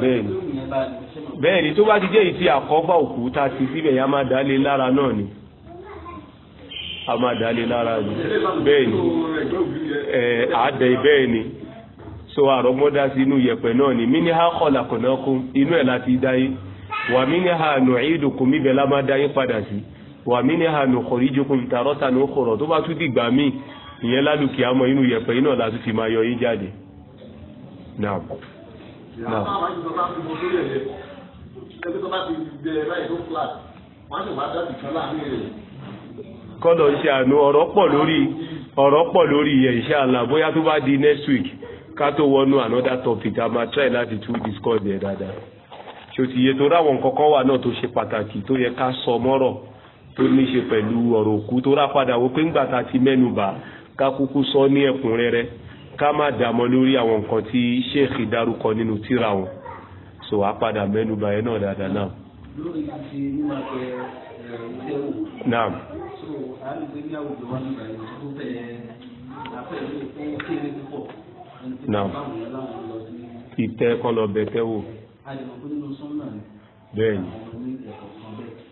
Speaker 1: bẹ́ẹ̀ni bẹ́ẹ̀ni tó bá ti jẹ́ ìtì àkọ́fà òkú tá a ti síbẹ̀ yá máa dálé lára náà ni a máa dálé lára ni bẹ́ẹ̀ni ẹ̀ àádẹ́ bẹ́ẹ̀ni so àrọ́gbọ́dá sí inú yẹ̀pẹ̀ náà ni mí ní ha kọ̀là kọ̀nàkùn inú ẹ̀ láti dáyé wà mí ní ha nù ìdùnkùn míbẹ̀ lá máa dáyé padà sí wà mí ní ha nù kọ̀rí jókòó ìtàrọ́ta ní kọ̀rọ̀ tó bá tún dìgbà míì ìyẹn lálùkì àmọ́ inú yẹ̀pẹ̀ iná láti fi máa yọ yín jáde náà táwọn àjùmọ̀ bá fi ṣe àánú ọ̀rọ̀ pọ̀ lórí ọ̀rọ̀ pọ̀ lórí bóyá tó bá di next week ká tó wọnú another topic a máa try láti tún discuss yẹn dáadáa ṣé ti yẹ tó ráwọn wà náà tó ṣe pàtàkì tó yẹ ká sọ mọ́rọ̀ tó ní ṣe pẹ̀lú ọ̀rọ̀ òkú tó wọ pé tá a ti mẹ́nu bà ká kúkú sọ ní ẹ̀kúnrẹ́rẹ́ ká má dàmọ́ lórí àwọn nǹkan tí sheikh dárúkọ nínú tíra wọn so a padà mẹ́nu bàyẹ̀ náà dáadáa náà.
Speaker 2: lórí ti nígbà pé ẹ
Speaker 1: ìtẹ́ kọ́ lọ bẹ̀ tẹ́ bẹ́ẹ̀ni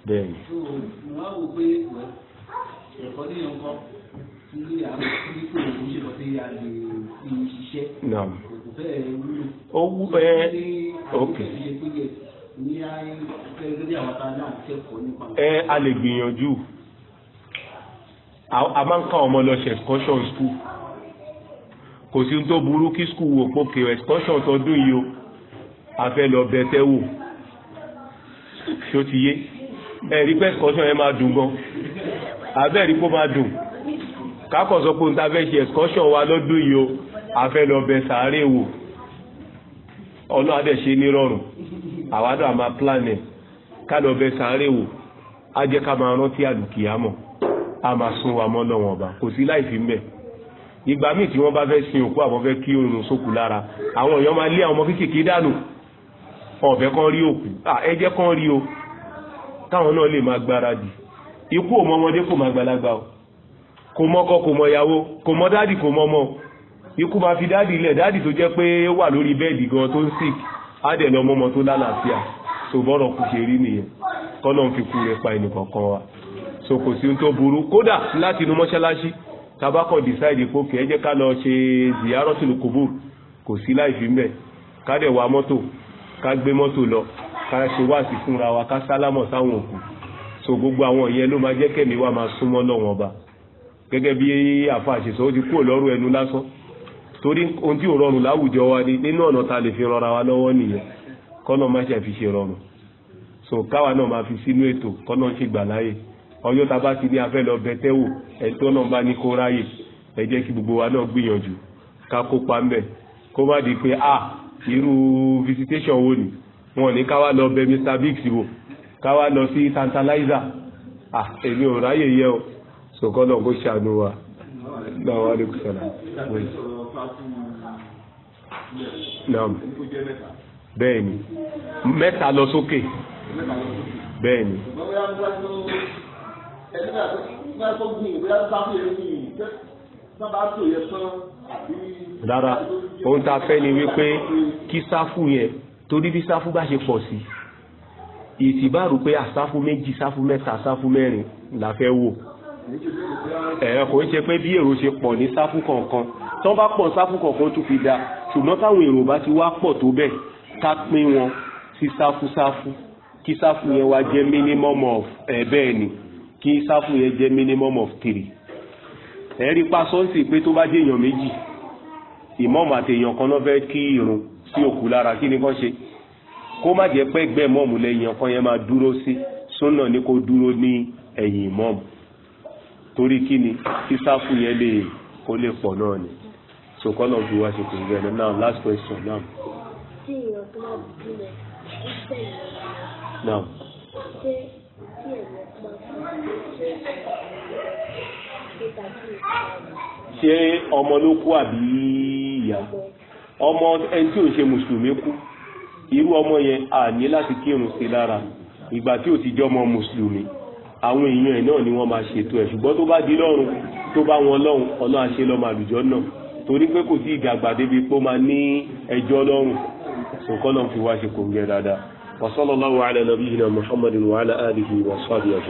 Speaker 1: bẹ́ẹ̀ni. Naam. Owó ẹ ok. Ẹ a lè gbìyànjú. A máa ń ká ọmọ lọ ṣe excursion school. Kò sí ohun tó burú kí school wò pé kí excursion tọdún yìí o. A fẹ́ lọ bẹ̀tẹ̀ wò. Ṣé o ti yé? Ẹ̀rí pé excursion yẹn máa dùn gan. Àbẹ́ẹ̀rí kó máa dùn kákọ̀ sọ pé níta fẹ́ ṣe excursion wa lọ́dún yìí o a fẹ́ lọ bẹ̀ sàárè wò ọlọ́run adẹ̀ ṣe ní rọrùn àwa náà máa plan ẹ̀ ká lọ bẹ̀ sàárè wò á jẹ́ ká máa rántí àlùkìyámọ̀ a máa sún wa mọ́ lọ́wọ́n ọba kò sí láì fi ń ìgbà míì tí wọ́n bá fẹ́ sin òkú àwọn fẹ́ kí oòrùn sókù lára àwọn èèyàn máa lé àwọn ọmọ kéékèèké dànù ọ̀bẹ kan rí òkú ẹjẹ́ kan rí o táwọn náà lè máa gbáradì ikú òmọ kò máa gbalagbà o kò mọ́kọ kò mọ ìyàwó kò mọ dáàdì kò mọ ọmọ ikú máa fi dáàdì ilẹ̀ dáàdì tó jẹ́ pé ó wà lórí bẹ́ẹ̀dì gan tó ń sick ádẹ̀lẹ̀ ọmọọmọ tó lálàáfíà so bọ́rọ̀ kù ṣe rí nìyẹn kọ́nà fi kú rẹ̀ pa ẹnì kọ̀ọ̀kan wa so kò sí ohun tó burú kódà láti inú mọ́ṣáláṣí tabakọ̀ decide pé kì í jẹ́ ká lọ ṣe ziyarọ́tìlù kòbúr kò sí láì fi mbẹ̀ ká dẹ̀ wa mọ́tò ká gbé mọ́tò lọ ká ṣe wáàsí fúnra wa ká sálámọ̀ sáwọn òkú so gbogbo àwọn ìyẹn ló máa jẹ́ kẹ́mi wa máa súnmọ́ lọ́wọ́n ọba gẹ́gẹ́ bí àfa àṣesọ ó ti kúrò lọ́rùn ẹnu lásán torí ohun tí ò rọrùn láwùjọ wa ni nínú ọ̀nà ta lè fi rọra wa lọ́wọ́ nìyẹn kọ́nà má ṣe fi ṣe rọrùn so káwa náà máa fi sínú ètò kọ́nà ṣe gbà láyè ọjọ́ ta bá ti ní afẹ́ lọ bẹ̀tẹ́ wò ẹ̀tọ́ náà bá ní kó ráyè ẹ jẹ́ kí gbogbo wa náà gbìyànjú ká kópa ń kó má di pé a irú visitation wo ni wọn ní káwa lọ bẹ̀ Mr Biggs wò káwa lọ sí tantalizer ah èmi ò ráyè yẹ o so kọ́lọ̀ kó ṣàánú wa
Speaker 2: náà wà ní kùsàlà
Speaker 1: bẹ́ẹ̀ni mẹ́ta lọ sókè bẹ́ẹ̀ni
Speaker 2: rárá ohun tá a fẹ́ ni wípé
Speaker 1: kí sáfù yẹn torí bí sáfù bá ṣe pọ̀ sí ìtìbárù pé àsáfù méjì sáfù mẹ́ta sáfù mẹ́rin la wò ẹ̀rọ kò ń ṣe pé bí èrò ṣe pọ̀ ní sáfù kọ̀ọ̀kan tí wọ́n bá pọ̀ sáfù kọ̀ọ̀kan tún fi da ṣùgbọ́n táwọn èrò bá ti wá pọ̀ tó bẹ́ẹ̀ ká pín wọn sí sáfù sáfù kí sáfù yẹn wá jẹ́ minimum of ẹ̀ bẹ́ẹ̀ ni kí sáfù yẹn jẹ́ minimum of three ẹ̀rí pa sọ́ǹsì pé tó bá jẹ́ èèyàn méjì ìmọ̀ọ̀mù àti èèyàn kan náà fẹ́ kí irun sí òkú lára kí ni kán ṣe kó má jẹ́ pé ẹgbẹ́ mọ́ọ̀mù lẹ́yìn ọkàn yẹn máa dúró sí sọ́nà ni kó dúró ní ẹ̀yìn mọ́ọ̀mù torí kí ni kí sáfù yẹn lè kó lè pọ̀ náà ni so kọ́nà bí wá ṣe kò ń now last question now.
Speaker 2: tí èèyàn tó máa bí rẹ̀ ń tẹ̀lé now. ṣé tí èèyàn máa
Speaker 1: ṣe ọmọ ló kú àbí ìyá ọmọ ẹni tí ò ṣe mùsùlùmí kú irú ọmọ yẹn a ní láti kírun sí lára ìgbà tí ò ti jọmọ mùsùlùmí àwọn èèyàn ẹ̀ náà ni wọ́n máa ṣètò ẹ̀ ṣùgbọ́n tó bá di lọ́rùn tó bá wọn lọ́rùn ọ̀nà àṣẹ lọ́mọ àlùjọ náà torí pé kò tí ìdàgbà débi pé ó máa ní ẹjọ́ lọ́rùn
Speaker 2: ṣùkọ́nà fi wá ṣe kò ń gẹ dáadáa ala nabiyina muhammadin wa ala alihi wa